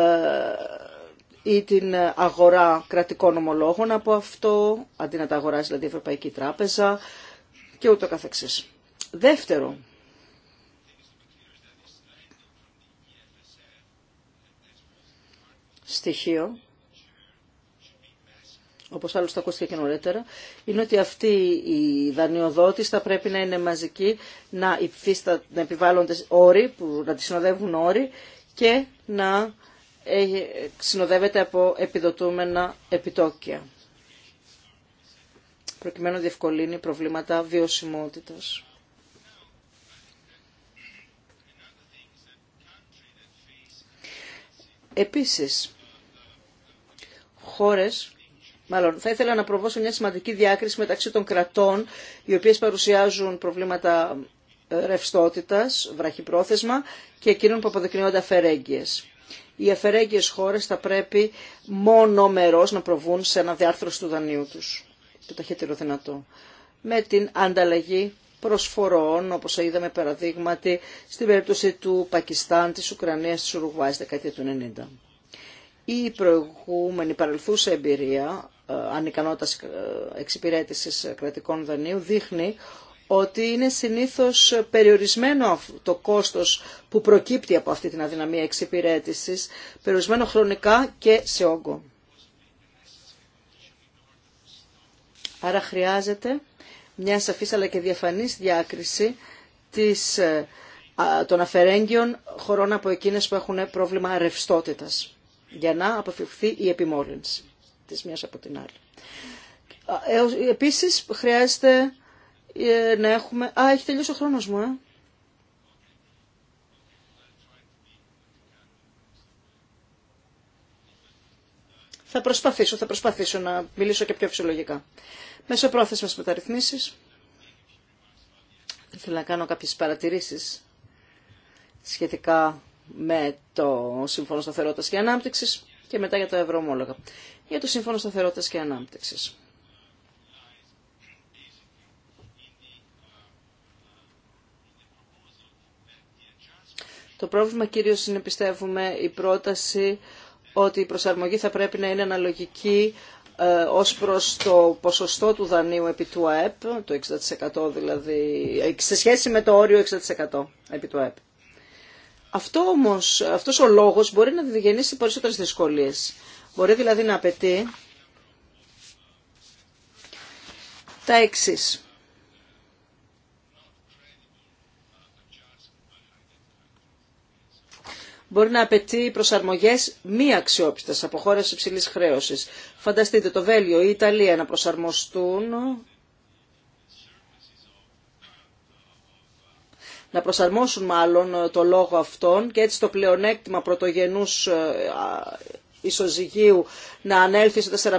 ή την αγορά κρατικών ομολόγων από αυτό, αντί να τα αγοράσει δηλαδή η Ευρωπαϊκή Τράπεζα και ούτω καθεξής. Δεύτερο στοιχείο, όπως το ακούστηκε και νωρίτερα, είναι ότι αυτή η δανειοδότης θα πρέπει να είναι μαζική, να, να επιβάλλονται όροι, που, να τη συνοδεύουν όροι και να ε, συνοδεύεται από επιδοτούμενα επιτόκια προκειμένου να διευκολύνει προβλήματα βιωσιμότητας. Επίσης, Χώρε, Μάλλον, θα ήθελα να προβώ μια σημαντική διάκριση μεταξύ των κρατών, οι οποίε παρουσιάζουν προβλήματα ε, ρευστότητα, βραχυπρόθεσμα, και εκείνων που αποδεικνύονται αφαιρέγγυε. Οι αφαιρέγγυε χώρε θα πρέπει μόνο μερό να προβούν σε ένα διάρθρωση του δανείου του το ταχύτερο δυνατό, με την ανταλλαγή προσφορών, όπως είδαμε παραδείγματι στην περίπτωση του Πακιστάν, της Ουκρανίας, της Ουρουγουάης, δεκαετία του 90 η προηγούμενη παρελθούσα εμπειρία ε, ανικανότητας ε, εξυπηρέτησης κρατικών δανείου δείχνει ότι είναι συνήθως περιορισμένο το κόστος που προκύπτει από αυτή την αδυναμία εξυπηρέτησης, περιορισμένο χρονικά και σε όγκο. Άρα χρειάζεται μια σαφής αλλά και διαφανής διάκριση ε, των αφαιρέγγιων χωρών από εκείνες που έχουν πρόβλημα ρευστότητας για να αποφευχθεί η επιμόλυνση της μίας από την άλλη. Ε, επίσης χρειάζεται ε, να έχουμε... Α, έχει τελειώσει ο χρόνος μου, ε. Θα προσπαθήσω, θα προσπαθήσω να μιλήσω και πιο φυσιολογικά. Μέσω πρόθεσμες μεταρρυθμίσεις. Θέλω να κάνω κάποιες παρατηρήσεις σχετικά με το Σύμφωνο Σταθερότητα και Ανάπτυξη και μετά για τα ευρωομόλογα. Για το Σύμφωνο Σταθερότητα και Ανάπτυξη. Το πρόβλημα κυρίω είναι, πιστεύουμε, η πρόταση ότι η προσαρμογή θα πρέπει να είναι αναλογική ω ε, ως προς το ποσοστό του δανείου επί του ΑΕΠ, το 60% δηλαδή, ε, σε σχέση με το όριο 60% επί του ΑΕΠ. Αυτό όμως, αυτός ο λόγος μπορεί να διγενήσει περισσότερες δυσκολίες. Μπορεί δηλαδή να απαιτεί τα εξή. μπορεί να απαιτεί προσαρμογές μη αξιόπιστε από χώρε υψηλής χρέωση. Φανταστείτε το Βέλιο ή η Ιταλία να προσαρμοστούν να προσαρμόσουν μάλλον ε, το λόγο αυτόν και έτσι το πλεονέκτημα πρωτογενούς ε, ισοζυγίου να ανέλθει στο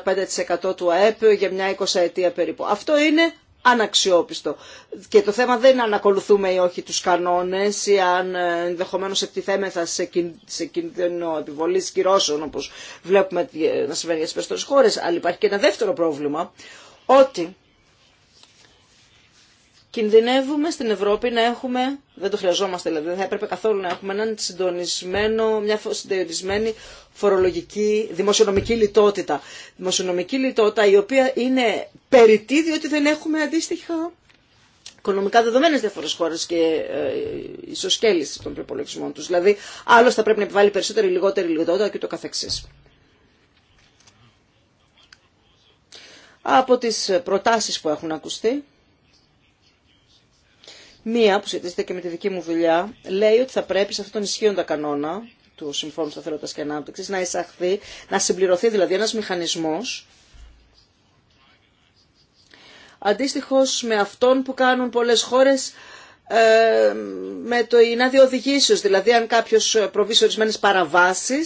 4-5% του ΑΕΠ για μια 20 ετία περίπου. Αυτό είναι αναξιόπιστο. Και το θέμα δεν είναι αν ακολουθούμε ή όχι τους κανόνες ή αν ε, ενδεχομένω κιν, σε κίνδυνο επιβολής κυρώσεων όπως βλέπουμε να συμβαίνει για τις περισσότερες χώρες. Αλλά υπάρχει και ένα δεύτερο πρόβλημα ότι κινδυνεύουμε στην Ευρώπη να έχουμε, δεν το χρειαζόμαστε δηλαδή, δεν θα έπρεπε καθόλου να έχουμε έναν συντονισμένο, μια συντονισμένη φορολογική, δημοσιονομική λιτότητα. Δημοσιονομική λιτότητα η οποία είναι περιττή διότι δεν έχουμε αντίστοιχα οικονομικά δεδομένα στι διάφορε χώρε και ε, ισοσκέληση των προπολογισμών του. Δηλαδή, άλλο θα πρέπει να επιβάλλει περισσότερη, ή λιγότερη λιτότητα και το καθεξή. Από τις προτάσεις που έχουν ακουστεί, Μία που σχετίζεται και με τη δική μου δουλειά λέει ότι θα πρέπει σε αυτόν τον ισχύοντα κανόνα του Συμφώνου Σταθερότητα και Ανάπτυξη να εισαχθεί, να συμπληρωθεί δηλαδή ένα μηχανισμό αντίστοιχο με αυτόν που κάνουν πολλέ χώρε ε, με το ινάδιο οδηγήσεω. Δηλαδή, αν κάποιο προβεί σε ορισμένε παραβάσει,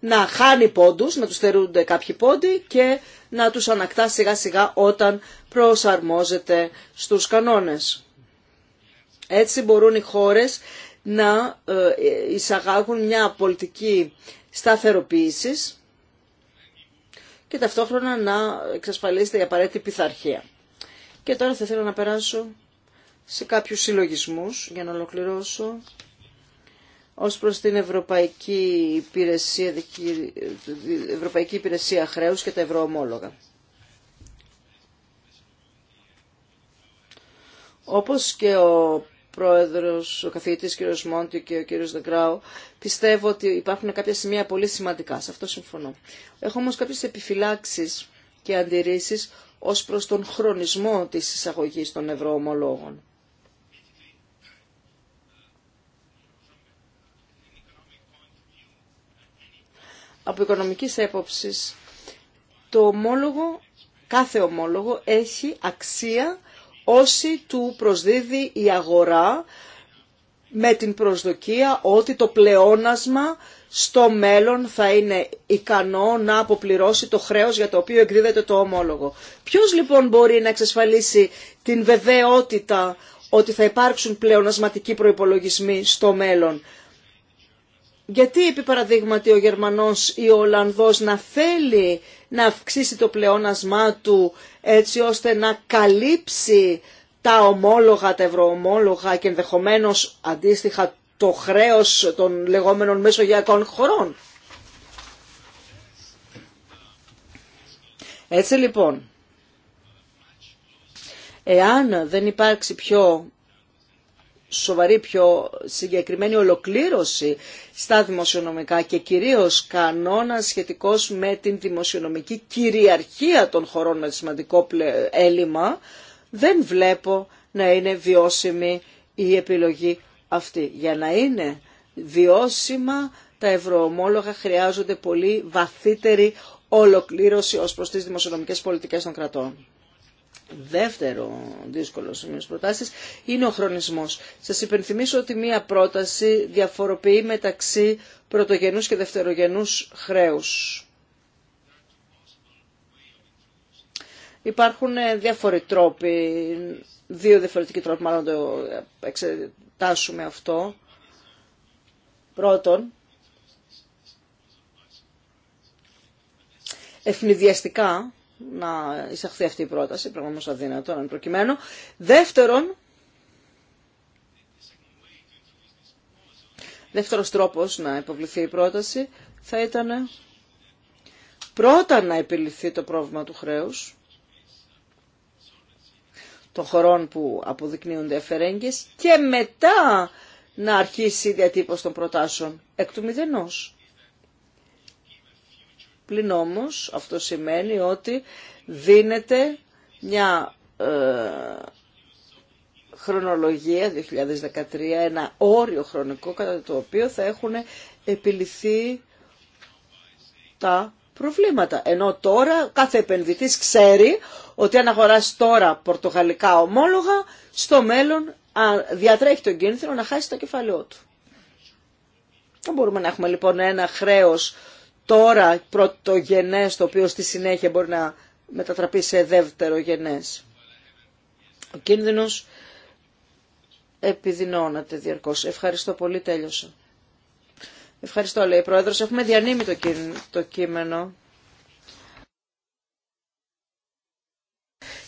να χάνει πόντου, να του θερούνται κάποιοι πόντοι και να του ανακτά σιγά σιγά όταν προσαρμόζεται στου κανόνε. Έτσι μπορούν οι χώρες να ε, εισαγάγουν μια πολιτική σταθεροποίησης και ταυτόχρονα να εξασφαλίσετε η απαραίτητη πειθαρχία. Και τώρα θα ήθελα να περάσω σε κάποιους συλλογισμούς για να ολοκληρώσω ως προς την Ευρωπαϊκή Υπηρεσία, Ευρωπαϊκή Υπηρεσία Χρέους και τα ευρωομόλογα. Όπως και ο πρόεδρος, ο καθηγητής κ. Μόντι και ο κ. Δεγκράου, πιστεύω ότι υπάρχουν κάποια σημεία πολύ σημαντικά. Σε αυτό συμφωνώ. Έχω όμως κάποιες επιφυλάξεις και αντιρρήσεις ως προς τον χρονισμό της εισαγωγής των ευρωομολόγων. Από οικονομικής έποψης, το ομόλογο, κάθε ομόλογο έχει αξία Όσοι του προσδίδει η αγορά με την προσδοκία ότι το πλεόνασμα στο μέλλον θα είναι ικανό να αποπληρώσει το χρέος για το οποίο εκδίδεται το ομόλογο. Ποιος λοιπόν μπορεί να εξασφαλίσει την βεβαιότητα ότι θα υπάρξουν πλεονασματικοί προϋπολογισμοί στο μέλλον. Γιατί επί παραδείγματι ο Γερμανός ή ο Ολλανδός να θέλει να αυξήσει το πλεόνασμά του έτσι ώστε να καλύψει τα ομόλογα, τα ευρωομόλογα και ενδεχομένω αντίστοιχα το χρέος των λεγόμενων μεσογειακών χωρών. Έτσι λοιπόν, εάν δεν υπάρξει πιο σοβαρή, πιο συγκεκριμένη ολοκλήρωση στα δημοσιονομικά και κυρίως κανόνα σχετικός με την δημοσιονομική κυριαρχία των χωρών με σημαντικό έλλειμμα, δεν βλέπω να είναι βιώσιμη η επιλογή αυτή. Για να είναι βιώσιμα τα ευρωομόλογα χρειάζονται πολύ βαθύτερη ολοκλήρωση ως προς τις δημοσιονομικές πολιτικές των κρατών. Δεύτερο δύσκολο σημείο της προτάσεις είναι ο χρονισμός. Σας υπενθυμίσω ότι μία πρόταση διαφοροποιεί μεταξύ πρωτογενούς και δευτερογενούς χρέους. Υπάρχουν ε, διάφοροι τρόποι, δύο διαφορετικοί τρόποι μάλλον το εξετάσουμε αυτό. Πρώτον, ευνηδιαστικά να εισαχθεί αυτή η πρόταση, πράγμα όμως αδύνατο, αν προκειμένου. Δεύτερον, δεύτερος τρόπος να υποβληθεί η πρόταση θα ήταν πρώτα να επιληθεί το πρόβλημα του χρέους, των χωρών που αποδεικνύονται εφερέγγες και μετά να αρχίσει η διατύπωση των προτάσεων εκ του μηδενός. Πλην όμως αυτό σημαίνει ότι δίνεται μια ε, χρονολογία 2013, ένα όριο χρονικό κατά το οποίο θα έχουν επιληθεί τα προβλήματα. Ενώ τώρα κάθε επενδυτής ξέρει ότι αν αγοράσει τώρα πορτογαλικά ομόλογα, στο μέλλον διατρέχει τον κίνδυνο να χάσει το κεφάλαιό του. Δεν μπορούμε να έχουμε λοιπόν ένα χρέος τώρα πρωτογενές το οποίο στη συνέχεια μπορεί να μετατραπεί σε δεύτερο γενές. Ο κίνδυνος επιδεινώνεται διαρκώς. Ευχαριστώ πολύ, τέλειωσα. Ευχαριστώ, λέει η Πρόεδρος. Έχουμε διανύμει το, το κείμενο.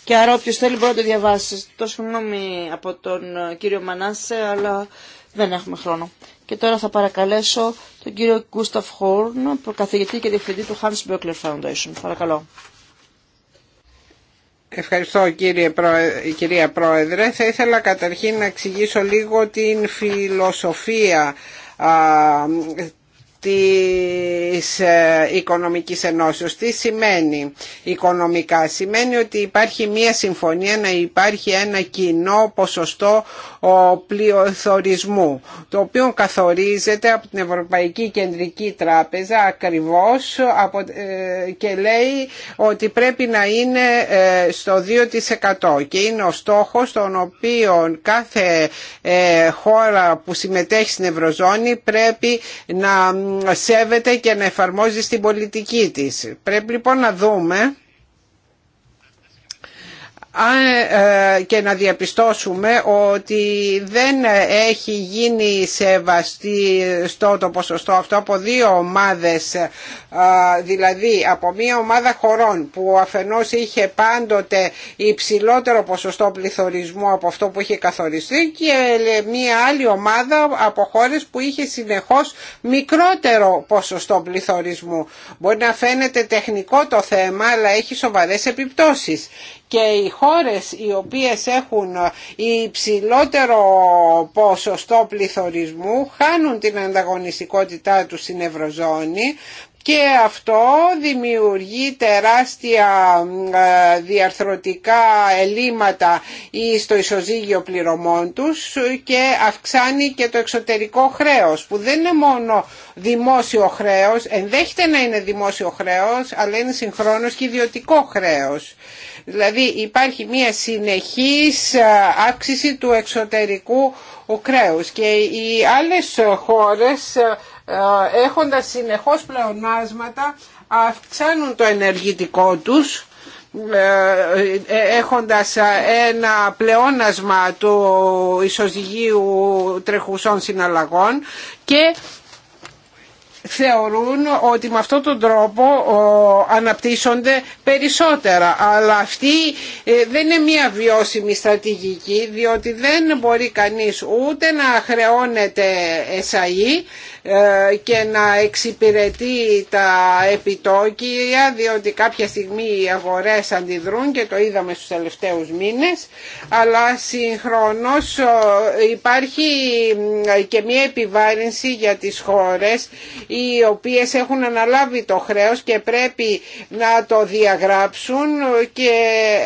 Και άρα όποιος θέλει μπορεί να το διαβάσει. Το συγγνώμη από τον κύριο Μανάσε, αλλά δεν έχουμε χρόνο. Και τώρα θα παρακαλέσω τον κύριο Γκούσταφ Χόρν, προκαθηγητή και διευθυντή του Hans Böckler Foundation. Παρακαλώ. Ευχαριστώ κύριε κυρία Πρόεδρε. Θα ήθελα καταρχήν να εξηγήσω λίγο την φιλοσοφία της ε, Οικονομικής Ενώσεως. Τι σημαίνει οικονομικά. Σημαίνει ότι υπάρχει μία συμφωνία να υπάρχει ένα κοινό ποσοστό πλειοθωρισμού το οποίο καθορίζεται από την Ευρωπαϊκή Κεντρική Τράπεζα ακριβώς ε, και λέει ότι πρέπει να είναι ε, στο 2% και είναι ο στόχος τον οποίο κάθε χώρα που συμμετέχει στην Ευρωζώνη πρέπει να σέβεται και να εφαρμόζει στην πολιτική της. Πρέπει λοιπόν να δούμε ε, και να διαπιστώσουμε ότι δεν έχει γίνει σεβαστή στο το ποσοστό αυτό από δύο ομάδες ε, δηλαδή από μία ομάδα χωρών που αφενός είχε πάντοτε υψηλότερο ποσοστό πληθωρισμού από αυτό που είχε καθοριστεί και μία άλλη ομάδα από χώρες που είχε συνεχώς μικρότερο ποσοστό πληθωρισμού. Μπορεί να φαίνεται τεχνικό το θέμα αλλά έχει σοβαρές επιπτώσεις και οι χώρες οι οποίες έχουν υψηλότερο ποσοστό πληθωρισμού χάνουν την ανταγωνιστικότητά τους στην Ευρωζώνη και αυτό δημιουργεί τεράστια ε, διαρθρωτικά ελλείμματα ή στο ισοζύγιο πληρωμών τους και αυξάνει και το εξωτερικό χρέος που δεν είναι μόνο δημόσιο χρέος, ενδέχεται να είναι δημόσιο χρέος αλλά είναι συγχρόνως και ιδιωτικό χρέος. Δηλαδή υπάρχει μια συνεχής αύξηση του εξωτερικού κρέους και οι άλλες χώρες έχοντας συνεχώς πλεονάσματα αυξάνουν το ενεργητικό τους ε, ε, έχοντας ένα πλεόνασμα του ισοζυγίου τρεχουσών συναλλαγών και θεωρούν ότι με αυτόν τον τρόπο αναπτύσσονται περισσότερα. Αλλά αυτή ε, δεν είναι μια βιώσιμη στρατηγική διότι δεν μπορεί κανείς ούτε να χρεώνεται εσαΐ ε, και να εξυπηρετεί τα επιτόκια διότι κάποια στιγμή οι αγορές αντιδρούν και το είδαμε στους τελευταίους μήνες αλλά συγχρόνως ε, υπάρχει και μια επιβάρυνση για τις χώρες οι οποίες έχουν αναλάβει το χρέος και πρέπει να το διαγράψουν και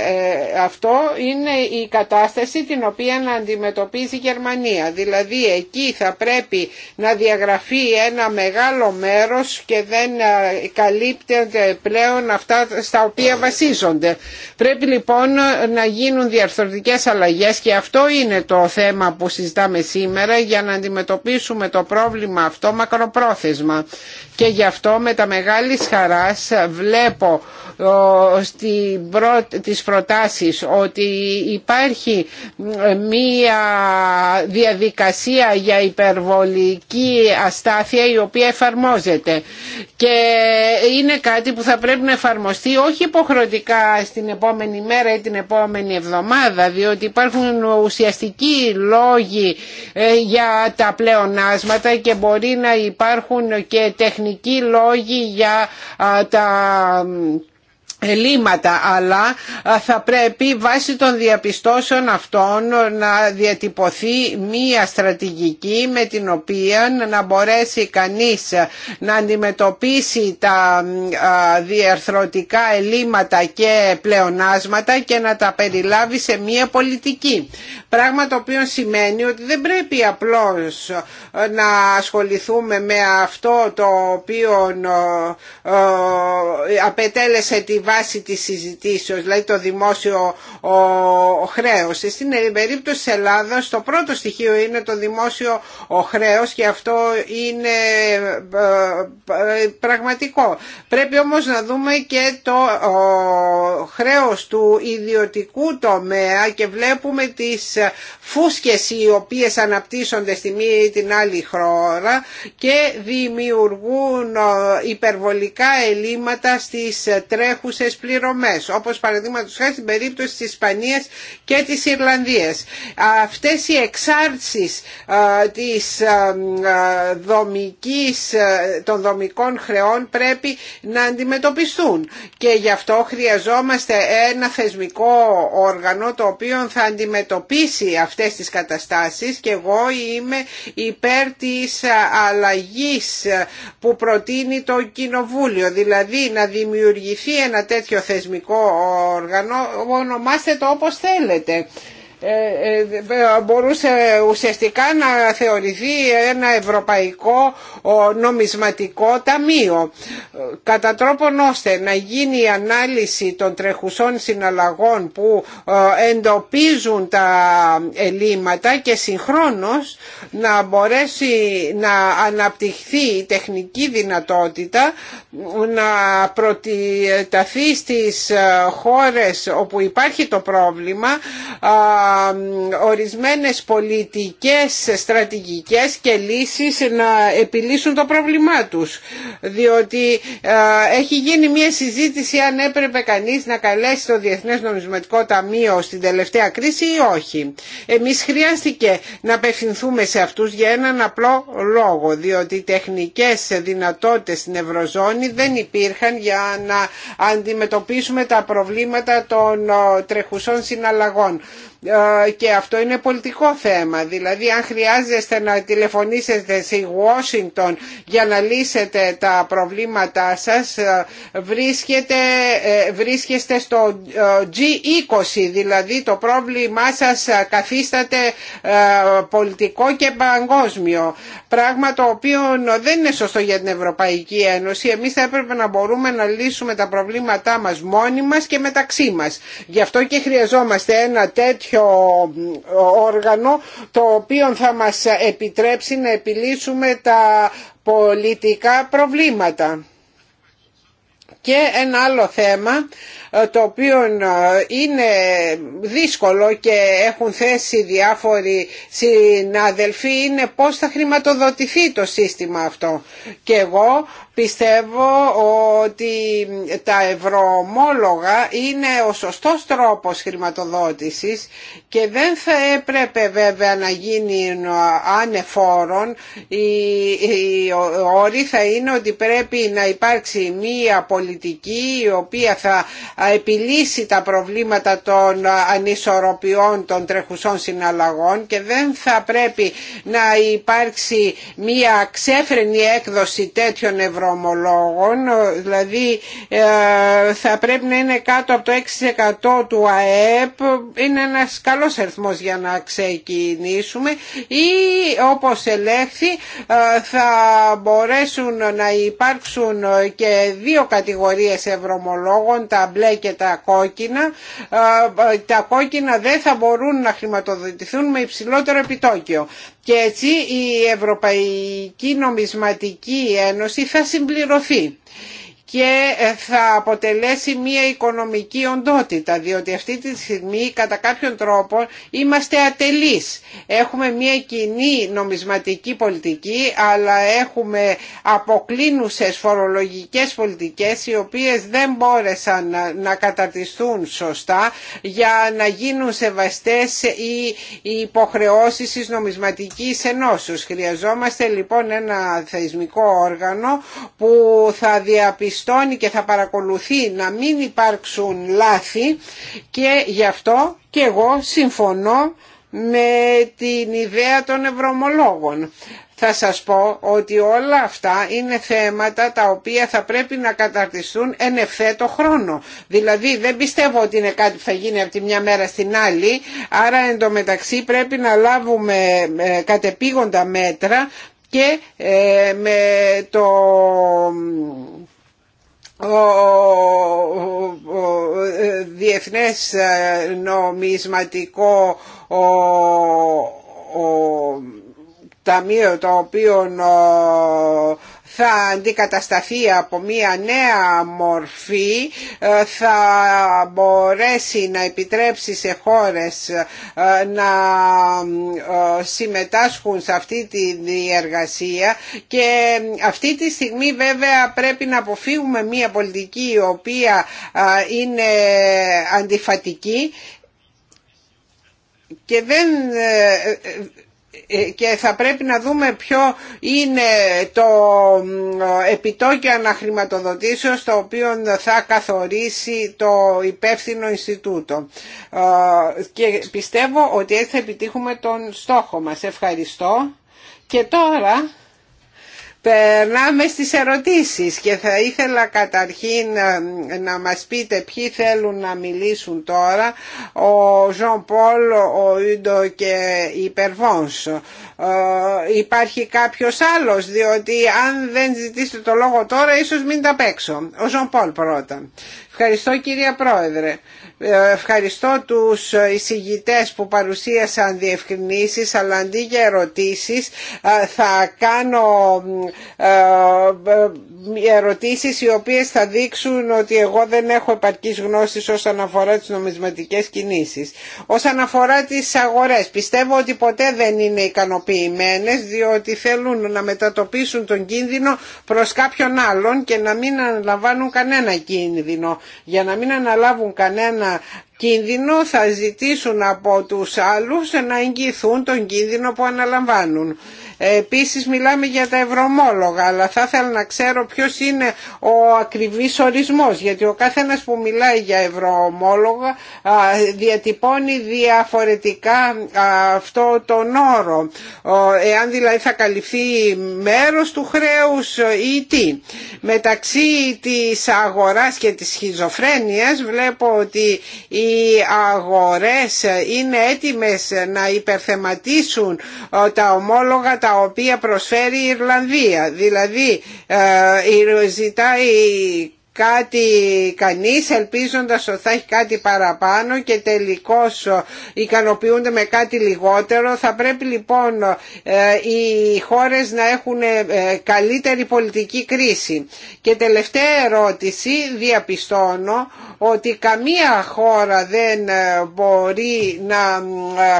ε, αυτό είναι η κατάσταση την οποία να αντιμετωπίζει η Γερμανία δηλαδή εκεί θα πρέπει να διαγραφεί διαγραφεί ένα μεγάλο μέρος και δεν ε, καλύπτεται πλέον αυτά στα οποία βασίζονται. Πρέπει λοιπόν ε, να γίνουν διαρθρωτικές αλλαγές και αυτό είναι το θέμα που συζητάμε σήμερα για να αντιμετωπίσουμε το πρόβλημα αυτό μακροπρόθεσμα και γι' αυτό με τα μεγάλης χαράς βλέπω της προτάσεις ότι υπάρχει ε, μία διαδικασία για υπερβολική αστάθεια η οποία εφαρμόζεται και είναι κάτι που θα πρέπει να εφαρμοστεί όχι υποχρεωτικά στην επόμενη μέρα ή την επόμενη εβδομάδα διότι υπάρχουν ουσιαστικοί λόγοι ε, για τα πλεονάσματα και μπορεί να υπάρχουν και τεχνικοί τεχνικοί λόγοι για τα ελλείμματα αλλά θα πρέπει βάσει των διαπιστώσεων αυτών να διατυπωθεί μία στρατηγική με την οποία να μπορέσει κανείς να αντιμετωπίσει τα διαρθρωτικά ελλείμματα και πλεονάσματα και να τα περιλάβει σε μία πολιτική. Πράγμα το οποίο σημαίνει ότι δεν πρέπει απλώς να ασχοληθούμε με αυτό το οποίο απετέλεσε τη βάση της συζητήσεως, δηλαδή το δημόσιο ο, χρέος. Στην περίπτωση της Ελλάδας το πρώτο στοιχείο είναι το δημόσιο ο χρέος και αυτό είναι ε, ε, πραγματικό. Πρέπει όμως να δούμε και το χρέο χρέος του ιδιωτικού τομέα και βλέπουμε τις φούσκες οι οποίες αναπτύσσονται στη μία ή την άλλη χώρα και δημιουργούν ε, υπερβολικά ελλείμματα στις τρέχους άμεσες πληρωμές όπως παραδείγματος χάρη στην περίπτωση της Ισπανίας και της Ιρλανδίας. Αυτές οι εξάρτησεις ε, της ε, ε, δομικής, των δομικών χρεών πρέπει να αντιμετωπιστούν και γι' αυτό χρειαζόμαστε ένα θεσμικό όργανο το οποίο θα αντιμετωπίσει αυτές τις καταστάσεις και εγώ είμαι υπέρ της αλλαγής που προτείνει το Κοινοβούλιο δηλαδή να δημιουργηθεί ένα τέτοιο θεσμικό όργανο, ονομάστε το όπως θέλετε. Ε, ε, ε, μπορούσε ουσιαστικά να θεωρηθεί ένα ευρωπαϊκό νομισματικό ταμείο κατά τρόπον ώστε να γίνει η ανάλυση των τρεχουσών συναλλαγών που εντοπίζουν τα ελλείμματα και συγχρόνως να μπορέσει να αναπτυχθεί η τεχνική δυνατότητα να προτιταθεί στις χώρες όπου υπάρχει το πρόβλημα ορισμένες πολιτικές, στρατηγικές και λύσεις να επιλύσουν το πρόβλημά τους. Διότι έχει γίνει μια συζήτηση αν έπρεπε κανείς να καλέσει το Διεθνές Νομισματικό Ταμείο στην τελευταία κρίση ή όχι. Εμείς χρειάστηκε να απευθυνθούμε σε αυτούς για έναν απλό λόγο, διότι οι τεχνικές δυνατότητες στην Ευρωζώνη δεν υπήρχαν για να αντιμετωπίσουμε τα προβλήματα των τρεχουσών συναλλαγών. Ε, και αυτό είναι πολιτικό θέμα. Δηλαδή αν χρειάζεστε να τηλεφωνήσετε στη Washington για να λύσετε τα προβλήματά σας ε, βρίσκετε, βρίσκεστε στο ε, G20 δηλαδή το πρόβλημά σας καθίσταται πολιτικό και παγκόσμιο πράγμα το οποίο δεν είναι σωστό για την Ευρωπαϊκή Ένωση εμείς θα έπρεπε να μπορούμε να λύσουμε τα προβλήματά μας μόνοι μας και μεταξύ μας γι' αυτό και χρειαζόμαστε ένα τέτοιο τέτοιο όργανο το οποίο θα μας επιτρέψει να επιλύσουμε τα πολιτικά προβλήματα. Και ένα άλλο θέμα ε, το οποίο ε, είναι δύσκολο και έχουν θέσει διάφοροι συναδελφοί είναι πώς θα χρηματοδοτηθεί το σύστημα αυτό. Και εγώ πιστεύω ότι τα ευρωομόλογα είναι ο σωστός τρόπος χρηματοδότησης και δεν θα έπρεπε βέβαια να γίνει ανεφόρον. Οι όροι θα είναι ότι πρέπει να υπάρξει μία πολιτική η οποία θα επιλύσει τα προβλήματα των ανισορροπιών των τρεχουσών συναλλαγών και δεν θα πρέπει να υπάρξει μία ξέφρενη έκδοση τέτοιων ευρωομολόγων, δηλαδή ε, θα πρέπει να είναι κάτω από το 6% του ΑΕΠ, είναι ένας καλός αριθμός για να ξεκινήσουμε ή όπως ελέγχθη ε, θα μπορέσουν να υπάρξουν και δύο κατηγορίες ευρωομολόγων, τα και τα κόκκινα, τα κόκκινα δεν θα μπορούν να χρηματοδοτηθούν με υψηλότερο επιτόκιο. Και έτσι η Ευρωπαϊκή Νομισματική Ένωση θα συμπληρωθεί και ε, θα αποτελέσει μια οικονομική οντότητα διότι αυτή τη στιγμή κατά κάποιον τρόπο είμαστε ατελείς. Έχουμε μια κοινή νομισματική πολιτική αλλά έχουμε αποκλίνουσες φορολογικές πολιτικές οι οποίες δεν μπόρεσαν να καταρτιστούν σωστά για να γίνουν σεβαστές οι υποχρεώσεις της νομισματικής ενώσεως. Χρειαζόμαστε λοιπόν ένα θεσμικό όργανο που θα διαπιστώσει και θα παρακολουθεί να μην υπάρξουν λάθη και γι' αυτό και εγώ συμφωνώ με την ιδέα των ευρωμολόγων. Θα σας πω ότι όλα αυτά είναι θέματα τα οποία θα πρέπει να καταρτιστούν εν ευθέτω χρόνο. Δηλαδή δεν πιστεύω ότι είναι κάτι που θα γίνει από τη μια μέρα στην άλλη, άρα εντωμεταξύ πρέπει να λάβουμε ε, κατεπήγοντα μέτρα και ε, με το ε, διεθνές ε, νομισματικό ταμείο το οποίο θα αντικατασταθεί από μια νέα μορφή ε, θα μπορέσει να επιτρέψει σε χώρες ε, να ε, συμμετάσχουν σε αυτή τη διεργασία και αυτή τη στιγμή βέβαια πρέπει να αποφύγουμε μια πολιτική η οποία είναι αντιφατική και δεν ε, και θα πρέπει να δούμε ποιο είναι το επιτόκιο αναχρηματοδοτήσεως το οποίο θα καθορίσει το υπεύθυνο Ινστιτούτο. Ε, και πιστεύω ότι έτσι θα επιτύχουμε τον στόχο μας. Ευχαριστώ. Και τώρα Περνάμε στις ερωτήσεις και θα ήθελα καταρχήν ε, να μας πείτε ποιοι θέλουν να μιλήσουν τώρα ο Ζων Πολ, ο Ιντο και η Περβόνς. Υπάρχει κάποιος άλλος διότι αν δεν ζητήσετε το λόγο τώρα ίσως μην τα παίξω. Ο Ζων Πολ πρώτα. Ευχαριστώ κυρία Πρόεδρε. Ε, ευχαριστώ τους εισηγητές που παρουσίασαν διευκρινήσεις αλλά αντί για ερωτήσεις ε, θα κάνω ε, ερωτήσεις οι οποίες θα δείξουν ότι εγώ δεν έχω επαρκής γνώσης όσον αφορά τις νομισματικές κινήσεις. Όσον αφορά τις αγορές πιστεύω ότι ποτέ δεν είναι ικανοποιημένες διότι θέλουν να μετατοπίσουν τον κίνδυνο προς κάποιον άλλον και να μην αναλαμβάνουν κανένα κίνδυνο. Για να μην αναλάβουν κανένα κίνδυνο θα ζητήσουν από τους άλλους να εγγυηθούν τον κίνδυνο που αναλαμβάνουν. Επίσης μιλάμε για τα ευρωμόλογα, αλλά θα ήθελα να ξέρω ποιος είναι ο ακριβής ορισμός, γιατί ο καθένας που μιλάει για ευρωμόλογα διατυπώνει διαφορετικά αυτό τον όρο. Εάν δηλαδή θα καλυφθεί μέρος του χρέους ή τι. Μεταξύ της αγοράς και της σχιζοφρένειας βλέπω ότι οι αγορές είναι έτοιμες να υπερθεματίσουν τα ομόλογα, τα τα οποία προσφέρει η Ιρλανδία. Δηλαδή ε, ζητάει κάτι κανείς ελπίζοντας ότι θα έχει κάτι παραπάνω και τελικώς ε, ικανοποιούνται με κάτι λιγότερο. Θα πρέπει λοιπόν ε, οι χώρες να έχουν ε, καλύτερη πολιτική κρίση. Και τελευταία ερώτηση διαπιστώνω ότι καμία χώρα δεν μπορεί να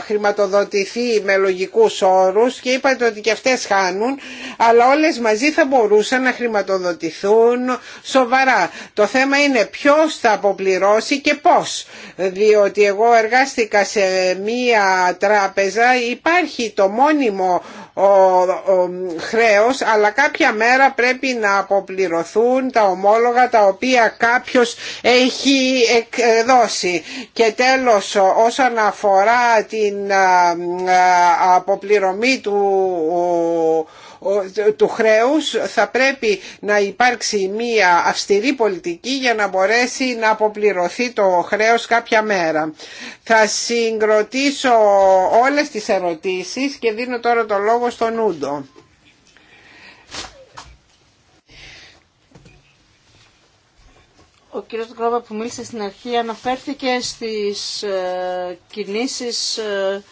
χρηματοδοτηθεί με λογικούς όρους και είπατε ότι και αυτές χάνουν αλλά όλες μαζί θα μπορούσαν να χρηματοδοτηθούν σοβαρά το θέμα είναι ποιος θα αποπληρώσει και πώς. Διότι εγώ εργάστηκα σε μία τράπεζα, υπάρχει το μόνιμο ο, χρέος αλλά κάποια μέρα πρέπει να αποπληρωθούν τα ομόλογα τα οποία κάποιος έχει ε, ε, δώσει και τέλος όσον αφορά την ε, αποπληρωμή του του χρέους θα πρέπει να υπάρξει μία αυστηρή πολιτική για να μπορέσει να αποπληρωθεί το χρέος κάποια μέρα. Θα συγκροτήσω όλες τις ερωτήσεις και δίνω τώρα το λόγο στον Ούντο. Ο κύριος Γκρόβα που μίλησε στην αρχή αναφέρθηκε στις ε, κινήσεις ε,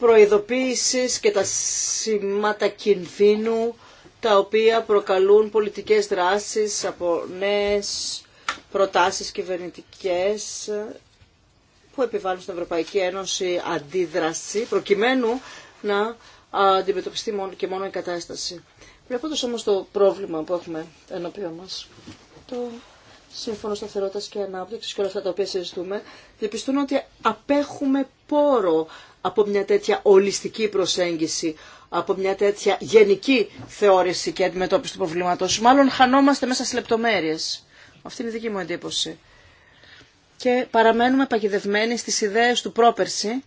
προειδοποίησης και τα σήματα κινδύνου τα οποία προκαλούν πολιτικές δράσεις από νέες προτάσεις κυβερνητικές που επιβάλλουν στην Ευρωπαϊκή Ένωση αντίδραση προκειμένου να αντιμετωπιστεί μόνο και μόνο η κατάσταση. Βλέποντας όμως το πρόβλημα που έχουμε ενώπιον μας, το σύμφωνο σταθερότητας και ανάπτυξης και όλα αυτά τα οποία συζητούμε, διαπιστώνω ότι απέχουμε πόρο από μια τέτοια ολιστική προσέγγιση, από μια τέτοια γενική θεώρηση και αντιμετώπιση του προβλήματος. Μάλλον χανόμαστε μέσα στι λεπτομέρειες. Αυτή είναι η δική μου εντύπωση. Και παραμένουμε παγιδευμένοι στις ιδέες του πρόπερση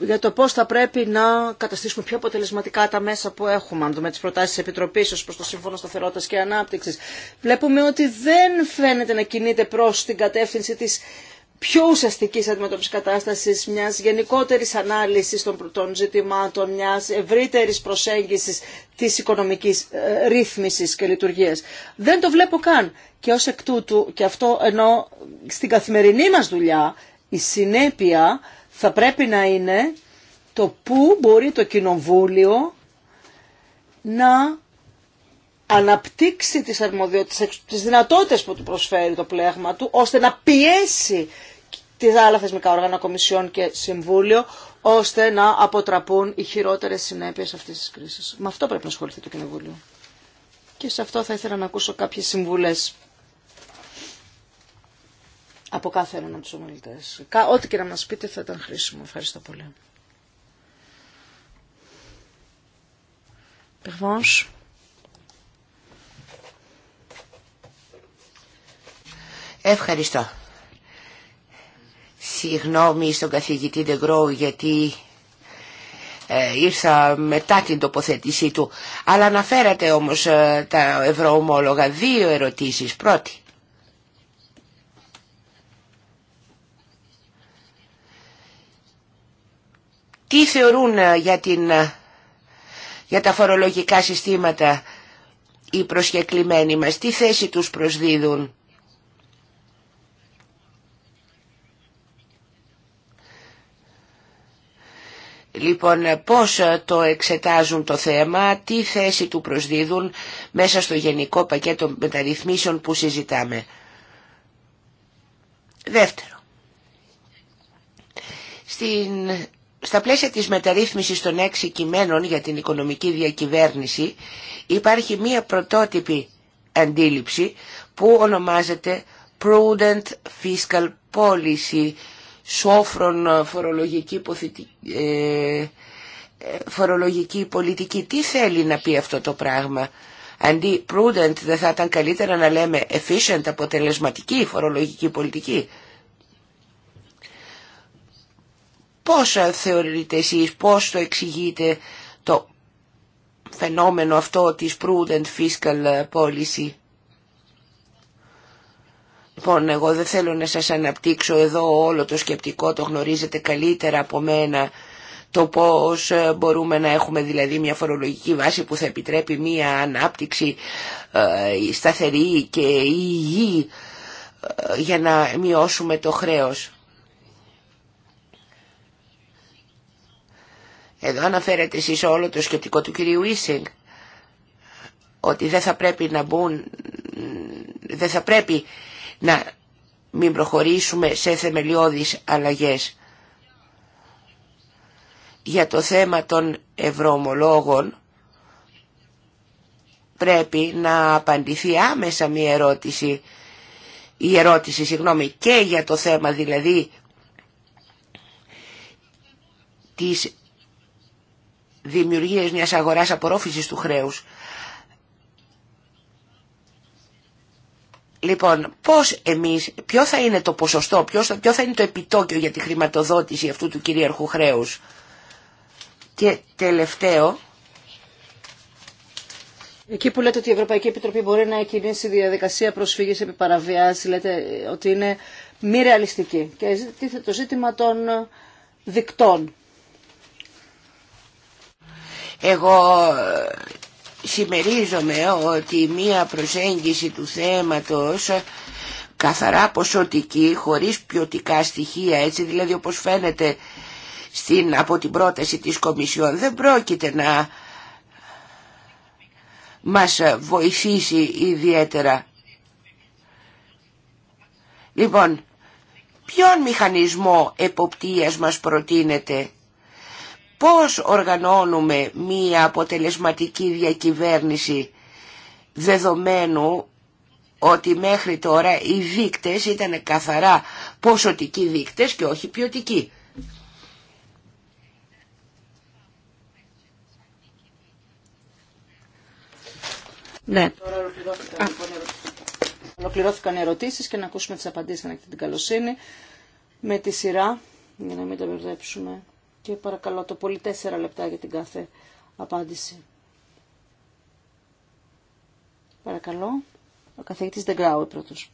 για το πώς θα πρέπει να καταστήσουμε πιο αποτελεσματικά τα μέσα που έχουμε, αν δούμε τις προτάσεις της Επιτροπής ως προς το Σύμφωνο Σταθερότητας και Ανάπτυξης. Βλέπουμε ότι δεν φαίνεται να κινείται προς την κατεύθυνση της πιο ουσιαστικής αντιμετώπισης κατάστασης, μιας γενικότερης ανάλυσης των, ζητημάτων, μιας ευρύτερης προσέγγισης της οικονομικής ε, ρύθμισης και λειτουργίας. Δεν το βλέπω καν. Και ως εκ τούτου, και αυτό ενώ στην καθημερινή μας δουλειά, η συνέπεια θα πρέπει να είναι το πού μπορεί το κοινοβούλιο να αναπτύξει τις αρμοδιότητες, τις δυνατότητες που του προσφέρει το πλέγμα του, ώστε να πιέσει τις άλλα θεσμικά όργανα, κομισιόν και συμβούλιο, ώστε να αποτραπούν οι χειρότερες συνέπειες αυτής της κρίσης. Με αυτό πρέπει να ασχοληθεί το Κοινοβούλιο. Και σε αυτό θα ήθελα να ακούσω κάποιες συμβουλές από κάθε έναν από τους ομιλητές. Ό,τι και να μας πείτε θα ήταν χρήσιμο. Ευχαριστώ πολύ. Ευχαριστώ. Συγγνώμη στον καθηγητή Ντεγκρόου γιατί ε, ήρθα μετά την τοποθέτησή του. Αλλά αναφέρατε όμως ε, τα ευρωομόλογα. Δύο ερωτήσεις. Πρώτη. Τι θεωρούν ε, για, την, ε, για τα φορολογικά συστήματα οι προσκεκλημένοι μας, τι θέση τους προσδίδουν Λοιπόν, πώς το εξετάζουν το θέμα, τι θέση του προσδίδουν μέσα στο γενικό πακέτο μεταρρυθμίσεων που συζητάμε. Δεύτερο, στην, στα πλαίσια της μεταρρύθμισης των έξι κειμένων για την οικονομική διακυβέρνηση υπάρχει μία πρωτότυπη αντίληψη που ονομάζεται Prudent Fiscal Policy, σόφρον ε, φορολογική, ε, ε, φορολογική πολιτική. Τι θέλει να πει αυτό το πράγμα. Αντί prudent δεν θα ήταν καλύτερα να λέμε efficient, αποτελεσματική φορολογική πολιτική. Πώς θεωρείτε εσείς, πώς το εξηγείτε το φαινόμενο αυτό της prudent fiscal policy. Λοιπόν, εγώ δεν θέλω να σας αναπτύξω εδώ όλο το σκεπτικό, το γνωρίζετε καλύτερα από μένα, το πώς ε, μπορούμε να έχουμε δηλαδή μια φορολογική βάση που θα επιτρέπει μια ανάπτυξη ε, σταθερή και υγιή ε, για να μειώσουμε το χρέος. Εδώ αναφέρετε εσείς όλο το σκεπτικό του κυρίου Ίσινγκ ότι δεν θα πρέπει να μπουν, δεν θα πρέπει να μην προχωρήσουμε σε θεμελιώδεις αλλαγές. Για το θέμα των ευρωομολόγων πρέπει να απαντηθεί άμεσα μια ερώτηση, η ερώτηση συγγνώμη, και για το θέμα δηλαδή της δημιουργίας μιας αγοράς απορρόφησης του χρέους Λοιπόν, πώς εμείς, ποιο θα είναι το ποσοστό, ποιο θα είναι το επιτόκιο για τη χρηματοδότηση αυτού του κυρίαρχου χρέους. Και τελευταίο, Εκεί που λέτε ότι η Ευρωπαϊκή Επιτροπή μπορεί να κινήσει διαδικασία προσφυγής επί παραβιάση, λέτε ότι είναι μη ρεαλιστική. Και τίθεται το ζήτημα των δικτών. Εγώ συμμερίζομαι ότι μία προσέγγιση του θέματος καθαρά ποσοτική, χωρίς ποιοτικά στοιχεία, έτσι δηλαδή όπως φαίνεται στην, από την πρόταση της Κομισιόν, δεν πρόκειται να μας βοηθήσει ιδιαίτερα. Λοιπόν, ποιον μηχανισμό εποπτείας μας προτείνεται Πώς οργανώνουμε μία αποτελεσματική διακυβέρνηση δεδομένου ότι μέχρι τώρα οι δείκτες ήταν καθαρά ποσοτικοί δείκτες και όχι ποιοτικοί. Ναι. Τώρα ολοκληρώθηκαν, λοιπόν, οι ερωτήσεις και να ακούσουμε τις απαντήσεις αν την καλοσύνη με τη σειρά για να μην τα μπερδέψουμε και παρακαλώ το πολύ τέσσερα λεπτά για την κάθε απάντηση. Παρακαλώ, ο καθηγητής Δεγκάου, πρώτος.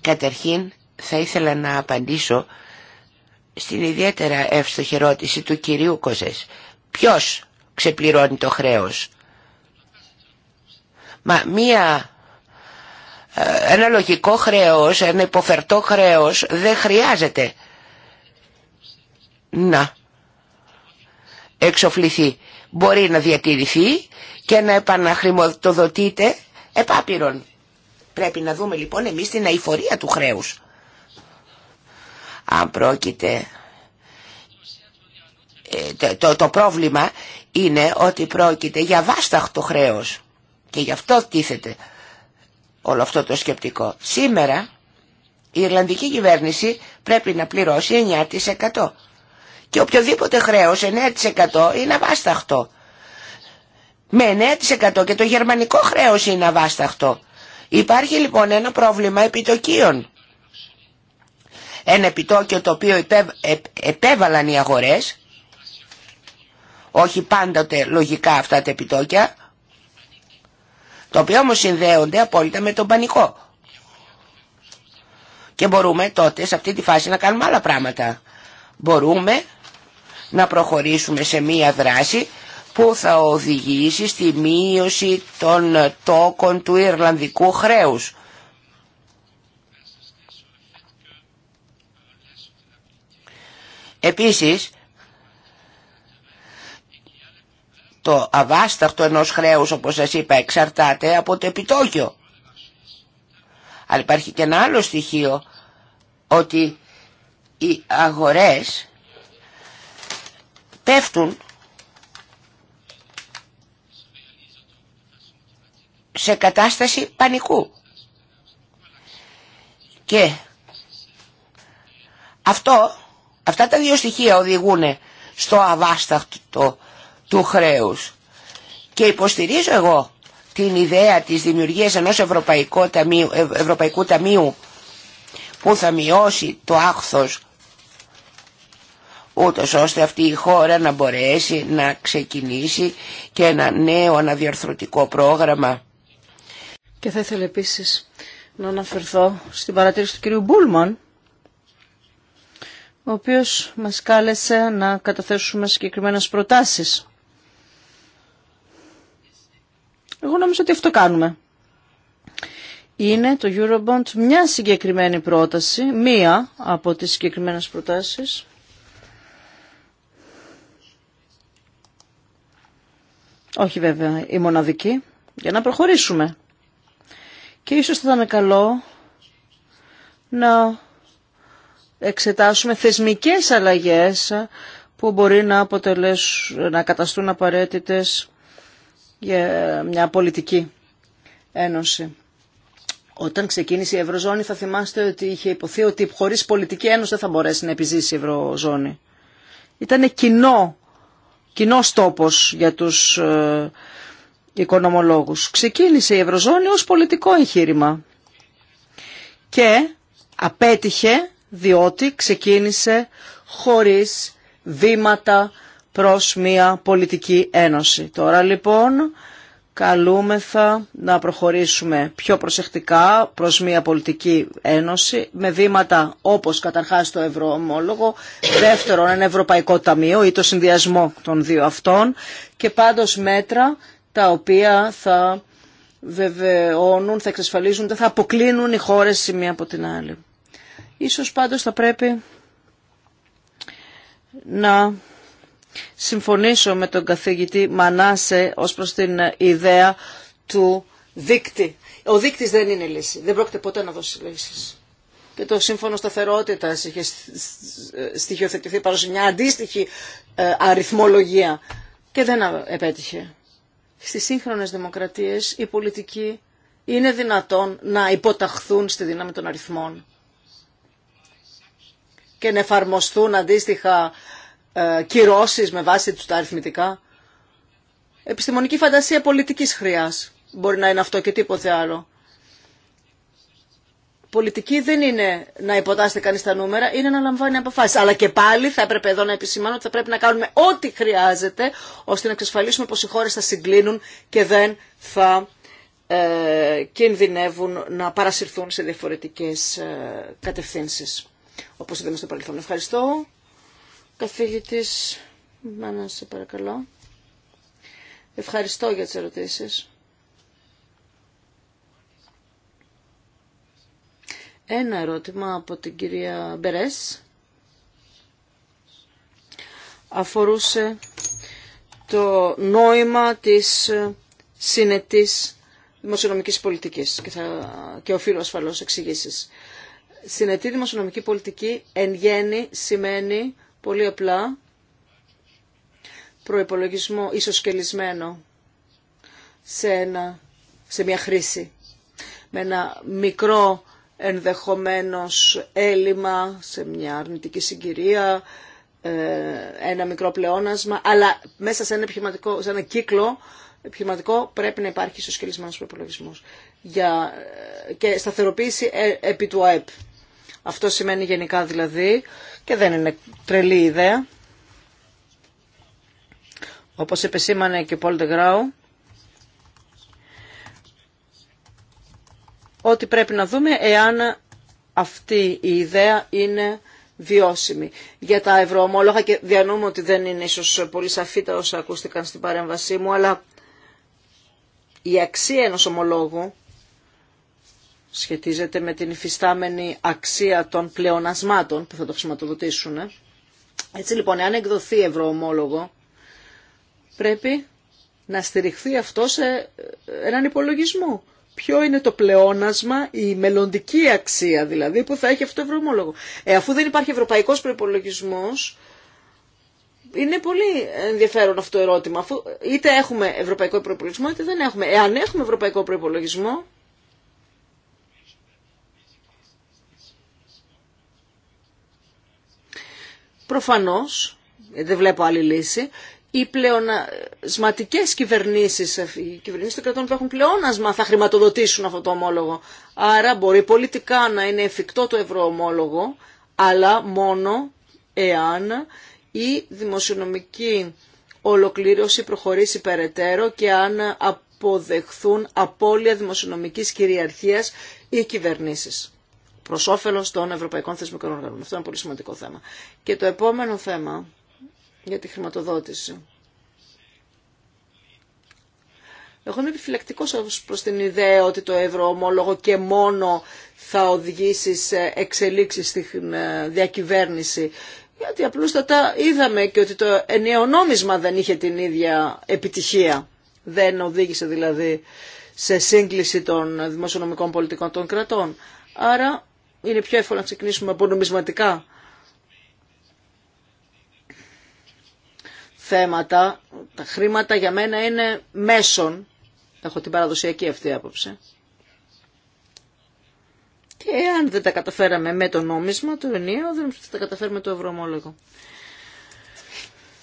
Καταρχήν θα ήθελα να απαντήσω στην ιδιαίτερα εύστοχη ερώτηση του κυρίου Κόζες. Ποιος ξεπληρώνει το χρέος. Μα μία ε, ένα λογικό χρέος, ένα υποφερτό χρέος δεν χρειάζεται να εξοφληθεί. Μπορεί να διατηρηθεί και να επαναχρηματοδοτείται επάπειρον. Πρέπει να δούμε λοιπόν εμείς την αηφορία του χρέους. Αν πρόκειται... Ε, το, το, το πρόβλημα είναι ότι πρόκειται για βάσταχτο χρέος και γι' αυτό τίθεται όλο αυτό το σκεπτικό. Σήμερα η Ιρλανδική κυβέρνηση πρέπει να πληρώσει 9%. Και οποιοδήποτε χρέος 9% είναι αβάσταχτο. Με 9% και το γερμανικό χρέος είναι αβάσταχτο. Υπάρχει λοιπόν ένα πρόβλημα επιτοκίων. Ένα επιτόκιο το οποίο επέβαλαν οι αγορές, όχι πάντοτε λογικά αυτά τα επιτόκια, το οποίο όμως συνδέονται απόλυτα με τον πανικό. Και μπορούμε τότε σε αυτή τη φάση να κάνουμε άλλα πράγματα. Μπορούμε να προχωρήσουμε σε μία δράση που θα οδηγήσει στη μείωση των τόκων του Ιρλανδικού χρέους. Επίσης, το αβάσταχτο ενός χρέους, όπως σας είπα, εξαρτάται από το επιτόκιο. Αλλά υπάρχει και ένα άλλο στοιχείο, ότι οι αγορές πέφτουν σε κατάσταση πανικού. Και αυτό, αυτά τα δύο στοιχεία οδηγούν στο αβάσταχτο του χρέους. Και υποστηρίζω εγώ την ιδέα της δημιουργίας ενός Ευρωπαϊκού Ταμείου, Ευρωπαϊκού Ταμείου που θα μειώσει το άχθος ούτως ώστε αυτή η χώρα να μπορέσει να ξεκινήσει και ένα νέο αναδιορθωτικό πρόγραμμα. Και θα ήθελα επίσης να αναφερθώ στην παρατήρηση του κυρίου Μπούλμαν, ο οποίος μας κάλεσε να καταθέσουμε συγκεκριμένες προτάσεις Εγώ νομίζω ότι αυτό κάνουμε. Είναι το Eurobond μια συγκεκριμένη πρόταση, μία από τις συγκεκριμένες προτάσεις. Όχι βέβαια η μοναδική, για να προχωρήσουμε. Και ίσως θα ήταν καλό να εξετάσουμε θεσμικές αλλαγές που μπορεί να, αποτελέσουν, να καταστούν απαραίτητες για μια πολιτική ένωση. Όταν ξεκίνησε η Ευρωζώνη θα θυμάστε ότι είχε υποθεί ότι χωρίς πολιτική ένωση δεν θα μπορέσει να επιζήσει η Ευρωζώνη. Ήταν κοινό, κοινός τόπος για τους ε, οικονομολόγους. Ξεκίνησε η Ευρωζώνη ως πολιτικό εγχείρημα και απέτυχε διότι ξεκίνησε χωρίς βήματα προς μια πολιτική ένωση. Τώρα λοιπόν καλούμεθα να προχωρήσουμε πιο προσεκτικά προς μια πολιτική ένωση με βήματα όπως καταρχάς το ευρωομόλογο, δεύτερον ένα ευρωπαϊκό ταμείο ή το συνδυασμό των δύο αυτών και πάντως μέτρα τα οποία θα βεβαιώνουν, θα εξασφαλίζουν, θα αποκλίνουν οι χώρες η μία από την άλλη. Ίσως πάντως θα πρέπει να συμφωνήσω με τον καθηγητή Μανάσε ως προς την ιδέα του δίκτυ. Ο δίκτυς δεν είναι λύση. Δεν πρόκειται ποτέ να δώσει λύσεις. Και το σύμφωνο σταθερότητα είχε στοιχειοθετηθεί πάνω σε μια αντίστοιχη ε, αριθμολογία και δεν επέτυχε. Στις σύγχρονες δημοκρατίες οι πολιτικοί είναι δυνατόν να υποταχθούν στη δύναμη των αριθμών και να εφαρμοστούν αντίστοιχα ε, κυρώσει με βάση του τα αριθμητικά. Επιστημονική φαντασία πολιτική χρειά Μπορεί να είναι αυτό και τίποτε άλλο. Πολιτική δεν είναι να υποτάσσεται κανεί τα νούμερα, είναι να λαμβάνει αποφάσει. Αλλά και πάλι θα έπρεπε εδώ να επισημάνω ότι θα πρέπει να κάνουμε ό,τι χρειάζεται ώστε να εξασφαλίσουμε πω οι χώρε θα συγκλίνουν και δεν θα ε, κινδυνεύουν να παρασυρθούν σε διαφορετικέ ε, κατευθύνσεις. Όπως είδαμε στο παρελθόν. Ευχαριστώ. Καθηγητής Μάνα, σε παρακαλώ. Ευχαριστώ για τις ερωτήσεις. Ένα ερώτημα από την κυρία Μπερές αφορούσε το νόημα της συνετής δημοσιονομικής πολιτικής και, θα, και οφείλω ασφαλώς εξηγήσεις. Συνετή δημοσιονομική πολιτική εν γέννη σημαίνει πολύ απλά προϋπολογισμό ισοσκελισμένο σε, ένα, σε μια χρήση με ένα μικρό ενδεχομένως έλλειμμα σε μια αρνητική συγκυρία, ε, ένα μικρό πλεόνασμα, αλλά μέσα σε ένα, σε ένα κύκλο επιχειρηματικό πρέπει να υπάρχει ισοσκελισμένος προπολογισμό για, ε, και σταθεροποίηση ε, επί του ΑΕΠ. Αυτό σημαίνει γενικά δηλαδή και δεν είναι τρελή ιδέα. Όπως επεσήμανε και ο Πολ ότι πρέπει να δούμε εάν αυτή η ιδέα είναι βιώσιμη. Για τα ευρωομόλογα και διανούμε ότι δεν είναι ίσως πολύ σαφή τα όσα ακούστηκαν στην παρέμβασή μου, αλλά η αξία ενός ομολόγου σχετίζεται με την υφιστάμενη αξία των πλεονασμάτων που θα το χρηματοδοτήσουν. Ε. Έτσι λοιπόν, εάν εκδοθεί ευρωομόλογο, πρέπει να στηριχθεί αυτό σε ε, έναν υπολογισμό. Ποιο είναι το πλεόνασμα, η μελλοντική αξία δηλαδή που θα έχει αυτό το ευρωομόλογο. Ε, αφού δεν υπάρχει ευρωπαϊκός προϋπολογισμός, είναι πολύ ενδιαφέρον αυτό το ερώτημα. Αφού είτε έχουμε ευρωπαϊκό προπολογισμό είτε δεν έχουμε. Εάν έχουμε ευρωπαϊκό προπολογισμό, Προφανώς, ε, δεν βλέπω άλλη λύση, οι πλεονασματικές κυβερνήσεις, ε, οι κυβερνήσεις των κρατών που έχουν πλεόνασμα θα χρηματοδοτήσουν αυτό το ομόλογο. Άρα μπορεί πολιτικά να είναι εφικτό το ευρωομόλογο, αλλά μόνο εάν η δημοσιονομική ολοκλήρωση προχωρήσει περαιτέρω και αν αποδεχθούν απώλεια δημοσιονομικής κυριαρχίας οι κυβερνήσεις προ όφελο των ευρωπαϊκών θεσμικών οργανών. Αυτό είναι ένα πολύ σημαντικό θέμα. Και το επόμενο θέμα για τη χρηματοδότηση. Εγώ είμαι επιφυλακτικό προ την ιδέα ότι το ευρωομόλογο και μόνο θα οδηγήσει σε εξελίξει στη ε, διακυβέρνηση. Γιατί απλούστατα είδαμε και ότι το ενιαίο νόμισμα δεν είχε την ίδια επιτυχία. Δεν οδήγησε δηλαδή σε σύγκληση των δημοσιονομικών πολιτικών των κρατών. Άρα είναι πιο εύκολο να ξεκινήσουμε από νομισματικά θέματα. Τα χρήματα για μένα είναι μέσον. Έχω την παραδοσιακή αυτή άποψη. Και αν δεν τα καταφέραμε με το νόμισμα, το ενίο, δεν θα τα καταφέρουμε το ευρωομόλογο.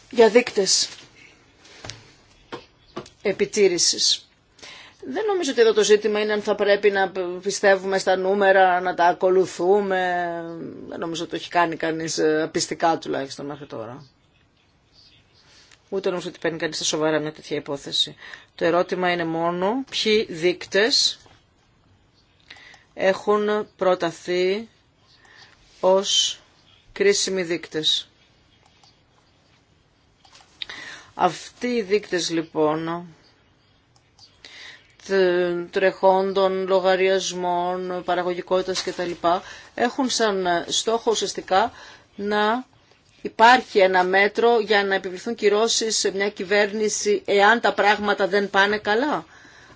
Για δείκτες επιτήρησης. Δεν νομίζω ότι εδώ το ζήτημα είναι αν θα πρέπει να πιστεύουμε στα νούμερα, να τα ακολουθούμε. Δεν νομίζω ότι το έχει κάνει κανείς απιστικά ε, τουλάχιστον μέχρι τώρα. Ούτε νομίζω ότι παίρνει κανείς τα σοβαρά μια τέτοια υπόθεση. Το ερώτημα είναι μόνο ποιοι δείκτες έχουν προταθεί ως κρίσιμοι δείκτες. Αυτοί οι δείκτες λοιπόν ε, τρεχόντων λογαριασμών, παραγωγικότητας κτλ. έχουν σαν στόχο ουσιαστικά να υπάρχει ένα μέτρο για να επιβληθούν κυρώσεις σε μια κυβέρνηση εάν τα πράγματα δεν πάνε καλά.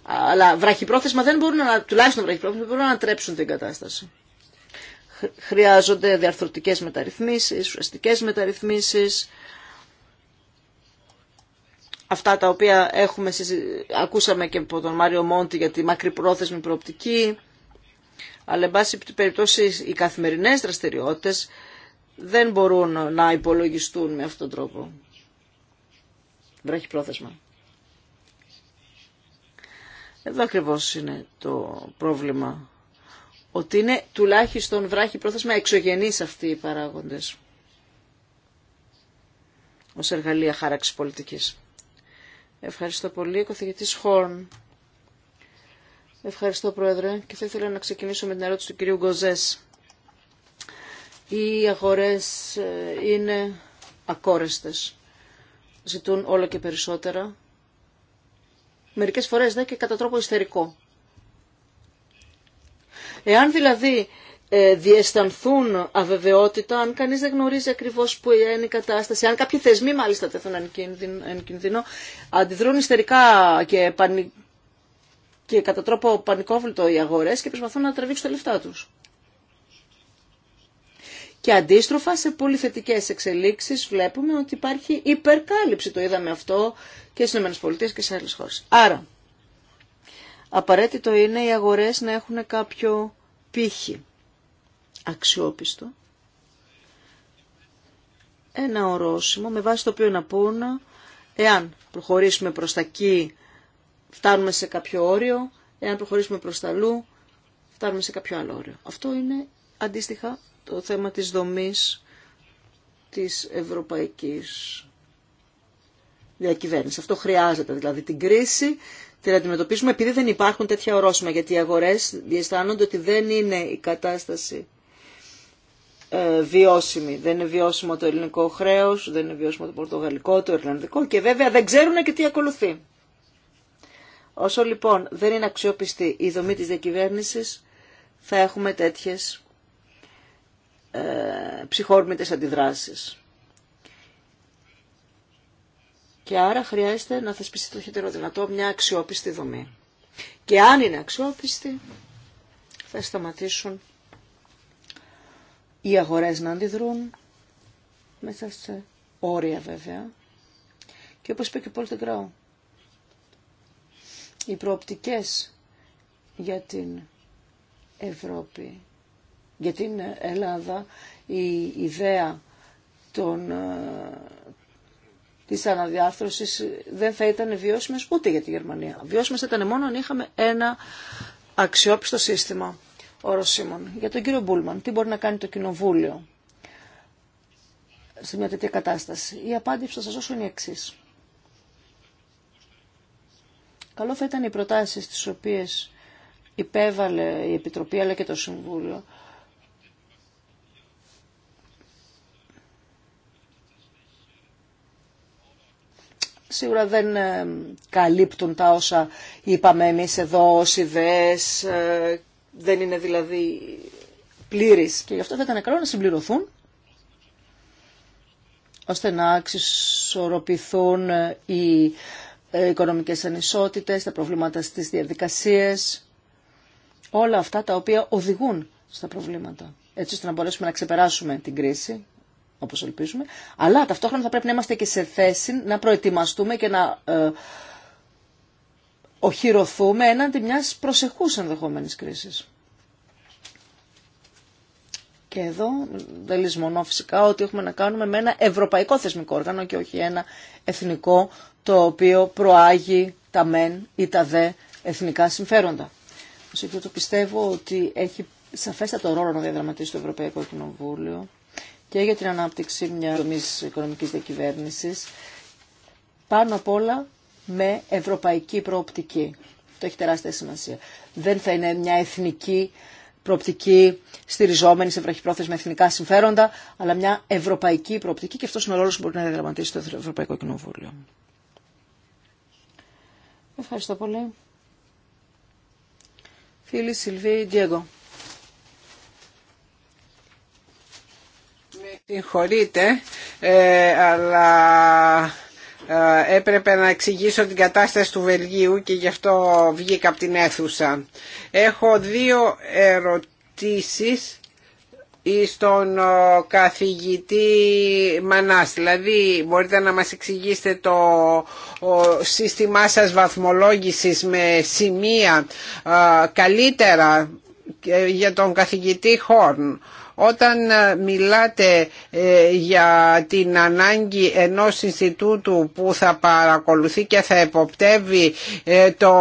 Αλλά βραχυπρόθεσμα δεν μπορούν να, τουλάχιστον βραχυπρόθεσμα, μπορούν να τρέψουν την κατάσταση. Χρειάζονται διαρθρωτικές μεταρρυθμίσεις, ουσιαστικές μεταρρυθμίσεις, αυτά τα οποία έχουμε, ακούσαμε και από τον Μάριο Μόντι για τη μακρυπρόθεσμη προοπτική, αλλά εν πάση περιπτώσει οι καθημερινές δραστηριότητες δεν μπορούν να υπολογιστούν με αυτόν τον τρόπο. Βράχει πρόθεσμα. Εδώ ακριβώς είναι το πρόβλημα. Ότι είναι τουλάχιστον βράχη πρόθεσμα εξωγενείς αυτοί οι παράγοντες ως εργαλεία χάραξης πολιτικής. Ευχαριστώ πολύ. καθηγητή Χόρν. Ευχαριστώ, Πρόεδρε. Και θα ήθελα να ξεκινήσω με την ερώτηση του κυρίου Γκοζές. Οι αγορές ε, είναι ακόρεστες. Ζητούν όλο και περισσότερα. Μερικές φορές, ναι, και κατά τρόπο ιστερικό. Εάν δηλαδή ε, διαισθανθούν αβεβαιότητα αν κανείς δεν γνωρίζει ακριβώς που είναι η κατάσταση. Αν κάποιοι θεσμοί μάλιστα τεθούν εν κινδυνό, αντιδρούν ιστερικά και, και κατά τρόπο πανικόβλητο οι αγορές και προσπαθούν να τραβήξουν τα λεφτά τους. Και αντίστροφα σε πολύ θετικέ εξελίξει βλέπουμε ότι υπάρχει υπερκάλυψη. Το είδαμε αυτό και στι ΗΠΑ και σε άλλε χώρε. Άρα, απαραίτητο είναι οι αγορέ να έχουν κάποιο πύχη αξιόπιστο ένα ορόσημο με βάση το οποίο να πούνε εάν προχωρήσουμε προς τα εκεί φτάνουμε σε κάποιο όριο, εάν προχωρήσουμε προς τα λού φτάνουμε σε κάποιο άλλο όριο. Αυτό είναι αντίστοιχα το θέμα της δομής της ευρωπαϊκής διακυβέρνησης. Αυτό χρειάζεται δηλαδή την κρίση, την αντιμετωπίσουμε επειδή δεν υπάρχουν τέτοια ορόσημα γιατί οι αγορές διαισθάνονται ότι δεν είναι η κατάσταση ε, βιώσιμη. Δεν είναι βιώσιμο το ελληνικό χρέος, δεν είναι βιώσιμο το πορτογαλικό, το ιρλανδικό και βέβαια δεν ξέρουν και τι ακολουθεί. Όσο λοιπόν δεν είναι αξιόπιστη η δομή της διακυβέρνησης, θα έχουμε τέτοιες ε, ψυχόρμητες αντιδράσεις. Και άρα χρειάζεται να θεσπιστεί το χειρότερο δυνατό μια αξιόπιστη δομή. Και αν είναι αξιόπιστη, θα σταματήσουν οι αγορές να αντιδρούν μέσα σε όρια βέβαια. Και όπως είπε και ο Πολ Τεγκράου, οι προοπτικές για την Ευρώπη, για την Ελλάδα, η ιδέα των, ε, της αναδιάρθρωσης δεν θα ήταν βιώσιμες ούτε για τη Γερμανία. Βιώσιμες θα ήταν μόνο αν είχαμε ένα αξιόπιστο σύστημα. Για τον κύριο Μπούλμαν, τι μπορεί να κάνει το Κοινοβούλιο σε μια τέτοια κατάσταση. Η απάντηση θα σας δώσω είναι η εξή. Καλό θα ήταν οι προτάσεις τις οποίες υπέβαλε η Επιτροπή αλλά και το Συμβούλιο σίγουρα δεν ε, καλύπτουν τα όσα είπαμε εμείς εδώ ως ιδέες ε, δεν είναι δηλαδή πλήρη. και γι' αυτό θα ήταν καλό να συμπληρωθούν ώστε να αξισορροπηθούν ε, οι ε, οικονομικές ανισότητες, τα προβλήματα στις διαδικασίες, όλα αυτά τα οποία οδηγούν στα προβλήματα. Έτσι ώστε να μπορέσουμε να ξεπεράσουμε την κρίση, όπως ελπίζουμε, αλλά ταυτόχρονα θα πρέπει να είμαστε και σε θέση να προετοιμαστούμε και να ε, οχυρωθούμε έναντι μιας προσεχούς ενδεχόμενης κρίσης. Και εδώ δεν λησμονώ φυσικά ότι έχουμε να κάνουμε με ένα ευρωπαϊκό θεσμικό όργανο και όχι ένα εθνικό το οποίο προάγει τα μεν ή τα δε εθνικά συμφέροντα. Σε το πιστεύω ότι έχει σαφέστατο ρόλο να διαδραματίσει το Ευρωπαϊκό Κοινοβούλιο και για την ανάπτυξη μιας οικονομικής διακυβέρνησης πάνω απ' όλα με ευρωπαϊκή προοπτική. Το έχει τεράστια σημασία. Δεν θα είναι μια εθνική προοπτική στηριζόμενη σε βραχυπρόθεσμα εθνικά συμφέροντα, αλλά μια ευρωπαϊκή προοπτική και αυτό είναι ο ρόλο που μπορεί να διαδραματίσει το Ευρωπαϊκό Κοινοβούλιο. Ευχαριστώ πολύ. Φίλη Σιλβί Ντιέγκο. Με συγχωρείτε, ε, αλλά ε, έπρεπε να εξηγήσω την κατάσταση του Βελγίου και γι' αυτό βγήκα από την αίθουσα. Έχω δύο ερωτήσεις στον ε, καθηγητή Μανάς. Δηλαδή μπορείτε να μας εξηγήσετε το σύστημά σας βαθμολόγησης με σημεία ε, καλύτερα για τον καθηγητή Χόρν όταν ε, μιλάτε ε, για την ανάγκη ενός Ινστιτούτου που θα παρακολουθεί και θα εποπτεύει ε, το,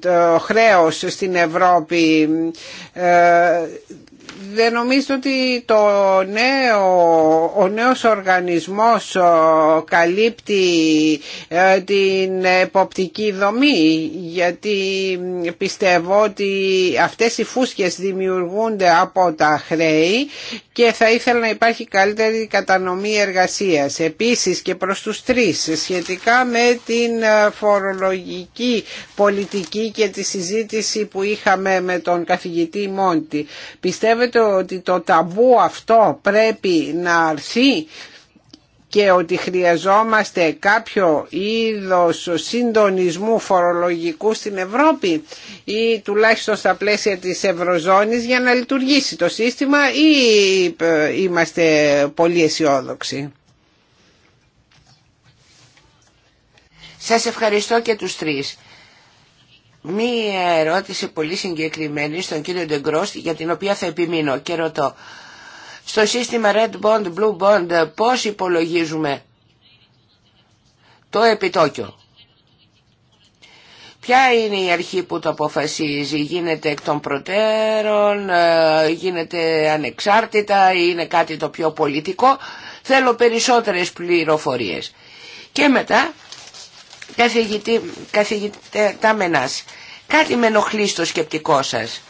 το χρέος στην Ευρώπη δεν νομίζω ότι το νέο, ο νέος οργανισμός καλύπτει ε, την εποπτική δομή γιατί πιστεύω ότι αυτές οι φούσκες δημιουργούνται από τα χρέη και θα ήθελα να υπάρχει καλύτερη κατανομή εργασίας. Επίσης και προς τους τρεις σχετικά με την ε, φορολογική πολιτική και τη συζήτηση που είχαμε με τον καθηγητή Μόντι. Πιστεύετε ότι το ταμπού αυτό πρέπει να αρθεί και ότι χρειαζόμαστε κάποιο είδος συντονισμού φορολογικού στην Ευρώπη ή τουλάχιστον στα πλαίσια της Ευρωζώνης για να λειτουργήσει το σύστημα ή είμαστε πολύ αισιόδοξοι. Σας ευχαριστώ και τους τρεις μία ερώτηση πολύ συγκεκριμένη στον κύριο Ντεγκρόστ για την οποία θα επιμείνω και ρωτώ. Στο σύστημα Red Bond, Blue Bond πώς υπολογίζουμε το επιτόκιο. Ποια είναι η αρχή που το αποφασίζει, γίνεται εκ των προτέρων, ε, γίνεται ανεξάρτητα ή είναι κάτι το πιο πολιτικό. Θέλω περισσότερες πληροφορίες. Και μετά Καθηγητή, καθηγητή Τάμενας, κάτι με ενοχλεί στο σκεπτικό σας.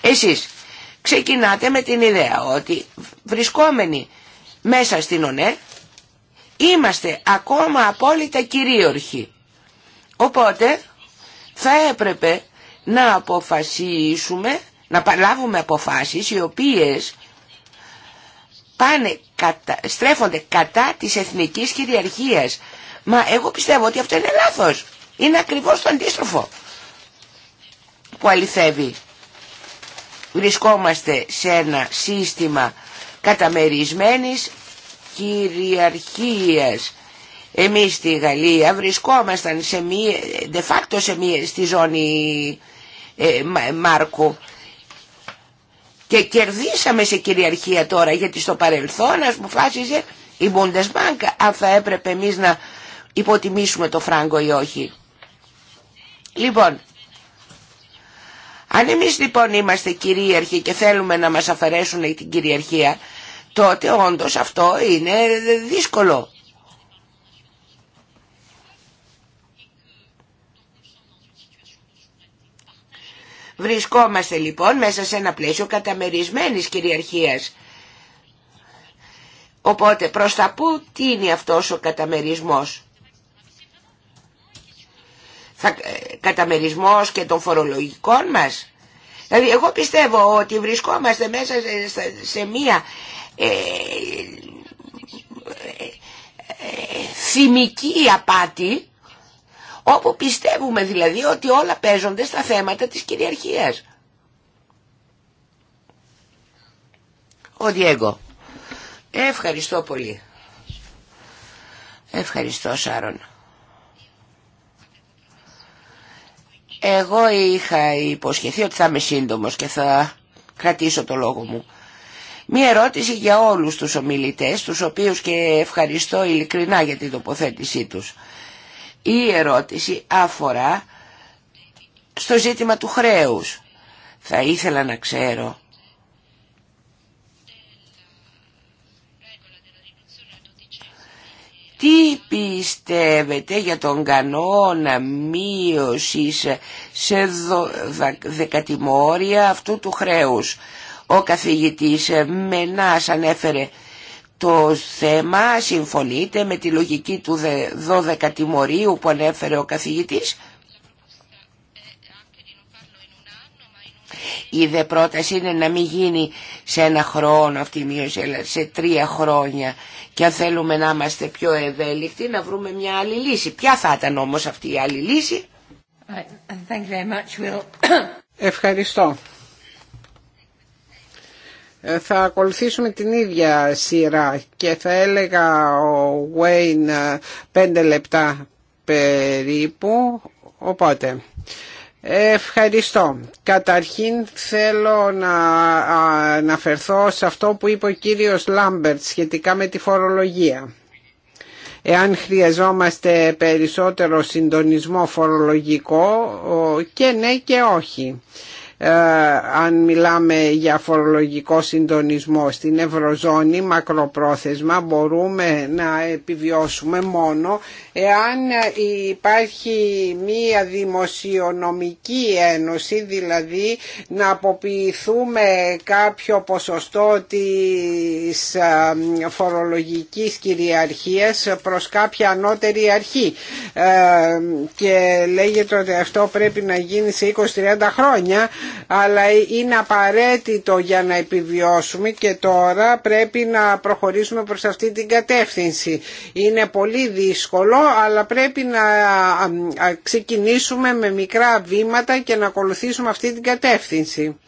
Εσείς ξεκινάτε με την ιδέα ότι βρισκόμενοι μέσα στην ΟΝΕ είμαστε ακόμα απόλυτα κυρίορχοι. Οπότε θα έπρεπε να αποφασίσουμε, να παρλάβουμε αποφάσεις οι οποίες πάνε, κατα, στρέφονται κατά της εθνικής κυριαρχίας Μα εγώ πιστεύω ότι αυτό είναι λάθος. Είναι ακριβώς το αντίστροφο που αληθεύει. Βρισκόμαστε σε ένα σύστημα καταμερισμένης κυριαρχίας. Εμείς στη Γαλλία βρισκόμασταν σε μία, de facto σε μία, στη ζώνη ε, Μάρκου και κερδίσαμε σε κυριαρχία τώρα γιατί στο παρελθόν ας μου η Bundesbank αν θα έπρεπε εμείς να υποτιμήσουμε το φράγκο ή όχι. Λοιπόν, αν εμείς λοιπόν είμαστε κυρίαρχοι και θέλουμε να μας αφαιρέσουν την κυριαρχία, τότε όντως αυτό είναι δύσκολο. Βρισκόμαστε λοιπόν μέσα σε ένα πλαίσιο καταμερισμένης κυριαρχίας. Οπότε προς τα πού τίνει αυτός ο καταμερισμός. Ε, καταμερισμός και των φορολογικών μας. Δηλαδή εγώ πιστεύω ότι βρισκόμαστε μέσα σε, σε μία ε, θυμική ε, απάτη όπου πιστεύουμε δηλαδή ότι όλα παίζονται στα θέματα της κυριαρχίας. Ο Διέγκο. Ευχαριστώ πολύ. Ευχαριστώ Σάρων. Εγώ είχα υποσχεθεί ότι θα είμαι σύντομο και θα κρατήσω το λόγο μου. Μία ερώτηση για όλους τους ομιλητές, τους οποίους και ευχαριστώ ειλικρινά για την τοποθέτησή τους. Η ερώτηση αφορά στο ζήτημα του χρέους. Θα ήθελα να ξέρω Τι πιστεύετε για τον κανόνα μείωσης σε δεκατημόρια αυτού του χρέους. Ο καθηγητής Μενάς ανέφερε το θέμα, συμφωνείτε με τη λογική του δωδεκατημορίου που ανέφερε ο καθηγητής. Η δε πρόταση είναι να μην γίνει σε ένα χρόνο αυτή η μείωση, αλλά σε τρία χρόνια. Και αν θέλουμε να είμαστε πιο ευέλικτοι, να βρούμε μια άλλη λύση. Ποια θα ήταν όμως αυτή η άλλη λύση? Ευχαριστώ. Ε, θα ακολουθήσουμε την ίδια σειρά και θα έλεγα ο Wayne ε, πέντε λεπτά περίπου, οπότε... Ευχαριστώ. Καταρχήν θέλω να αναφερθώ σε αυτό που είπε ο κύριος Λάμπερτ σχετικά με τη φορολογία. Εάν χρειαζόμαστε περισσότερο συντονισμό φορολογικό και ναι και όχι. Ε, αν μιλάμε για φορολογικό συντονισμό στην Ευρωζώνη μακροπρόθεσμα μπορούμε να επιβιώσουμε μόνο εάν υπάρχει μία δημοσιονομική ένωση δηλαδή να αποποιηθούμε κάποιο ποσοστό της ε, φορολογικής κυριαρχίας προς κάποια ανώτερη αρχή ε, και λέγεται ότι αυτό πρέπει να γίνει σε 20-30 χρόνια αλλά είναι απαραίτητο για να επιβιώσουμε και τώρα πρέπει να προχωρήσουμε προς αυτή την κατεύθυνση. Είναι πολύ δύσκολο αλλά πρέπει να ξεκινήσουμε με μικρά βήματα και να ακολουθήσουμε αυτή την κατεύθυνση.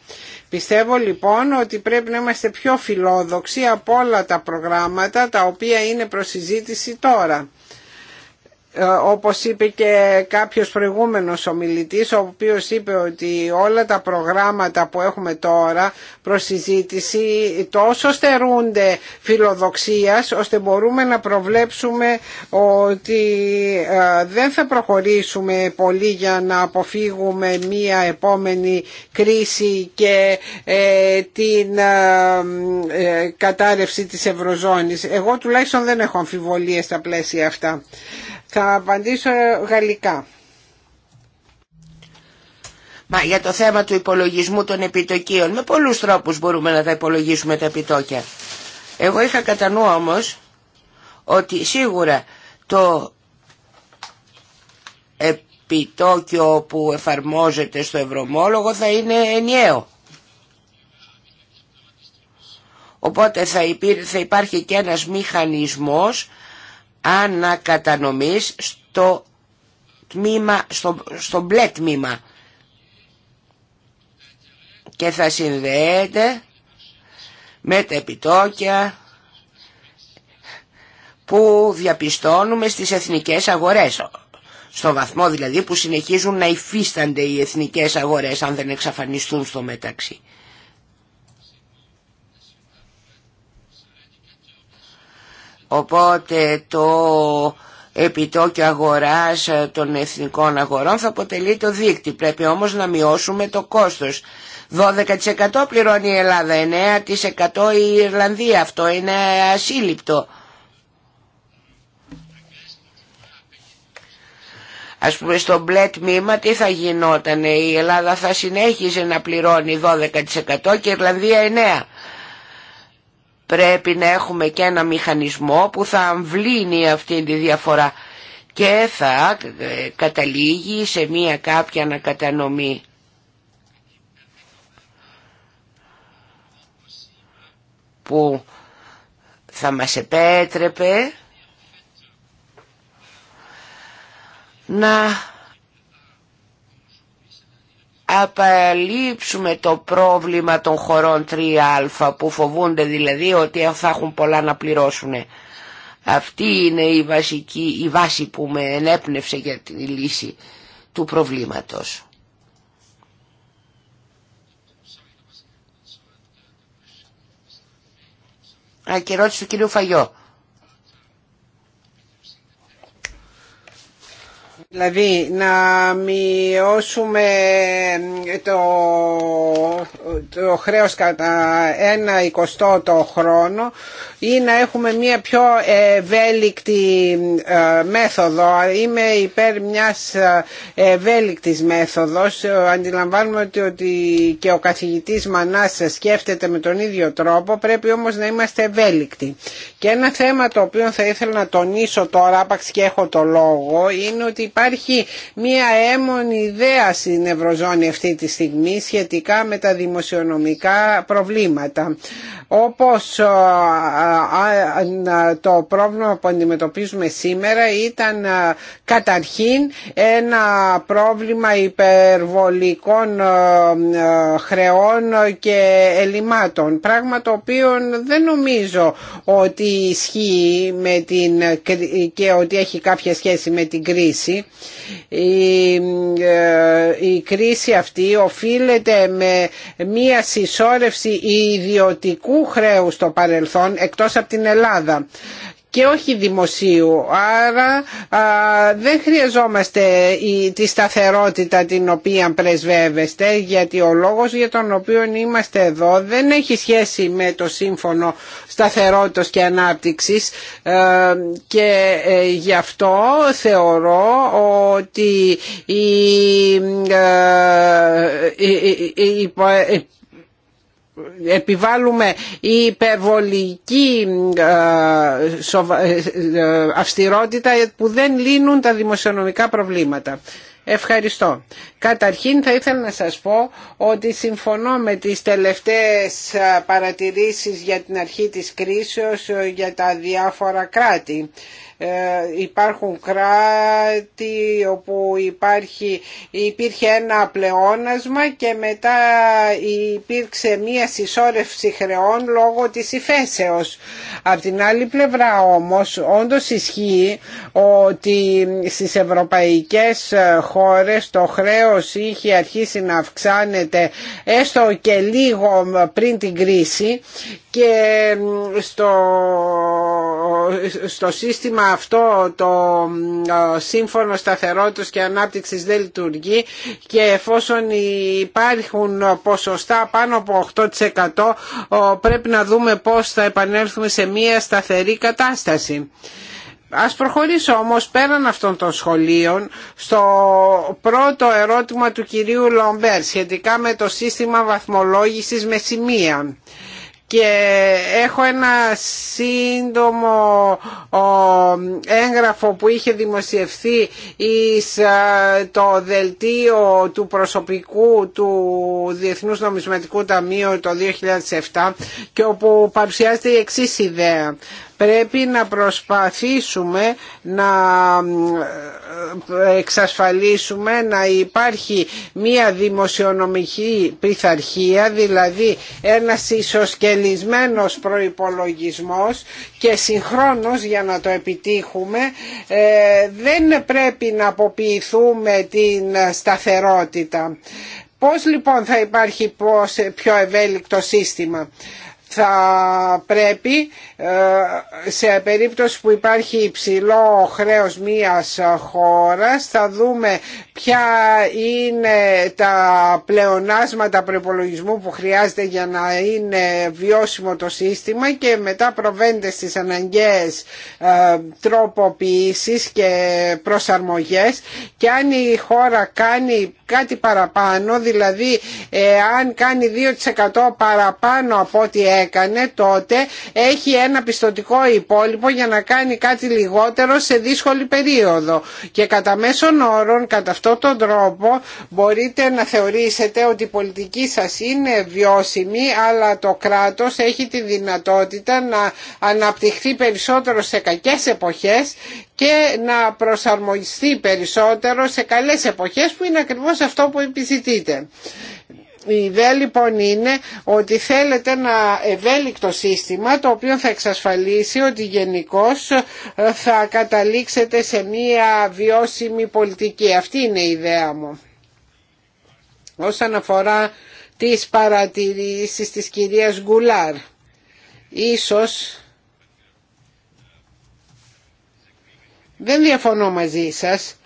Πιστεύω λοιπόν ότι πρέπει να είμαστε πιο φιλόδοξοι από όλα τα προγράμματα τα οποία είναι συζήτηση τώρα. Ε, όπως είπε και κάποιος προηγούμενος ομιλητής ο οποίος είπε ότι όλα τα προγράμματα που έχουμε τώρα προς συζήτηση τόσο στερούνται φιλοδοξίας ώστε μπορούμε να προβλέψουμε ότι ε, δεν θα προχωρήσουμε πολύ για να αποφύγουμε μία επόμενη κρίση και ε, την κατάρρευση της Ευρωζώνης. Εγώ τουλάχιστον δεν έχω αμφιβολίες στα πλαίσια αυτά. Θα απαντήσω γαλλικά. Μα για το θέμα του υπολογισμού των επιτοκίων, με πολλούς τρόπους μπορούμε να τα υπολογίσουμε τα επιτόκια. Εγώ είχα κατά νου όμως ότι σίγουρα το επιτόκιο που εφαρμόζεται στο ευρωμόλογο θα είναι ενιαίο. Οπότε θα, υπάρχει και ένας μηχανισμός ανακατανομής στο, τμήμα, στο, στο μπλε τμήμα και θα συνδέεται με τα επιτόκια που διαπιστώνουμε στις εθνικές αγορές. Στο βαθμό δηλαδή που συνεχίζουν να υφίστανται οι εθνικές αγορές αν δεν εξαφανιστούν στο μεταξύ. Οπότε το επιτόκιο αγοράς ε, των εθνικών αγορών θα αποτελεί το δίκτυ. Πρέπει όμως να μειώσουμε το κόστος. 12% πληρώνει η Ελλάδα, 9% η Ιρλανδία. Αυτό είναι ασύλληπτο. Ας πούμε στο μπλε τμήμα τι θα γινόταν, η Ελλάδα θα συνέχιζε να πληρώνει 12% και η Ιρλανδία 9% πρέπει να έχουμε και ένα μηχανισμό που θα αμβλύνει αυτή τη διαφορά και θα ε, καταλήγει σε μία κάποια ανακατανομή. που θα μας επέτρεπε να απαλείψουμε το πρόβλημα των χωρών 3α που φοβούνται δηλαδή ότι θα έχουν πολλά να πληρώσουν. Αυτή είναι η, βασική, η βάση που με ενέπνευσε για τη λύση του προβλήματος. Α, και του κύριου Φαγιώ. Δηλαδή να μειώσουμε το, το χρέος κατά ένα εικοστό το χρόνο ή να έχουμε μια πιο ευέλικτη ε, μέθοδο. Είμαι υπέρ μιας ε, ευέλικτης μέθοδος. Αντιλαμβάνουμε ότι, και ο καθηγητής Μανάς σκέφτεται με τον ίδιο τρόπο, πρέπει όμως να είμαστε ευέλικτοι. Και ένα θέμα το οποίο θα ήθελα να τονίσω τώρα, άπαξ και έχω το λόγο, είναι ότι υπάρχει υπάρχει μία έμονη ιδέα στην Ευρωζώνη αυτή τη στιγμή σχετικά με τα δημοσιονομικά προβλήματα. Όπως το πρόβλημα που αντιμετωπίζουμε σήμερα ήταν καταρχήν ένα πρόβλημα υπερβολικών χρεών και ελλημάτων. Πράγμα το οποίο δεν νομίζω ότι ισχύει με την, και ότι έχει κάποια σχέση με την κρίση ε, η, κρίση αυτή οφείλεται με μία συσσόρευση ιδιωτικού χρέους στο παρελθόν εκτός από την Ελλάδα και όχι δημοσίου. Άρα δεν χρειαζόμαστε τη σταθερότητα την οποία πρεσβεύεστε γιατί ο λόγος για τον οποίο είμαστε εδώ δεν έχει σχέση με το σύμφωνο σταθερότητας και ανάπτυξης και γι' αυτό θεωρώ ότι η επιβάλλουμε η υπερβολική ε, ε, ε, αυστηρότητα που δεν λύνουν τα δημοσιονομικά προβλήματα. Ευχαριστώ. Καταρχήν θα ήθελα να σας πω ότι συμφωνώ με τις τελευταίες παρατηρήσεις για την αρχή της κρίσεως για τα διάφορα κράτη. Ε, υπάρχουν κράτη όπου υπάρχει, υπήρχε ένα πλεόνασμα και μετά υπήρξε μία συσσόρευση χρεών λόγω της υφέσεως. Απ' την άλλη πλευρά όμως όντως ισχύει ότι στις ευρωπαϊκές χώρες το χρέος είχε αρχίσει να αυξάνεται έστω και λίγο πριν την κρίση και στο, στο σύστημα αυτό το σύμφωνο σταθερότητας και ανάπτυξης δεν λειτουργεί και εφόσον υπάρχουν ποσοστά πάνω από 8% πρέπει να δούμε πώς θα επανέλθουμε σε μια σταθερή κατάσταση. Ας προχωρήσω όμως πέραν αυτών των σχολείων στο πρώτο ερώτημα του κυρίου Λομπέρ σχετικά με το σύστημα βαθμολόγησης με σημεία και έχω ένα σύντομο έγγραφο που είχε δημοσιευθεί εις το δελτίο του προσωπικού του Διεθνούς Νομισματικού Ταμείου το 2007 και όπου παρουσιάζεται η εξής ιδέα πρέπει να προσπαθήσουμε να ε, εξασφαλίσουμε να υπάρχει μία δημοσιονομική πειθαρχία, δηλαδή ένας ισοσκελισμένος προϋπολογισμός και συγχρόνως για να το επιτύχουμε ε, δεν πρέπει να αποποιηθούμε την σταθερότητα. Πώς λοιπόν θα υπάρχει πιο ευέλικτο σύστημα. Θα πρέπει σε περίπτωση που υπάρχει υψηλό χρέος μίας χώρας θα δούμε ποια είναι τα πλεονάσματα προπολογισμού που χρειάζεται για να είναι βιώσιμο το σύστημα και μετά προβαίνεται στις αναγκαίες ε, τροποποιήσεις και προσαρμογές και αν η χώρα κάνει κάτι παραπάνω, δηλαδή ε, αν κάνει 2% παραπάνω από ό,τι έκανε τότε έχει ένα πιστοτικό υπόλοιπο για να κάνει κάτι λιγότερο σε δύσκολη περίοδο. Και κατά μέσον όρων, κατά αυτόν τον τρόπο, μπορείτε να θεωρήσετε ότι η πολιτική σας είναι βιώσιμη, αλλά το κράτος έχει τη δυνατότητα να αναπτυχθεί περισσότερο σε κακές εποχές και να προσαρμοστεί περισσότερο σε καλές εποχές που είναι ακριβώς αυτό που επιζητείτε. Η ιδέα λοιπόν είναι ότι θέλετε ένα ευέλικτο σύστημα το οποίο θα εξασφαλίσει ότι γενικώ ε, θα καταλήξετε σε μία βιώσιμη πολιτική. Αυτή είναι η ιδέα μου. Όσον αφορά τις παρατηρήσεις της κυρίας Γκουλάρ, ίσως δεν διαφωνώ μαζί σας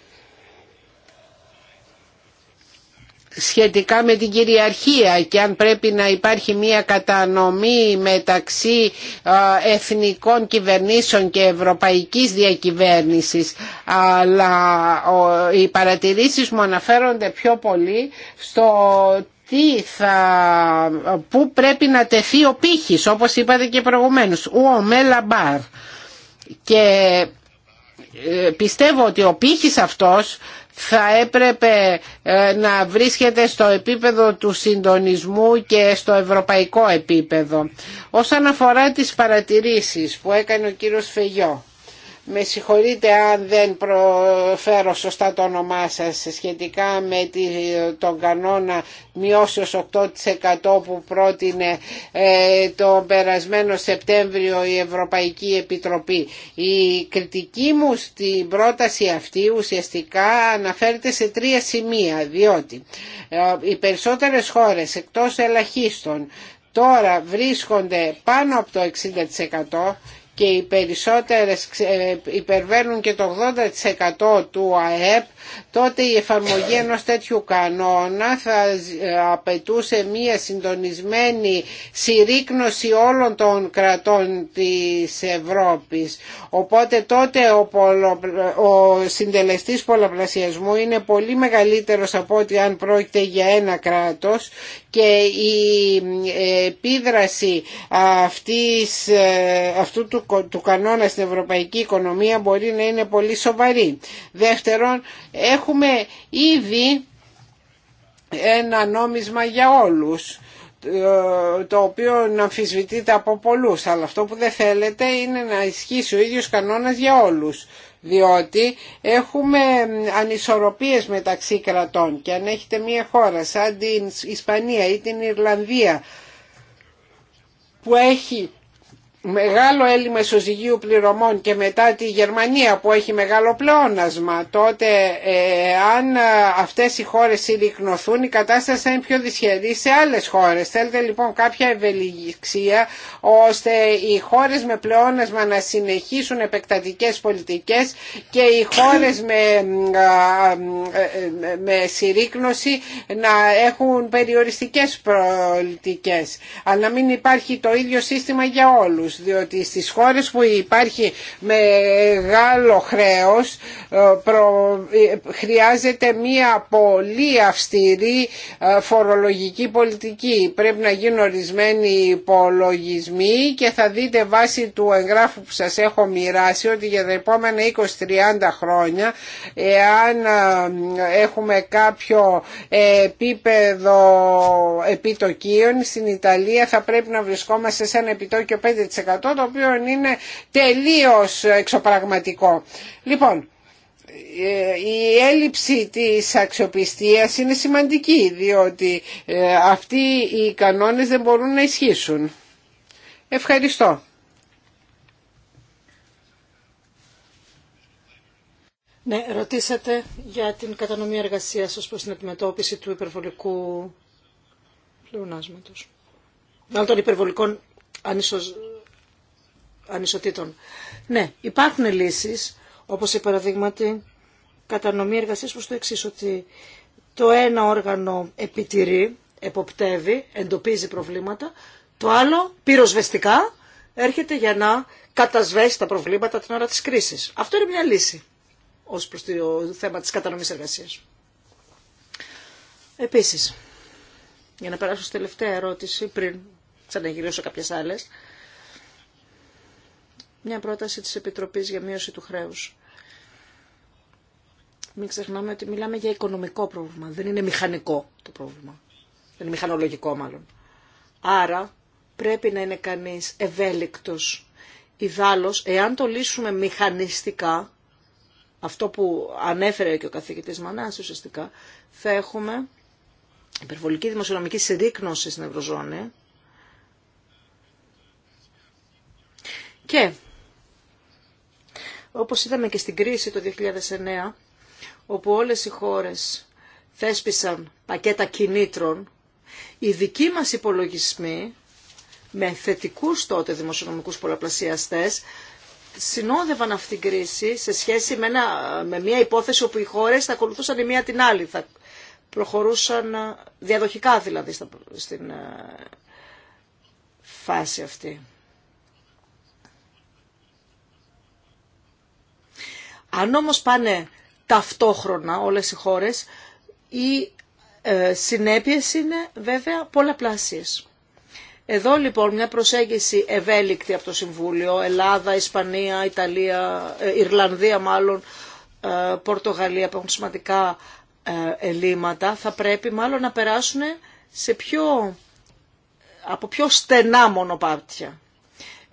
σχετικά με την κυριαρχία και αν πρέπει να υπάρχει μια κατανομή μεταξύ εθνικών κυβερνήσεων και ευρωπαϊκής διακυβέρνησης αλλά οι παρατηρήσεις μου αναφέρονται πιο πολύ στο τι θα, πού πρέπει να τεθεί ο πύχης όπως είπατε και προηγουμένως ο Μέλαμπαρ και ε, πιστεύω ότι ο πύχης αυτός θα έπρεπε ε, να βρίσκεται στο επίπεδο του συντονισμού και στο ευρωπαϊκό επίπεδο. Όσον αφορά τις παρατηρήσεις που έκανε ο κύριος Φεγιό με συγχωρείτε αν δεν προφέρω σωστά το όνομά σας σχετικά με τον κανόνα μειώσεως 8% που πρότεινε ε, το περασμένο Σεπτέμβριο η Ευρωπαϊκή Επιτροπή. Η κριτική μου στην πρόταση αυτή ουσιαστικά αναφέρεται σε τρία σημεία, διότι ε, οι περισσότερες χώρες εκτός ελαχίστων τώρα βρίσκονται πάνω από το 60% και οι περισσότερες ε, υπερβαίνουν και το 80% του ΑΕΠ, τότε η εφαρμογή ενός τέτοιου κανόνα θα ε, απαιτούσε μία συντονισμένη συρρήκνωση όλων των κρατών της Ευρώπης. Οπότε τότε ο, συντελεστή ο συντελεστής πολλαπλασιασμού είναι πολύ μεγαλύτερος από ό,τι αν πρόκειται για ένα κράτος και η ε, επίδραση αυτής, αυτού του του κανόνα στην ευρωπαϊκή οικονομία μπορεί να είναι πολύ σοβαρή. Δεύτερον, έχουμε ήδη ένα νόμισμα για όλους ε, το οποίο να αμφισβητείται από πολλούς αλλά αυτό που δεν θέλετε είναι να ισχύσει ο ίδιος κανόνας για όλους διότι έχουμε ανισορροπίες μεταξύ κρατών και αν έχετε μια χώρα σαν την Ισπανία ή την Ιρλανδία που έχει μεγάλο έλλειμμα ισοζυγίου πληρωμών και μετά τη Γερμανία που έχει μεγάλο πλεόνασμα, τότε ε, αν ε, αυτές οι χώρες συρρυκνωθούν η κατάσταση θα είναι πιο δυσχερή σε άλλες χώρες. Θέλετε λοιπόν κάποια ευελιξία ώστε οι χώρες με πλεόνασμα να συνεχίσουν επεκτατικές πολιτικές και οι χώρες με, ε, με συρρήκνωση να έχουν περιοριστικές πολιτικές. Αλλά να μην υπάρχει το ίδιο σύστημα για όλους διότι στις χώρες που υπάρχει μεγάλο χρέος ε, ε, χρειάζεται μία πολύ αυστηρή ε, φορολογική πολιτική. Πρέπει να γίνουν ορισμένοι υπολογισμοί και θα δείτε βάσει του εγγράφου που σας έχω μοιράσει ότι για τα επόμενα 20-30 χρόνια εάν έχουμε κάποιο επίπεδο επιτοκίων στην Ιταλία θα πρέπει να βρισκόμαστε σε ένα επιτόκιο 5% το οποίο είναι τελείως εξωπραγματικό. Λοιπόν, ε, η έλλειψη της αξιοπιστίας είναι σημαντική διότι ε, αυτοί οι κανόνες δεν μπορούν να ισχύσουν. Ευχαριστώ. Ναι, ρωτήσατε για την κατανομή εργασίας ως προς την αντιμετώπιση του υπερβολικού πλεονάσματος. Μάλλον των υπερβολικών ανισοζήτων ανισοτήτων. Ναι, υπάρχουν λύσεις, όπως η παραδείγματι κατανομή εργασίας προς το εξή ότι το ένα όργανο επιτηρεί, εποπτεύει, εντοπίζει προβλήματα, το άλλο πυροσβεστικά έρχεται για να κατασβέσει τα προβλήματα την ώρα της κρίσης. Αυτό είναι μια λύση ως προς το θέμα της κατανομής εργασίας. Επίσης, για να περάσω στη τελευταία ερώτηση πριν ξαναγυρίσω κάποιες άλλες, μια πρόταση της Επιτροπής για μείωση του χρέους. Μην ξεχνάμε ότι μιλάμε για οικονομικό πρόβλημα. Δεν είναι μηχανικό το πρόβλημα. Δεν είναι μηχανολογικό μάλλον. Άρα πρέπει να είναι κανείς ευέλικτος. Ιδάλλως, εάν το λύσουμε μηχανιστικά, αυτό που ανέφερε και ο καθηγητής Μανάς ουσιαστικά, θα έχουμε υπερβολική δημοσιονομική συρρήκνωση στην Ευρωζώνη και όπως είδαμε και στην κρίση το 2009, όπου όλες οι χώρες θέσπισαν πακέτα κινήτρων, οι δικοί μας υπολογισμοί με θετικούς τότε δημοσιονομικούς πολλαπλασιαστές συνόδευαν αυτήν την κρίση σε σχέση με, ένα, με μια υπόθεση όπου οι χώρες θα ακολουθούσαν η μία την άλλη, θα προχωρούσαν ε, διαδοχικά δηλαδή στην ε, φάση αυτή. Αν όμως πάνε ταυτόχρονα όλες οι χώρες, οι ε, συνέπειες είναι βέβαια πολλαπλάσιες. Εδώ λοιπόν μια προσέγγιση ευέλικτη από το Συμβούλιο, Ελλάδα, Ισπανία, Ιταλία, ε, Ιρλανδία μάλλον, ε, Πορτογαλία που έχουν σημαντικά ε, ελλείμματα, θα πρέπει μάλλον να περάσουν σε πιο, από πιο στενά μονοπάτια.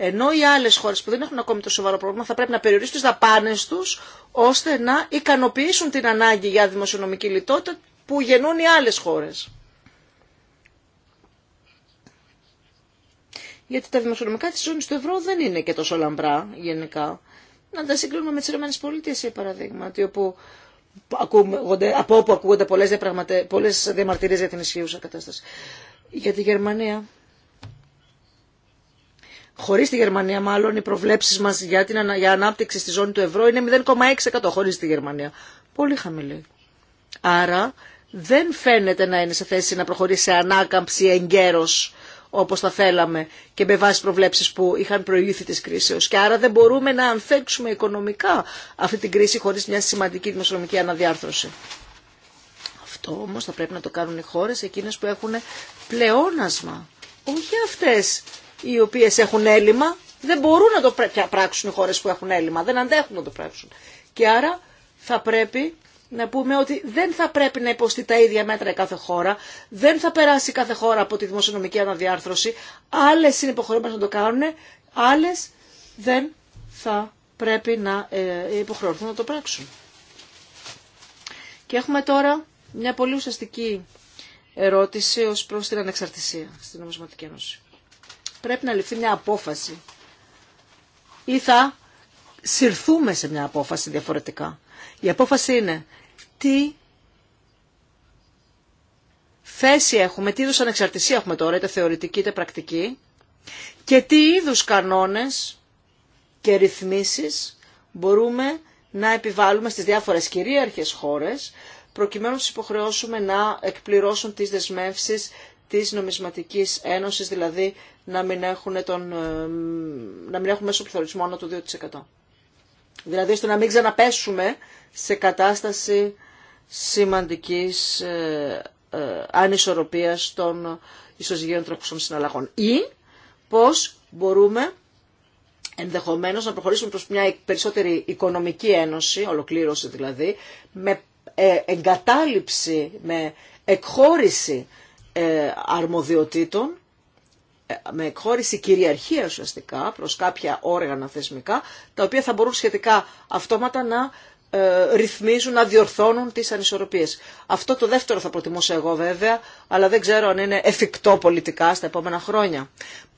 Ενώ οι άλλες χώρες που δεν έχουν ακόμη το σοβαρό πρόβλημα θα πρέπει να περιορίσουν τις δαπάνες τους ώστε να ικανοποιήσουν την ανάγκη για δημοσιονομική λιτότητα που γεννούν οι άλλες χώρες. Γιατί τα δημοσιονομικά της ζώνης του ευρώ δεν είναι και τόσο λαμπρά γενικά. Να τα συγκρίνουμε με τις ΗΠΑ για παραδείγμα, όπου από όπου ακούγονται πολλές, για την ισχύουσα κατάσταση. Για τη Γερμανία χωρί τη Γερμανία μάλλον, οι προβλέψει μα για, την, για ανάπτυξη στη ζώνη του ευρώ είναι 0,6% χωρί τη Γερμανία. Πολύ χαμηλή. Άρα δεν φαίνεται να είναι σε θέση να προχωρήσει σε ανάκαμψη εγκαίρω όπω θα θέλαμε και με βάση προβλέψει που είχαν προηγήθει τη κρίσεω. Και άρα δεν μπορούμε να ανθέξουμε οικονομικά αυτή την κρίση χωρί μια σημαντική δημοσιονομική αναδιάρθρωση. Αυτό όμω θα πρέπει να το κάνουν οι χώρε εκείνε που έχουν πλεόνασμα. Όχι αυτέ οι οποίες έχουν έλλειμμα δεν μπορούν να το πράξουν οι χώρες που έχουν έλλειμμα, δεν αντέχουν να το πράξουν. Και άρα θα πρέπει να πούμε ότι δεν θα πρέπει να υποστεί τα ίδια μέτρα η κάθε χώρα, δεν θα περάσει κάθε χώρα από τη δημοσιονομική αναδιάρθρωση, άλλες είναι υποχρεωμένες να το κάνουν, άλλες δεν θα πρέπει να ε, υποχρεωθούν να το πράξουν. Και έχουμε τώρα μια πολύ ουσιαστική ερώτηση ως προς την ανεξαρτησία στην Νομισματική Ένωση πρέπει να ληφθεί μια απόφαση. Ή θα συρθούμε σε μια απόφαση διαφορετικά. Η απόφαση είναι τι θέση έχουμε, τι είδους ανεξαρτησία έχουμε τώρα, είτε θεωρητική είτε πρακτική, και τι είδους κανόνες και ρυθμίσεις μπορούμε να επιβάλλουμε στις διάφορες κυρίαρχες χώρες, προκειμένου να τους υποχρεώσουμε να εκπληρώσουν τις δεσμεύσεις της Νομισματικής Ένωσης, δηλαδή να μην, έχουν τον, ε, να μην έχουμε μέσο πληθωρισμό άνω του 2%. Δηλαδή ώστε να μην ξαναπέσουμε σε κατάσταση σημαντικής ε, ε ανισορροπίας των ισοζυγίων των συναλλαγών. Ή πώς μπορούμε ενδεχομένως να προχωρήσουμε προς μια περισσότερη οικονομική ένωση, ολοκλήρωση δηλαδή, με ε, εγκατάλειψη, με εκχώρηση αρμοδιοτήτων με εκχώρηση κυριαρχία ουσιαστικά προς κάποια όργανα θεσμικά, τα οποία θα μπορούν σχετικά αυτόματα να ε, ρυθμίζουν, να διορθώνουν τις ανισορροπίες. Αυτό το δεύτερο θα προτιμούσα εγώ βέβαια, αλλά δεν ξέρω αν είναι εφικτό πολιτικά στα επόμενα χρόνια.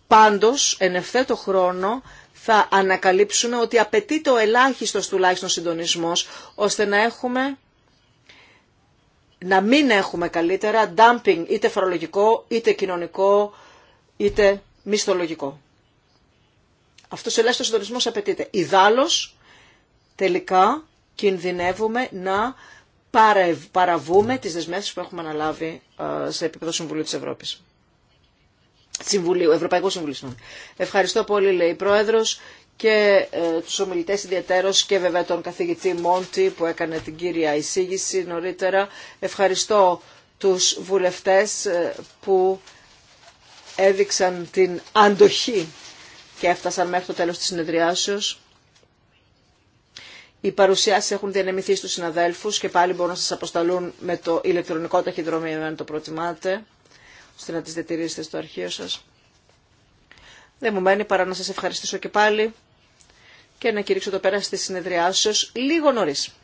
Πάντως, εν ευθέτω χρόνο, θα ανακαλύψουμε ότι απαιτείται ο ελάχιστος τουλάχιστον συντονισμός, ώστε να έχουμε να μην έχουμε καλύτερα dumping είτε φορολογικό είτε κοινωνικό είτε μισθολογικό. Αυτός ο ελάχιστος συντονισμός απαιτείται. Ιδάλλως, τελικά, κινδυνεύουμε να παραβούμε τις δεσμεύσεις που έχουμε αναλάβει ε, σε επίπεδο Συμβουλίου της Ευρώπης. Συμβουλίου, Ευρωπαϊκού Συμβουλίου. Ευχαριστώ πολύ, λέει η Πρόεδρος και ε, τους ομιλητές ιδιαίτερος και βέβαια τον καθηγητή Μόντι που έκανε την κύρια εισήγηση νωρίτερα. Ευχαριστώ τους βουλευτές ε, που έδειξαν την αντοχή και έφτασαν μέχρι το τέλος της συνεδριάσεως. Οι παρουσιάσεις έχουν διανεμηθεί στους συναδέλφους και πάλι μπορούν να σας αποσταλούν με το ηλεκτρονικό ταχυδρομείο αν το προτιμάτε, ώστε να τις διατηρήσετε στο αρχείο σας. Δεν μου μένει παρά να σας ευχαριστήσω και πάλι και να κηρύξω το πέρα της συνεδριάσεως λίγο νωρίς.